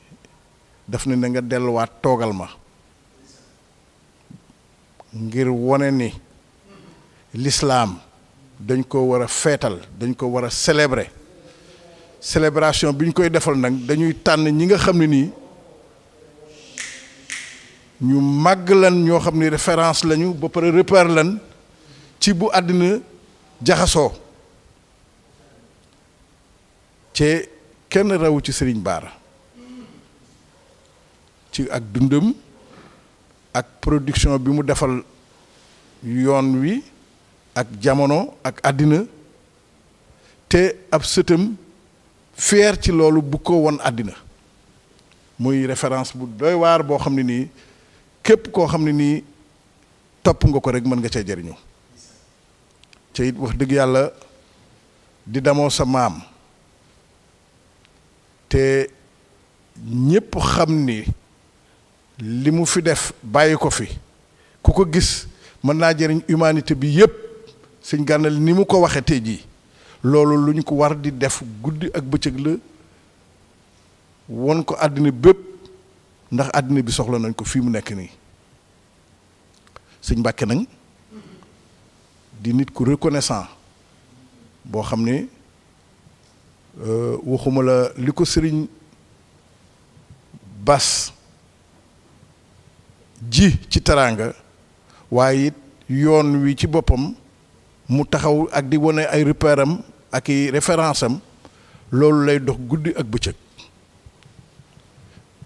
[SPEAKER 7] daf ne na nga delluwaat toogal ma ngir wone ni lislaam dañ ko war a feetal dañ ko war a célébrer célébration bi ñu koy defal nag dañuy tànn ñi nga xam ne nii ñu màgg lan ñoo xam ni référence lañu ba pare repère lan ci bu àddina jaxasoo te kenn rawu ci Sëriñ Baara ci ak dundam ak production bi mu defal yoon wi ak jamono ak àddina te ab sëtam fier ci loolu bu ko won àddina muy référence bu doy waar boo xam ne nii képp koo xam ne nii topp nga ko rek mën nga cee jëriñu te wax dëgg yàlla di damoo sa maam te ñépp xam ni li mu fi def bàyyi ko fi ku ko gis mën naa jëriñ humanité bi yépp Sëñ Gana ni mu ko waxe tey jii loolu lu ñu ko war di def guddi ak bëccëg la won ko àddina bépp ndax àddina bi soxla nañ ko fii mu nekk nii sëñ Mbàkke nag di nit ku reconnaissant boo xam ne euh, waxuma la li ko sëriñ Bas ji ci teraanga waaye it yoon wi ci boppam mu taxaw ak di wane ay repère am ak i référence am loolu lay dox guddi ak bëccëg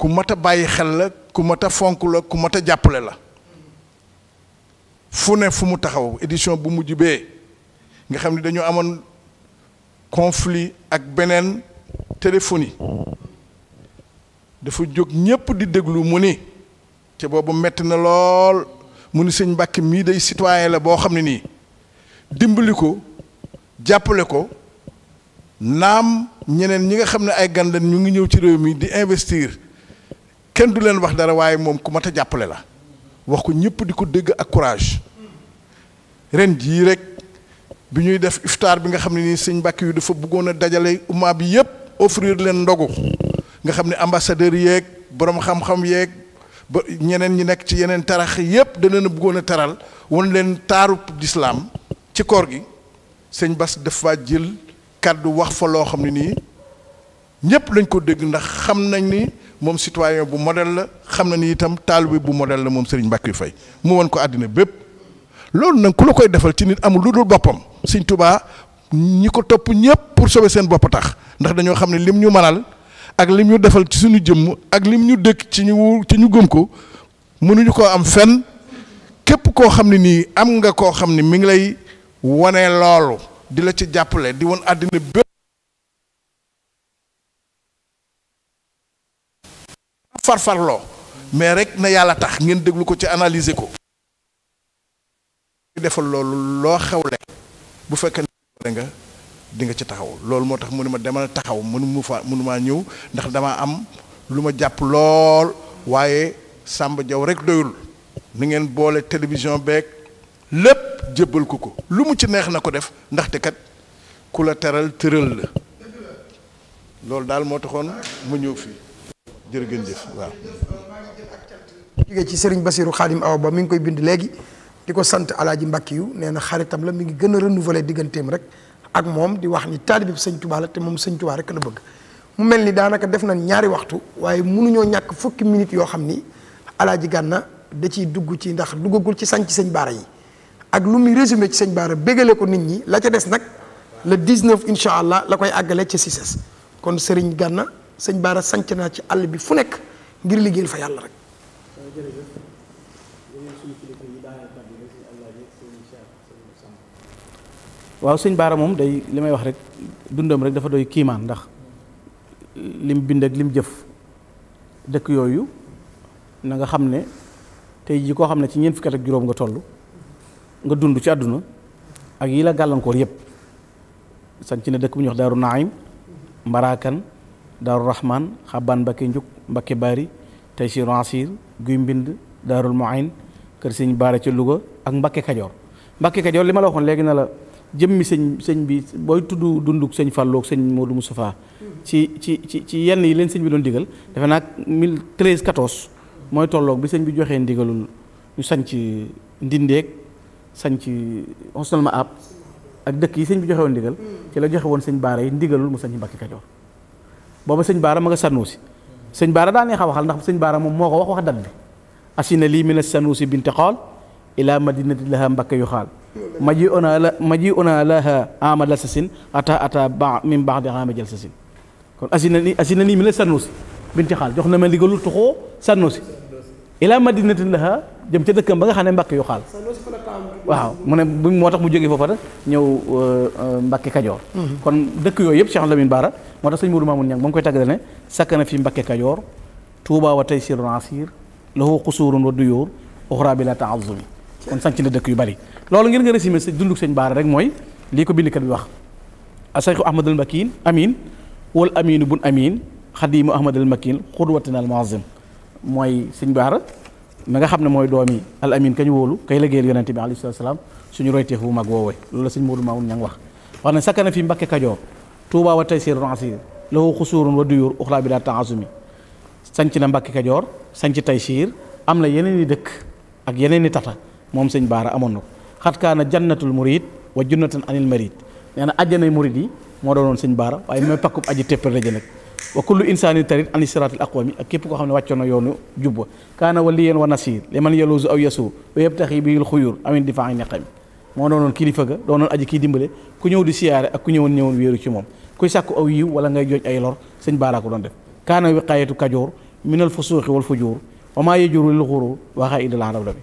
[SPEAKER 7] ku mat a bàyyi xel la ku mat a fonk la ku mat a jàppale la fu ne fu mu taxaw édition bu mujj bee nga xam ne dañu amoon conflit ak beneen téléphonie dafa jóg ñépp di déglu mu ni te boobu metti na lool mu ni sëñ Mbàkke mii day citoyen la boo xam ne nii dimbali ko jàppale ko naam ñeneen ñi nga xam ne ay gan ñu ngi ñëw ci réew mi di investir kenn du leen wax dara waaye moom ku mat a jàppale la wax ko ñëpp di ko dégg ak courage ren jii rek bi ñuy def iftaar bi nga xam ne nii sëñ Mbàkke yu dafa bëggoon a dajale umma bi yëpp offrir leen ndogu nga xam ne ambassadeur yeeg boroom xam-xam yeeg ba ñeneen ñi nekk ci yeneen tarax yëpp dana na bëggoon a taral wan leen taaru lislaam ci koor gi sëñ Bas dafa jël kàddu wax fa loo xam ne nii ñëpp lañ ko dégg ndax xam nañ ni. moom citoyen bu modèle la xam na ni itam taalibe bu modèle la moom Serigne Mbacké Faye mu won ko àddina bépp loolu nag ku la koy defal ci nit amul lu dul boppam Serigne Touba ñi ko topp ñëpp pour sauver seen bopp tax ndax dañoo xam ne lim ñu manal ak lim ñu defal ci suñu jëmm ak lim ñu dëkk ci ñu ci ñu gëm ko mënuñu koo am fenn képp koo xam ne nii am nga koo xam ne mi ngi lay wane loolu di la ci jàppale di won àddina bépp farfarlo mais rek na yalla tax ngeen deglu ko ci analyser ko defal lo loo xewle bu fekkene nga di nga ci taxaw lolou motax munuma mu demal taxaw munuma fa munuma ñew ndax dama am luma ma lol waye Samba rek doyul ni ngeen boole télévision beeg lepp jébbal ko ko lu mu ci neex na ko def te kat ku teral teural la loolu daal moo mu ñew fi jërë ngeen jëf waaw.
[SPEAKER 2] jógee ci Serigne aw Ba mi ngi koy bind léegi di ko sant alaaji Mbàkke yu nee na xaritam la mi ngi gën a renouveler digganteem rek ak moom di wax ni taalibe bi sëñ Tuubaa te moom sëñ Tuubaa kën a bëgg mu mel ni daanaka def nañ ñaari waxtu waaye mënuñoo ñàkk fukki minutes yoo xam ni alaaji gànna da ciy dugg ci ndax duggagul ci sañ ci sëñ baara yi ak lu muy résumé ci sëñ baara bégale ko nit ñi la ca des nag le 19 incha allah la koy àggale ci CICES kon Serigne Gànna sëñ Baara sanc naa ci àll
[SPEAKER 4] bi fu nekk ngir liggéeyal fa yàlla rek. waaw sëñ Baara moom day li may wax rek dundam rek dafa doy kiimaan ndax lim bind ak lim jëf dëkk yooyu na nga xam ne tey jii koo xam ne ci ñeent fukki ak juróom nga toll nga dund ci àdduna ak yi la gàllankoor yëpp sanc na dëkk bu ñuy Daaru naay Mbaraakan darul rahman xaban mbakke njuk mbakke bari taysiru asir guy mbind daarul muayn keur seigne baara ci louga ak mbakke kadior mbakke kadior lima la waxoon léegi na la jëmmi seigne seigne bi boy tuddu dunduk fallo ak seigne modou mustapha ci ci ci ci yenn yi len seigne bi don digal dafa nak 13 14 mooy tolloog bi seigne bi joxe ndigalul ñu sanc ndindeeg sanc hosnal ma ab ak dekk yi seigne bi joxe won digal ci la joxe won seigne baara yi ndigalul mu sanc mbakke kadior booba sëñ baara ma nga sanuusi sëñ baara daa neex a waxal ndax sëñ baara moom moo ko wax wax dat bi asina lii mina sanuusi binti xool ila madinati laha mbakka yu xaal maji ona la maji ona laha amala sa sin ata ata ba min baax di xaama jël sa sin kon asina ni asina nii mina sanuusi binti xaal jox na ma ndigalul tuxoo sanuusi ilaa madinatin laha jëm ca dëkkam ba nga xam ne mbàkk yu xaal waaw mu ne moo tax mu jógee foofa rek ñëw euh, euh, mbàkke kajoor mm-hmm. kon dëkk yooyu yëpp Cheikh Lamine Bara moo tax sëñ Mourou Mamoun Niang ba koy tàggale ne sakk fi mbàkke kajoor tuubaa wa tay sirun asir lahu xusuurun wa duyóor uxra bi la taazumi kon sanc na dëkk yu bari loolu ngir nga résumé sa dundug sëñ Bara rek mooy lii ko bindkat bi wax asayxu ahmadal makin amin wal aminu bun mooy sëñ baara ma nga xam ne mooy doomi al amin kañ wóolu kay liggéeyal yonente bi alayhi salaam suñu royteef bu mag woowee loolu la sëñ Moodu Maamun ña ngi wax wax ne sakkana fi Mbakke Kajoor Tuubaa wa taysir ransir lahu xusuurun wa duyur uxlaa bi daa taasumi sanc na Mbakke Kajoor sanc taysir am na yeneen i dëkk ak yeneen i tata moom sëñ baara amoon na ko xat kaana jannatul murid wa junnatan anil marid nee na ajjanay murid yi moo doonoon sëñ baara waaye mooy pakkub aji téppal rajo wa kullu insaanin tarid an siraat al aqwami ak képp koo xam ne wàccoon na yoonu jubba kaana waliyan wa nasir liman yaluusu aw yasu wa yabtaxi bihi al xuyur amin difaa niqami moo doonoon kilifa ga doonoon aji kii dimbale ku ñëw di siyaare ak ku ñëwoon ñëwoon wéeru ci moom kuy sàkku aw yiw wala ngay jooj ay lor sëñ baalaa ko doon def kaana wiqaayatu kajoor min al fusuuqi wal fujuur wa maa yajuru lil xuruur waxaa idal arab la bi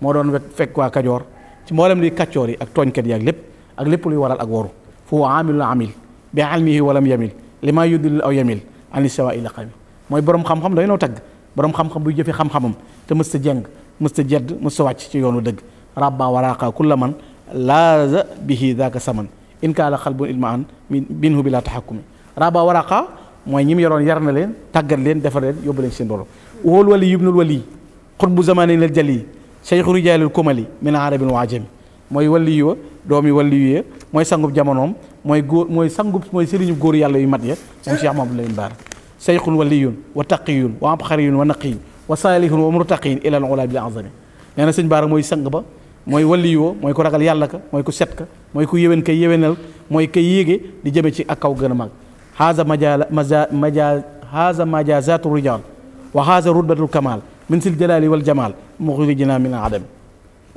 [SPEAKER 4] moo doon wet fekk waa kajoor ci mboolem li kàccoor yi ak tooñkat yi ak lépp ak lépp luy waral ak waru fu amilun amil bi almihi walam yamil li maa yudil aw yamil ani sawa ila qawil mooy borom xam-xam dañoo tagg borom xam-xam buy jëfe xam-xamam te mës ta jeng mës ta jedd mës ta wàcc ci yoonu dëgg rabba waraqa kulla man laaza bihi daaka saman in kaala xalbun ilma an minhu bi laa taxakkumi rabba waraqa mooy ñi mu yoroon yar na leen tàggat leen defar leen yóbbu leen seen borom wool wali yubnul wali xutbu zamanin al jali cheikhu rijaalil kumali min arabin wa ajami mooy wali yu doomi wali yu mooy sangub jamonoom mooy góor mooy sangu mooy sëriñu góor yàlla yu mat ya moom Cheikh Mamadou Lamine Bara seyxun waliyun wa taqiyun wa abxariyun wa naqiyun wa saalihun wa murtaqiyun ila al ula bil azami nee na sëñ Bara mooy sang ba mooy waliyoo mooy ko ragal yàlla ka mooy ko set ka mooy ko yéwén kay yéwénal mooy kay yéege di jëme ci ak kaw gën a mag haza majal maja haza majazatu rijal wa haza rutbatul kamal min sil jalali wal jamal muxrijina min al adami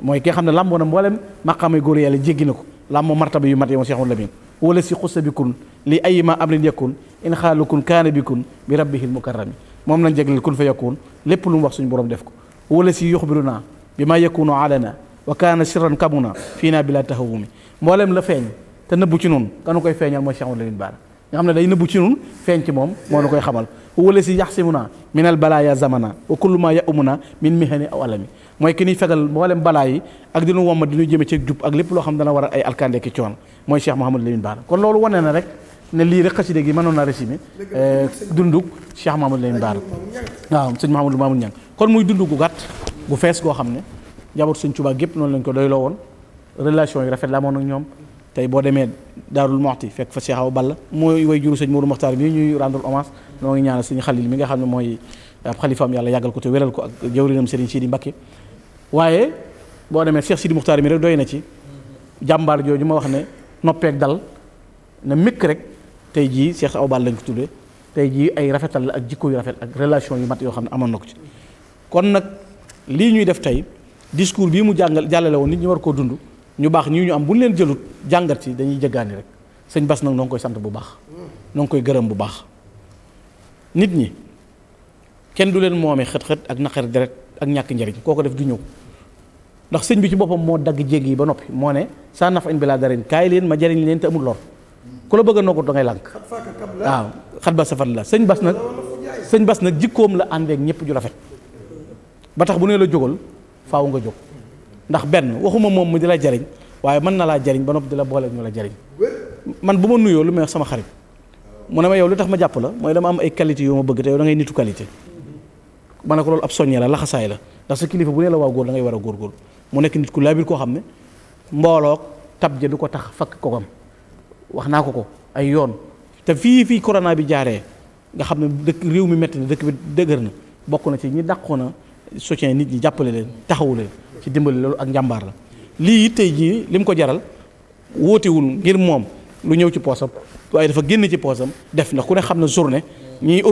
[SPEAKER 4] mooy ki nga xam ne làmboo na mboolem maqaamay góor yàlla jéggi na ko làmboo martaba yu mat yi moom Cheikh Mamadou Lamine ولسي خص بكم لأي ما أمر يكون إن خالكم كان بكم بربه المكرم مومن نجي لكل فيكون لب لوم وخص بروم دفكو ولسي يخبرنا بما يكون علينا وكان سرا كمنا فينا بلا تهومي مولم نعم، لا فين تنبوتي نون كانوا كاي فين ما شاء لين بار nga xam ne day nëbbu feeñ ci moom moo la koy xamal wala si yax si mu naa zamana wa kullu ma ya min mihani aw alami mooy ki ñuy fegal mboolem balaa yi ak dinu womma di ñu jëme ci jub ak lépp loo xam dana waral a alkande ki coon mooy Cheikh Mouhamadou Lamine Bara kon loolu wane na rek ne lii rek xasida gi mënoon na résumé euh, dundug Cheikh Mouhamadou Lamine Bara waaw sëñ Mouhamadou Mamoune Niang kon muy dund gu gàtt gu fees goo xam ne njaboot sëñ Tuubaa gépp noonu lañ ko doyloo woon relation yi rafet laa moon ak ñoom tey boo demee Daarul Moxti fekk fa Cheikh Awa Balla mooy way juru sëñ Mourou Moxtaar bi ñuy rendre hommage noo ngi ñaanal sëñ Xalil mi nga xam ne mooy ab xalifaam yàlla yàggal ko te wéral ko ak jawrinam Sëriñ Sidi Mbakke waaye boo demee Cheikh Sidi Muxtaar mi rek doy na ci jàmbaar jooju ma wax ne noppeeg dal na mikk rek tey jii Cheikh Awa Balla lañ ko tuddee tey jii ay rafetal la ak jikko yu rafet ak relation yu mat yoo xam ne amoon na ko ci kon nag lii ñuy def tey discours bii mu jàngal jàllale woon nit ñi war koo dund ñu baax ñii ñu am bu ñu leen jëlut jàngat ci dañuy jëggaani rek sëñ Bas nag noo ngi koy sant bu baax noo koy gërëm bu baax nit ñi kenn du leen moomee xët-xët ak naqar deret ak ñàkk njariñ koo ko def du ñëw ndax sëñ bi ci boppam moo dagg jéeg yi ba noppi moo ne saa naf añ bi laa darin kaay leen ma jariñ leen te amul lor ku la bëgg a ko da ngay lànk waaw xat ba safat la sëñ bas nag sëñ bas nag jikkoom la àndeek ñëpp ju rafet ba tax bu nee la jógal faaw nga jóg ndax benn waxuma moom mu di la jariñ waaye mën na laa jariñ ba noppi di la boole ma la jariñ man bu ma nuyoo lu may sama xarit mu ne ma yow lu tax ma jàpp la mooy dama am ay qualité yoo bëgg te nitu qualité ma ne ko loolu ab soññee la laxasaay la ndax sa kilifa bu nee la waaw góor da ngay war a góorgóor mu nekk nit ku laabir koo xam ne mbooloog tab ja du ko tax fakk ko wax naa ko ko ay yoon te fii fii corona bi jaaree nga xam ne dëkk réew mi metti na dëkk bi dëgër na bokk na ci ñi dàqoo na soutien nit ñi jàppale leen taxawu leen ci dimbali loolu ak njàmbaar la lii tey jii li mu ko jaral wóotewul ngir moom lu ñëw ci poosam waaye dafa génn ci poosam def ndax ku ne xam ne journée ñiy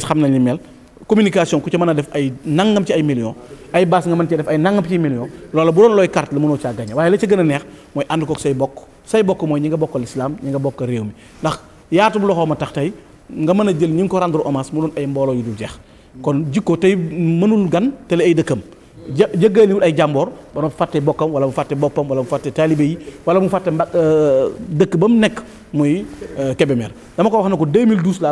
[SPEAKER 4] xam nañ li mel communication ku ci mën a def ay nangam ci ay millions ay bâche nga mën cee def ay nangam ci millions loolu bu doon looy carte la mënoo caa gagné waaye la ci gën a neex mooy ànd kook say bokk say bokk mooy ñi nga bokkal islam ñi nga bokk réew mi ndax yaatub loxoo ma tax tey nga mën a jël ñi nga ko rendre hommage mu doon ay mbooloo yu dul jeex kon jikko tey mënul gan te la ay dëkkam ja jëggaaniwul ay jàmboor ba mu fàtte bokkam wala mu fàtte boppam wala mu fàtte taalibe yi wala mu fàtte mba euh, dëkk ba mu nekk muy euh, Kébémer dama ko wax na ko 2012 laa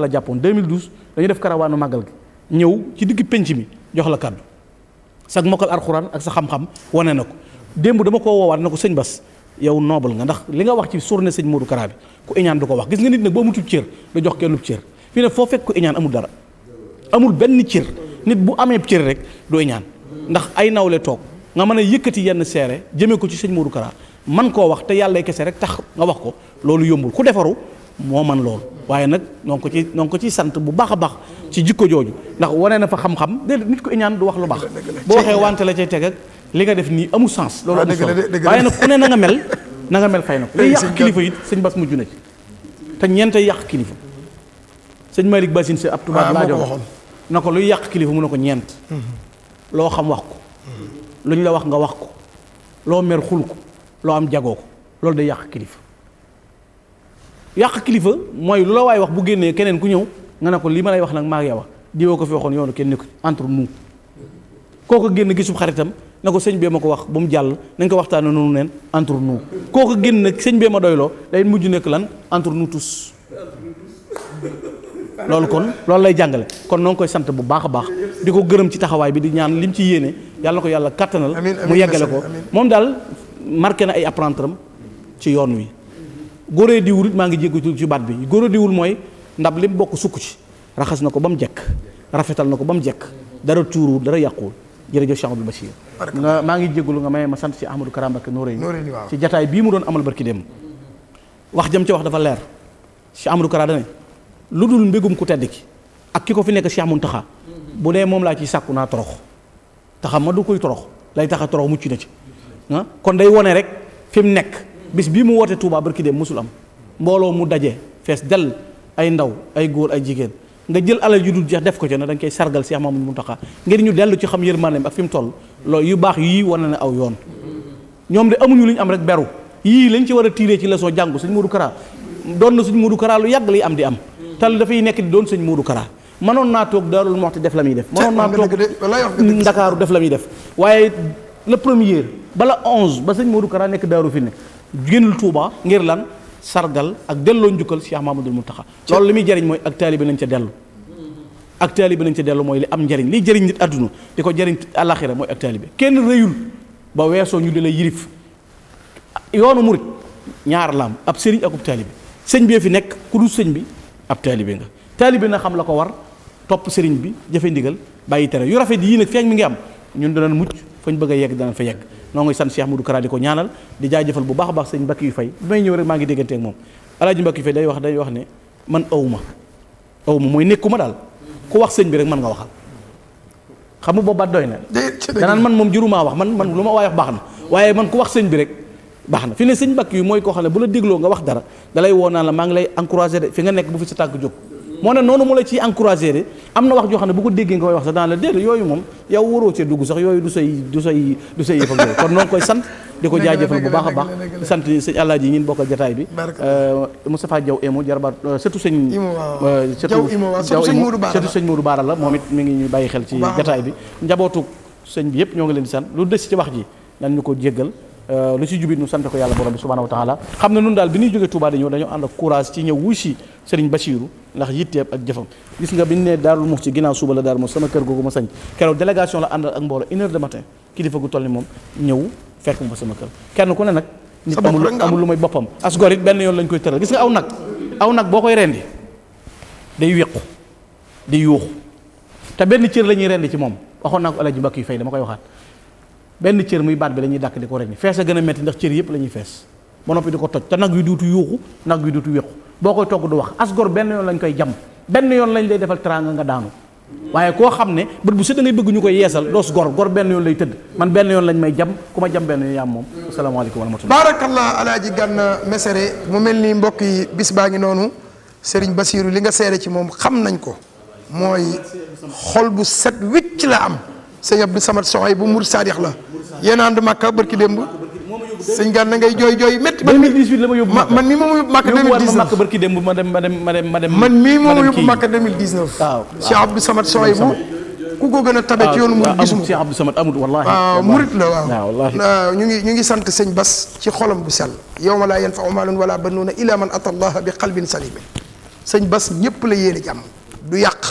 [SPEAKER 4] la màggal gi ñew ci digg penc mi jox la kaddu sag mokkal alquran ak sa xam-xam woné nako ko dama ko wowat nako señ bass yow noble nga ndax li nga wax ci surne señ Modou karabi ku iñan du ko wax gis nga nit nag boo amutul cieur da jox kenu cieur fi ne fo fek ku iñan amul dara amul ben cieur nit bu amé cieur rek do iñan ndax ay nawle tok nga mën yëkëti yenn séré jëmee ko ci señ Modou Kara man ko wax te yàlla kese rek tax nga wax ko loolu yombul ku defaru moo man loolu waaye nag noo ngi ko ci noo ko ci sant bu baax a baax ci jikko jooju ndax wane na fa xam-xam déedéet nit ko iñaan du wax lu baax boo waxee wante la cay teg ak li nga def nii amu sens ah, loolu amu sens waaye nag ku ne na nga mel na nga mel fay na ko kilifa it sëñ Bass mujj na ci te ñeentay yàq kilifa sëñ Malick Bassine si ab tubaab ah, laa jox na ko luy yàq kilifa mu ne ko ñeent
[SPEAKER 3] mm-hmm.
[SPEAKER 4] loo xam wax ko mm-hmm. lu ñu la wax nga wax ko loo mer xul ko loo am jagoo ko loolu day yàq kilifa yak kilifa moy lula way wax bu genné kenen ku ñew nga nako li ma lay wax nak mag yawa di wo ko fi waxon yoonu kenn nekkul entre nous koko génn gisub xaritam nako ko sëñ mako ko wax ba mu jàll nañ ko waxtaanee nonu nen entre nous koko génn nak señ bee ma doylo day muju nek lan entre nous tous lol kon lol lay jangale kon noo koy sante bu baakha baax di ko ci taxaway bi di ñaan lim ci yene yalla nako ko katanal mu yeggale ko mom dal marqué na ay apprentram ci yoon wi góoree diwul it maa ngi jéggu ci baat bi góoree diwul mooy ndax li mu bokk sukk ci raxas na ko ba mu jekk rafetal na ko ba mu jekk dara tuuruwul dara yàquwul jërëjëf Cheikh Abdou Bachir nga maa ngi jégalu nga may ma sant ci Ahmadou Kara Mbacké Noreyni ci jataay bii mu doon amal barki dem wax jëm ca wax dafa leer si Ahmadou Kara dane lu dul mbégum ku tedd ki ak ki ko fi nekk Cheikh taxa bu dee moom laa ciy sàkku naa torox te xam ma du koy torox lay taxa torox mucc na ci ah? kon day wone rek fi mu nekk bis bii mu woote Touba barki dem mosul am mbooloo mu daje fees dell ay ndaw ay góor ay jigéen nga jël alal ju dul jeex def ko ca ne da nga koy sargal Cheikh Mamadou Mountakha ngir ñu dellu ci xam yërmandeem ak fi mu toll loolu yu baax yii wane na aw yoon ñoom de amuñu lu ñu am rek beru yii lañ ci war a tiiree ci leçon jàngu sëñ Modou Kara doon na suñ Modou Kara lu yàgg lay am di am tal dafay nekk di doon sëñ Modou Kara manoon naa toog Daarul Muxti def la muy def mënoon naa toog Ndakaaru def la muy def waaye le premier bala onze ba sëñ Modou Kara nekk daaru fi ne génnul Touba ngir lan sargal ak delloo njukkal Cheikh mu taxa loolu li muy jëriñ mooy ak taalibe nañ ca dellu ak taalibe nañ ca dellu mooy li am njëriñ liy jariñ nit àdduna di ko jëriñ àlaxira mooy ak taalibe kenn rëyul ba weesoo ñu di la yirif yoonu murit ñaar laam ab sëriñ akub taalibe sëñ bee fi nekk ku dul sëñ bi ab taalibe nga taalibe na xam la ko war topp sëriñ bi jafe ndigal bàyyi tere yu rafet yii nag feeñ mi ngi am ñun danañ mucc fañ bëgg a yegg danañ fa non ngi sant Cheikh Modou Kara ko ñaanal di jaajëfal bu baax a baax sëñ Mbacke yu fay may ñëw rek maa ngi déggante ak moom dai wah fay ne man awma awma mooy nekkuma daal ku wax sëñ bi rek mën nga waxal xam nga booba doy na nan man moom jurumaa wax man man lu ma wah wax baax na waaye man ku wax sëñ bi rek baax na fi ne sëñ Mbacke yu mooy koo ne bu la dégloo nga wax dara dalay woo naa la maa ngi lay de fi nga bu fi sa tànk moo ne noonu mu la ciy encouragé wax joo xam ne bu ko déggee nga koy wax sax dans le déll yooyu moom yow yooyu du say du say koy sant di ko jaajëfal bu baax a baax sant sëñ yi ñun bokkal jataay bi euh, Moustapha Diaw Emo jarbaat euh, surtout sëñ euh, surtout Diaw Emo surtout sëñ Modou Baara la it mi ngi ñuy bàyyi xel ci jataay bi njabootu sëñ bi yëpp ñoo ngi leen di sant lu des ci wax ji nan ko jéggal lu ci jubit nu sant ko yàlla borom bi subhanahu wa taala xam ne nun daal bi ñuy jógee Touba dañoo dañoo ànd courage ci ñëw wuy si Sëriñ Basiiru ndax yitteem ak jëfam gis nga bi ñu nee Daarul Muxti ginnaaw suba la Daarul moo sama kër googu ma sañ keroog délégation la ànd ak mbooloo une heure de kilifa gu toll ni moom ñëw fekk ma sama kër kenn ku ne nag nit amul amul lu may boppam as gor it benn yoon lañ koy tëral gis nga aw nag aw nag boo koy rendi day wéqu di yuuxu te benn cër la rendi ci moom waxoon naa ko alaji mbakk yu fay dama koy waxaat benn cër muy baat bi la ñuy dàkk di ko rendi ndax cër yëpp la ñuy fees ba noppi di toj te nag yu dutu yuuxu nag yu dutu wexu bokoy togg du wax asgor benn yoon lañ koy jam benn yoon lañ lay defal teranga nga daanu waaye koo xam ne bët bu set da ngay bëgg ñu koy yeesal dos gor gor benn yoon lay tëdd man benn yoon lañ may jam ku ma jam benn yoon yaam moom asalaamaaleykum wa rahmatullah
[SPEAKER 2] barakallah alaaji gànn mesere mu mel ni mbokk yi bis baa ngi noonu sëriñ basiru li nga seere ci moom xam nañ ko mooy xol bu set wicc la am sëñ abdou samad soxay bu mur saadix la yéen ànd barki démb sëñ Gana ngay jooy jooy métti. man 2018 la ma yóbbu Màkka man mii moom
[SPEAKER 4] yóbbu yóbbu Màkka 2019. waaw Cheikh Abdou Samad ku ko gën a tabe ci yoonu murid gisuma Cheikh Abdou Samad amul wallaahi. waaw la waaw ñu ngi
[SPEAKER 2] ñu ngi sant sañ Bas ci xolam bu sell. yawma laa yanfa'u maalun wala banuuna illaa man ataa Allaha bi qalbin salim sëñ Bas ñëpp la yéene jàmm du yàq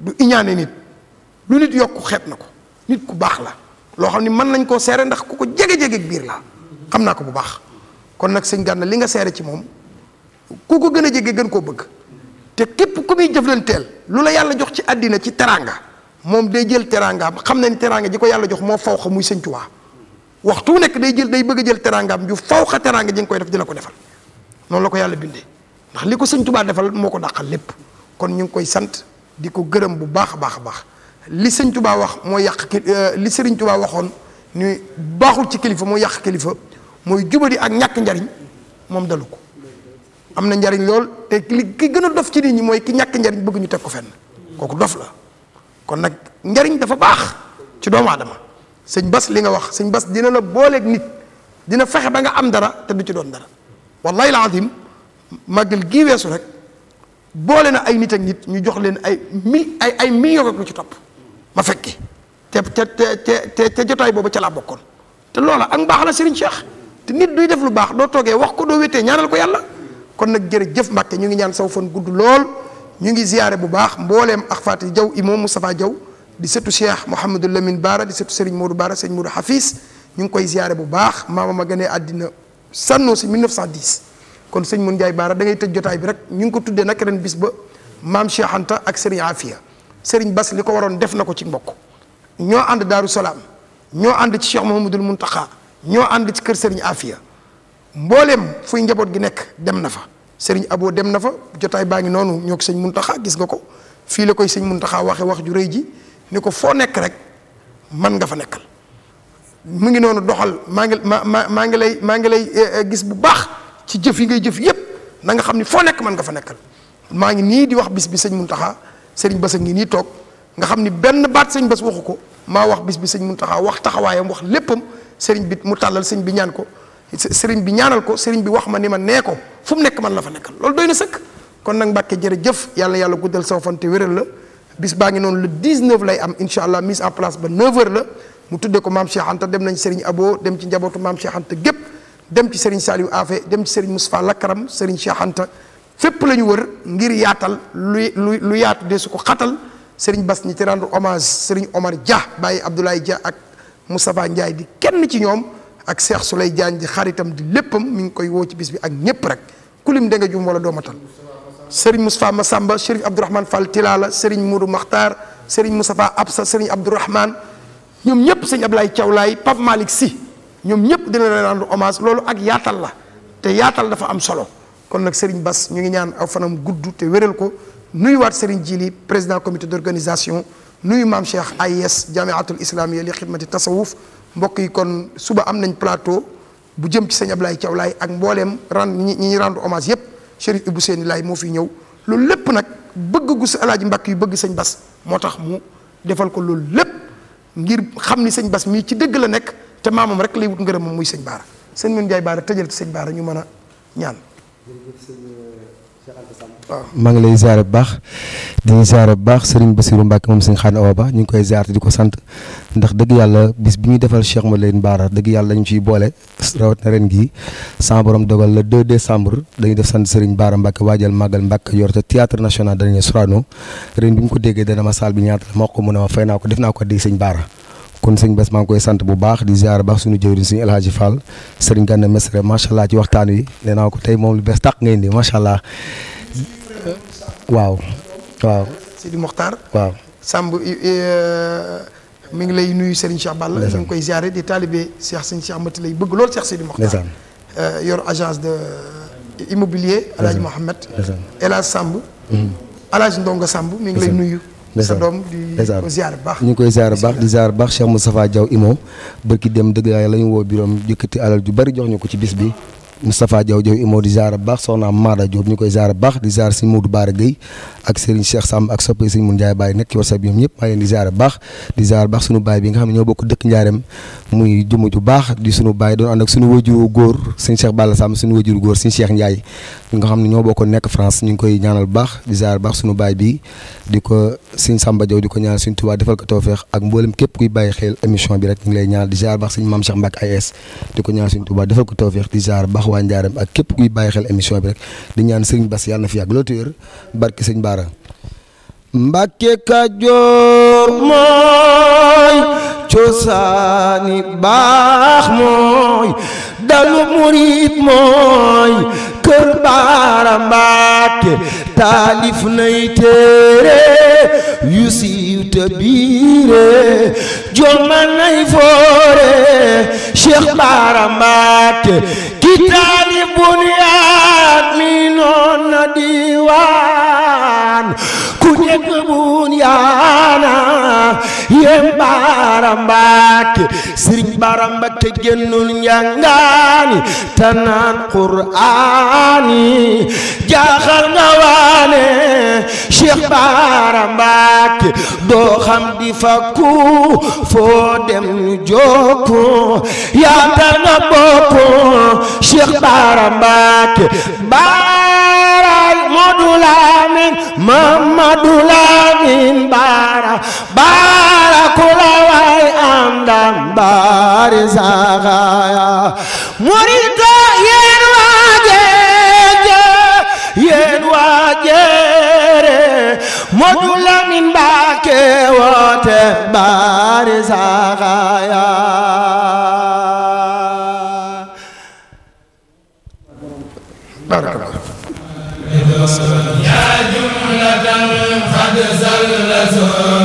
[SPEAKER 2] du iñaane nit lu nit yokk xeet na ko nit ku baax la loo xam ni mën nañ koo seere ndax ku ko jege-jege biir la xam naa ko bu baax kon nag sëñ Gana li nga seere ci moom ku ko gën a jege gën koo bëgg te képp ku muy jëflanteel lu la yàlla jox ci àddina ci teraanga moom day jël teraangaam xam nañ ni teraanga ji ko yàlla jox moo faw xa muy sëñ Tuubaa waxtu nekk day jël day bëgg a jël teraangaam ju faw xa teraanga ji nga koy def di la ko defal noonu la ko yàlla bindee ndax li ko sëñ defal moo ko dàqal lépp kon ñu ngi koy sant di ko gërëm bu baax a baax a baax li sëñ Tuubaa wax moo yàq ki euh, li sëriñ Tuubaa waxoon ni baaxul ci kilifa mooy yàq kilifa mooy jubadi ak ñàkk njariñ moom dalu ko am na njariñ lool te li ki gën a dof ci nit ñi mooy ki ñàkk njariñ bëgg ñu teg ko fenn kooku dof la kon nag njariñ dafa baax ci doomu aadama sëñ Bas li nga wax sëñ Bas dina la booleek nit dina fexe ba nga am dara te du ci doon dara wallahi laadim màggal gii weesu rek boole na ay nit ak nit ñu jox leen ay mil ay ay millions ak lu ci topp ma fekki ca ca te te jotaay boobu ca laa bokkoon te loola ak mbaax la Serigne Cheikh te nit duy def lu baax doo toogee wax ko doo wéetee ñaanal ko yàlla kon nag jëf Mbàkke ñu ngi ñaan saw fan gudd lool ñu ngi ziyaare bu baax mbooleem ak Fatou Diaw imam Moustapha Diaw di sëtu Cheikh Mouhamadou Lamine Baara di sëtu Serigne Modou Baara Serigne Modou Hafiz ñu ngi koy ziyaare bu baax a ma gënee àddina sànnoo si 1910 kon sëñ Mun Njaay Baara da ngay tëj jotaay bi rek ñu ngi ko tuddee nag ren bis ba maam Cheikh Anta ak Serigne Afia serigne bass liko waron def nako ci mbokk ño and daru salam ño and ci cheikh muntaha, al ño and ci keur serigne afia mbolem fuy njabot gi nek dem na serigne abo dem na fa jotay baangi nonu ñok serigne gis nga ko fi la koy serigne muntaqa waxe wax ju reey ji fo nek rek man nga fa nekkal mu ngi nonu doxal ma ngi ma ngi lay eh, eh, gis bu baax ci jëf yi ngay jëf yépp na nga xam ni foo man nga fa nekkal ngi di wax bis bi muntaha. sëriñ Bas a ngi nii toog nga xam ni benn baat sëñ Bas waxu ko maa wax bis bi sëñ Muntaxa wax taxawaayam wax léppam sëriñ bi mu tàllal bi ñaan ko sëriñ bi ñaanal ko sëriñ bi wax ma ni ma nee ko fu mu nekk man la fa nekkal loolu doy na sëkk kon nag Mbàkke jërëjëf yàlla yàlla guddal sa fan te wéral la bis baa ngi noonu le 19 lay am incha allah mise en place ba 9h la mu tuddee ko maam Cheikh Anta dem nañ Serigne Abo dem ci njabootu maam Cheikh gépp dem ci Serigne Saliou Afe dem ci Serigne Moustapha Lakaram Serigne Cheikh Anta fépp la ñu wër ngir yaatal lu lu lu yaatu de su ko xatal sëriñ Bas ñi ci rendre hommage sëriñ Omar Dia bàyyi Abdoulaye Dia ak Moustapha Ndiaye di kenn ci ñoom ak Cheikh Souley Diagne di xaritam di léppam mu ngi koy woo ci bis bi ak ñépp rek kulim da nga jum wala doomatal sëriñ Moustapha Massamba sëriñ Abdourahmane Fall Tilala sëriñ Moudou Makhtar sëriñ Moustapha Absa sëriñ Abdourahmane ñoom ñëpp sëñ Ablaye Thiawlaay Pape Malick si ñoom ñëpp dina leen rendre loolu ak yaatal la te yaatal dafa am solo kon nag Serigne bas ñu ngi ñaan aw fanam gudd te wéral ko nuyuwaat Serigne Djili président comité d'organisation nuyu maam ay Cheikh AIS jamiatul islamiyya li xidmati tasawuf mbokk yi kon suba am nañ plateau bu jëm ci sëñ Ablaye Thiaw Laye ak mbooleem rend ñi ñi rendre hommage yépp Chérif Ibou Seyni Laye moo fi ñëw loolu lépp nag bëgg gu sa alaaji mbàkk yu bëgg sëñ bas moo tax mu defal ko loolu lépp ngir xam ni sëñ Bass mii ci dëgg la nekk te maamam rek lay wut ngërëm moom muy sëñ Baara sëñ Mame Ndiaye Baara tëjal ci sëñ Baara ñu mën a ñaan
[SPEAKER 1] waaw euh, ah, maa ngi lay ziare bu baax di ziare bu baax Serigne Bassirou Mbacke moom Serigne Khane Awa Ba ñu ngi koy ziare di ko sant ndax dëgg yàlla bis bi ñuy defal Cheikh leen Bara dëgg yàlla dañu ciy boole rawatina ren gii sama borom dogal le 2 décembre dañuy def sant Serigne Bara Mbacke waajal màggal Mbacke yor ca théâtre national danañu Sorano ren bi mu ko déggee dana ma saal bi ñaata la ma wax ko mu ne ma fay naa ko def naa ko di Serigne Bara. kon sëñ bes maa ngi koy sant bu baax di ziar baax suñu jëwriñ suñu El Hadji Fall sëriñ Gana Messere macha allah ci waxtaan wi nee naa ko tey moom lu bees tàq ngay indi macha allah waaw waaw.
[SPEAKER 2] Sidi Mokhtar Samb euh, mi ngi lay nuyu Serigne Cheikh Balla. ñu ngi koy ziare di taalibe Cheikh sëñ Cheikh Mati lay bëgg lool Cheikh Sidi Mokhtar. Euh, yor agence de euh, immobilier. El Hadj Mohamed. El Samb. Mhm. El ngi lay nuyu. sa doom di ko
[SPEAKER 1] ñu koy ziar baax di ziar baax Cheikh Moustapha Diaw imo bërki dem dëgg yàlla la ñu woo biroom yëkkati alal ju bari jox ñu ko ci bis bi mustafa Diaw Diaw imo di ziar bax baax mada Maada Diop ñu koy ziar bu di ziar Serigne Modou Bara Gueye ak Serigne Cheikh sam ak soppe Serigne mou Ndiaye Baye nek ci WhatsApp ñom ñep ma leen di ziar bax di ziar bax suñu sunu bi nga xamni ne ñoo bokk dekk Njaareem muy jumu ju bax di suñu baay doon and ak suñu wajuru góor Serigne Cheikh Balla sam suñu wajuru góor Serigne Cheikh Ndiaye nga xamni ne ñoo bokk nek France ñu koy ñaanal bax di ziar bax suñu sunu bi diko ko Serigne Samba Diaw diko ñaan ñaanal Serigne Touba defal ko tawfeex ak mbolem kep kuy baye xel émission bi rek ñu lay ñaan di ziar bax baax Serigne Mame Cheikh mbak AS diko ñaan ñaanal Serigne Touba defal ko tawfeex di ziar bax waa Njaareem ak kep kuy baye xel emission bi rek di ñaan serigne Bass yalla fi yàgg loolu téer serigne bara Baara ka Kajoor moy ciosani bax moy dalu murid moy keur bara talif nay Cheikh bara kitaali bunyaan mi noon na diiwaan ku jekk bunyaan yéem baara mbaake sëriñ baara mbaake génnul njàngaani te naan quraani jaaxal nga waane cheikh baara mbaake doo xam di fakku foo dem ñu jokku yaatal nga bokku cheikh baara mbaake Mamadou Lamine Mamadou Lamine bara bara kula way am dam bari sagaya murito yen waje yen waje Mamadou Lamine Mbacké wote bari sagaya
[SPEAKER 3] Nazar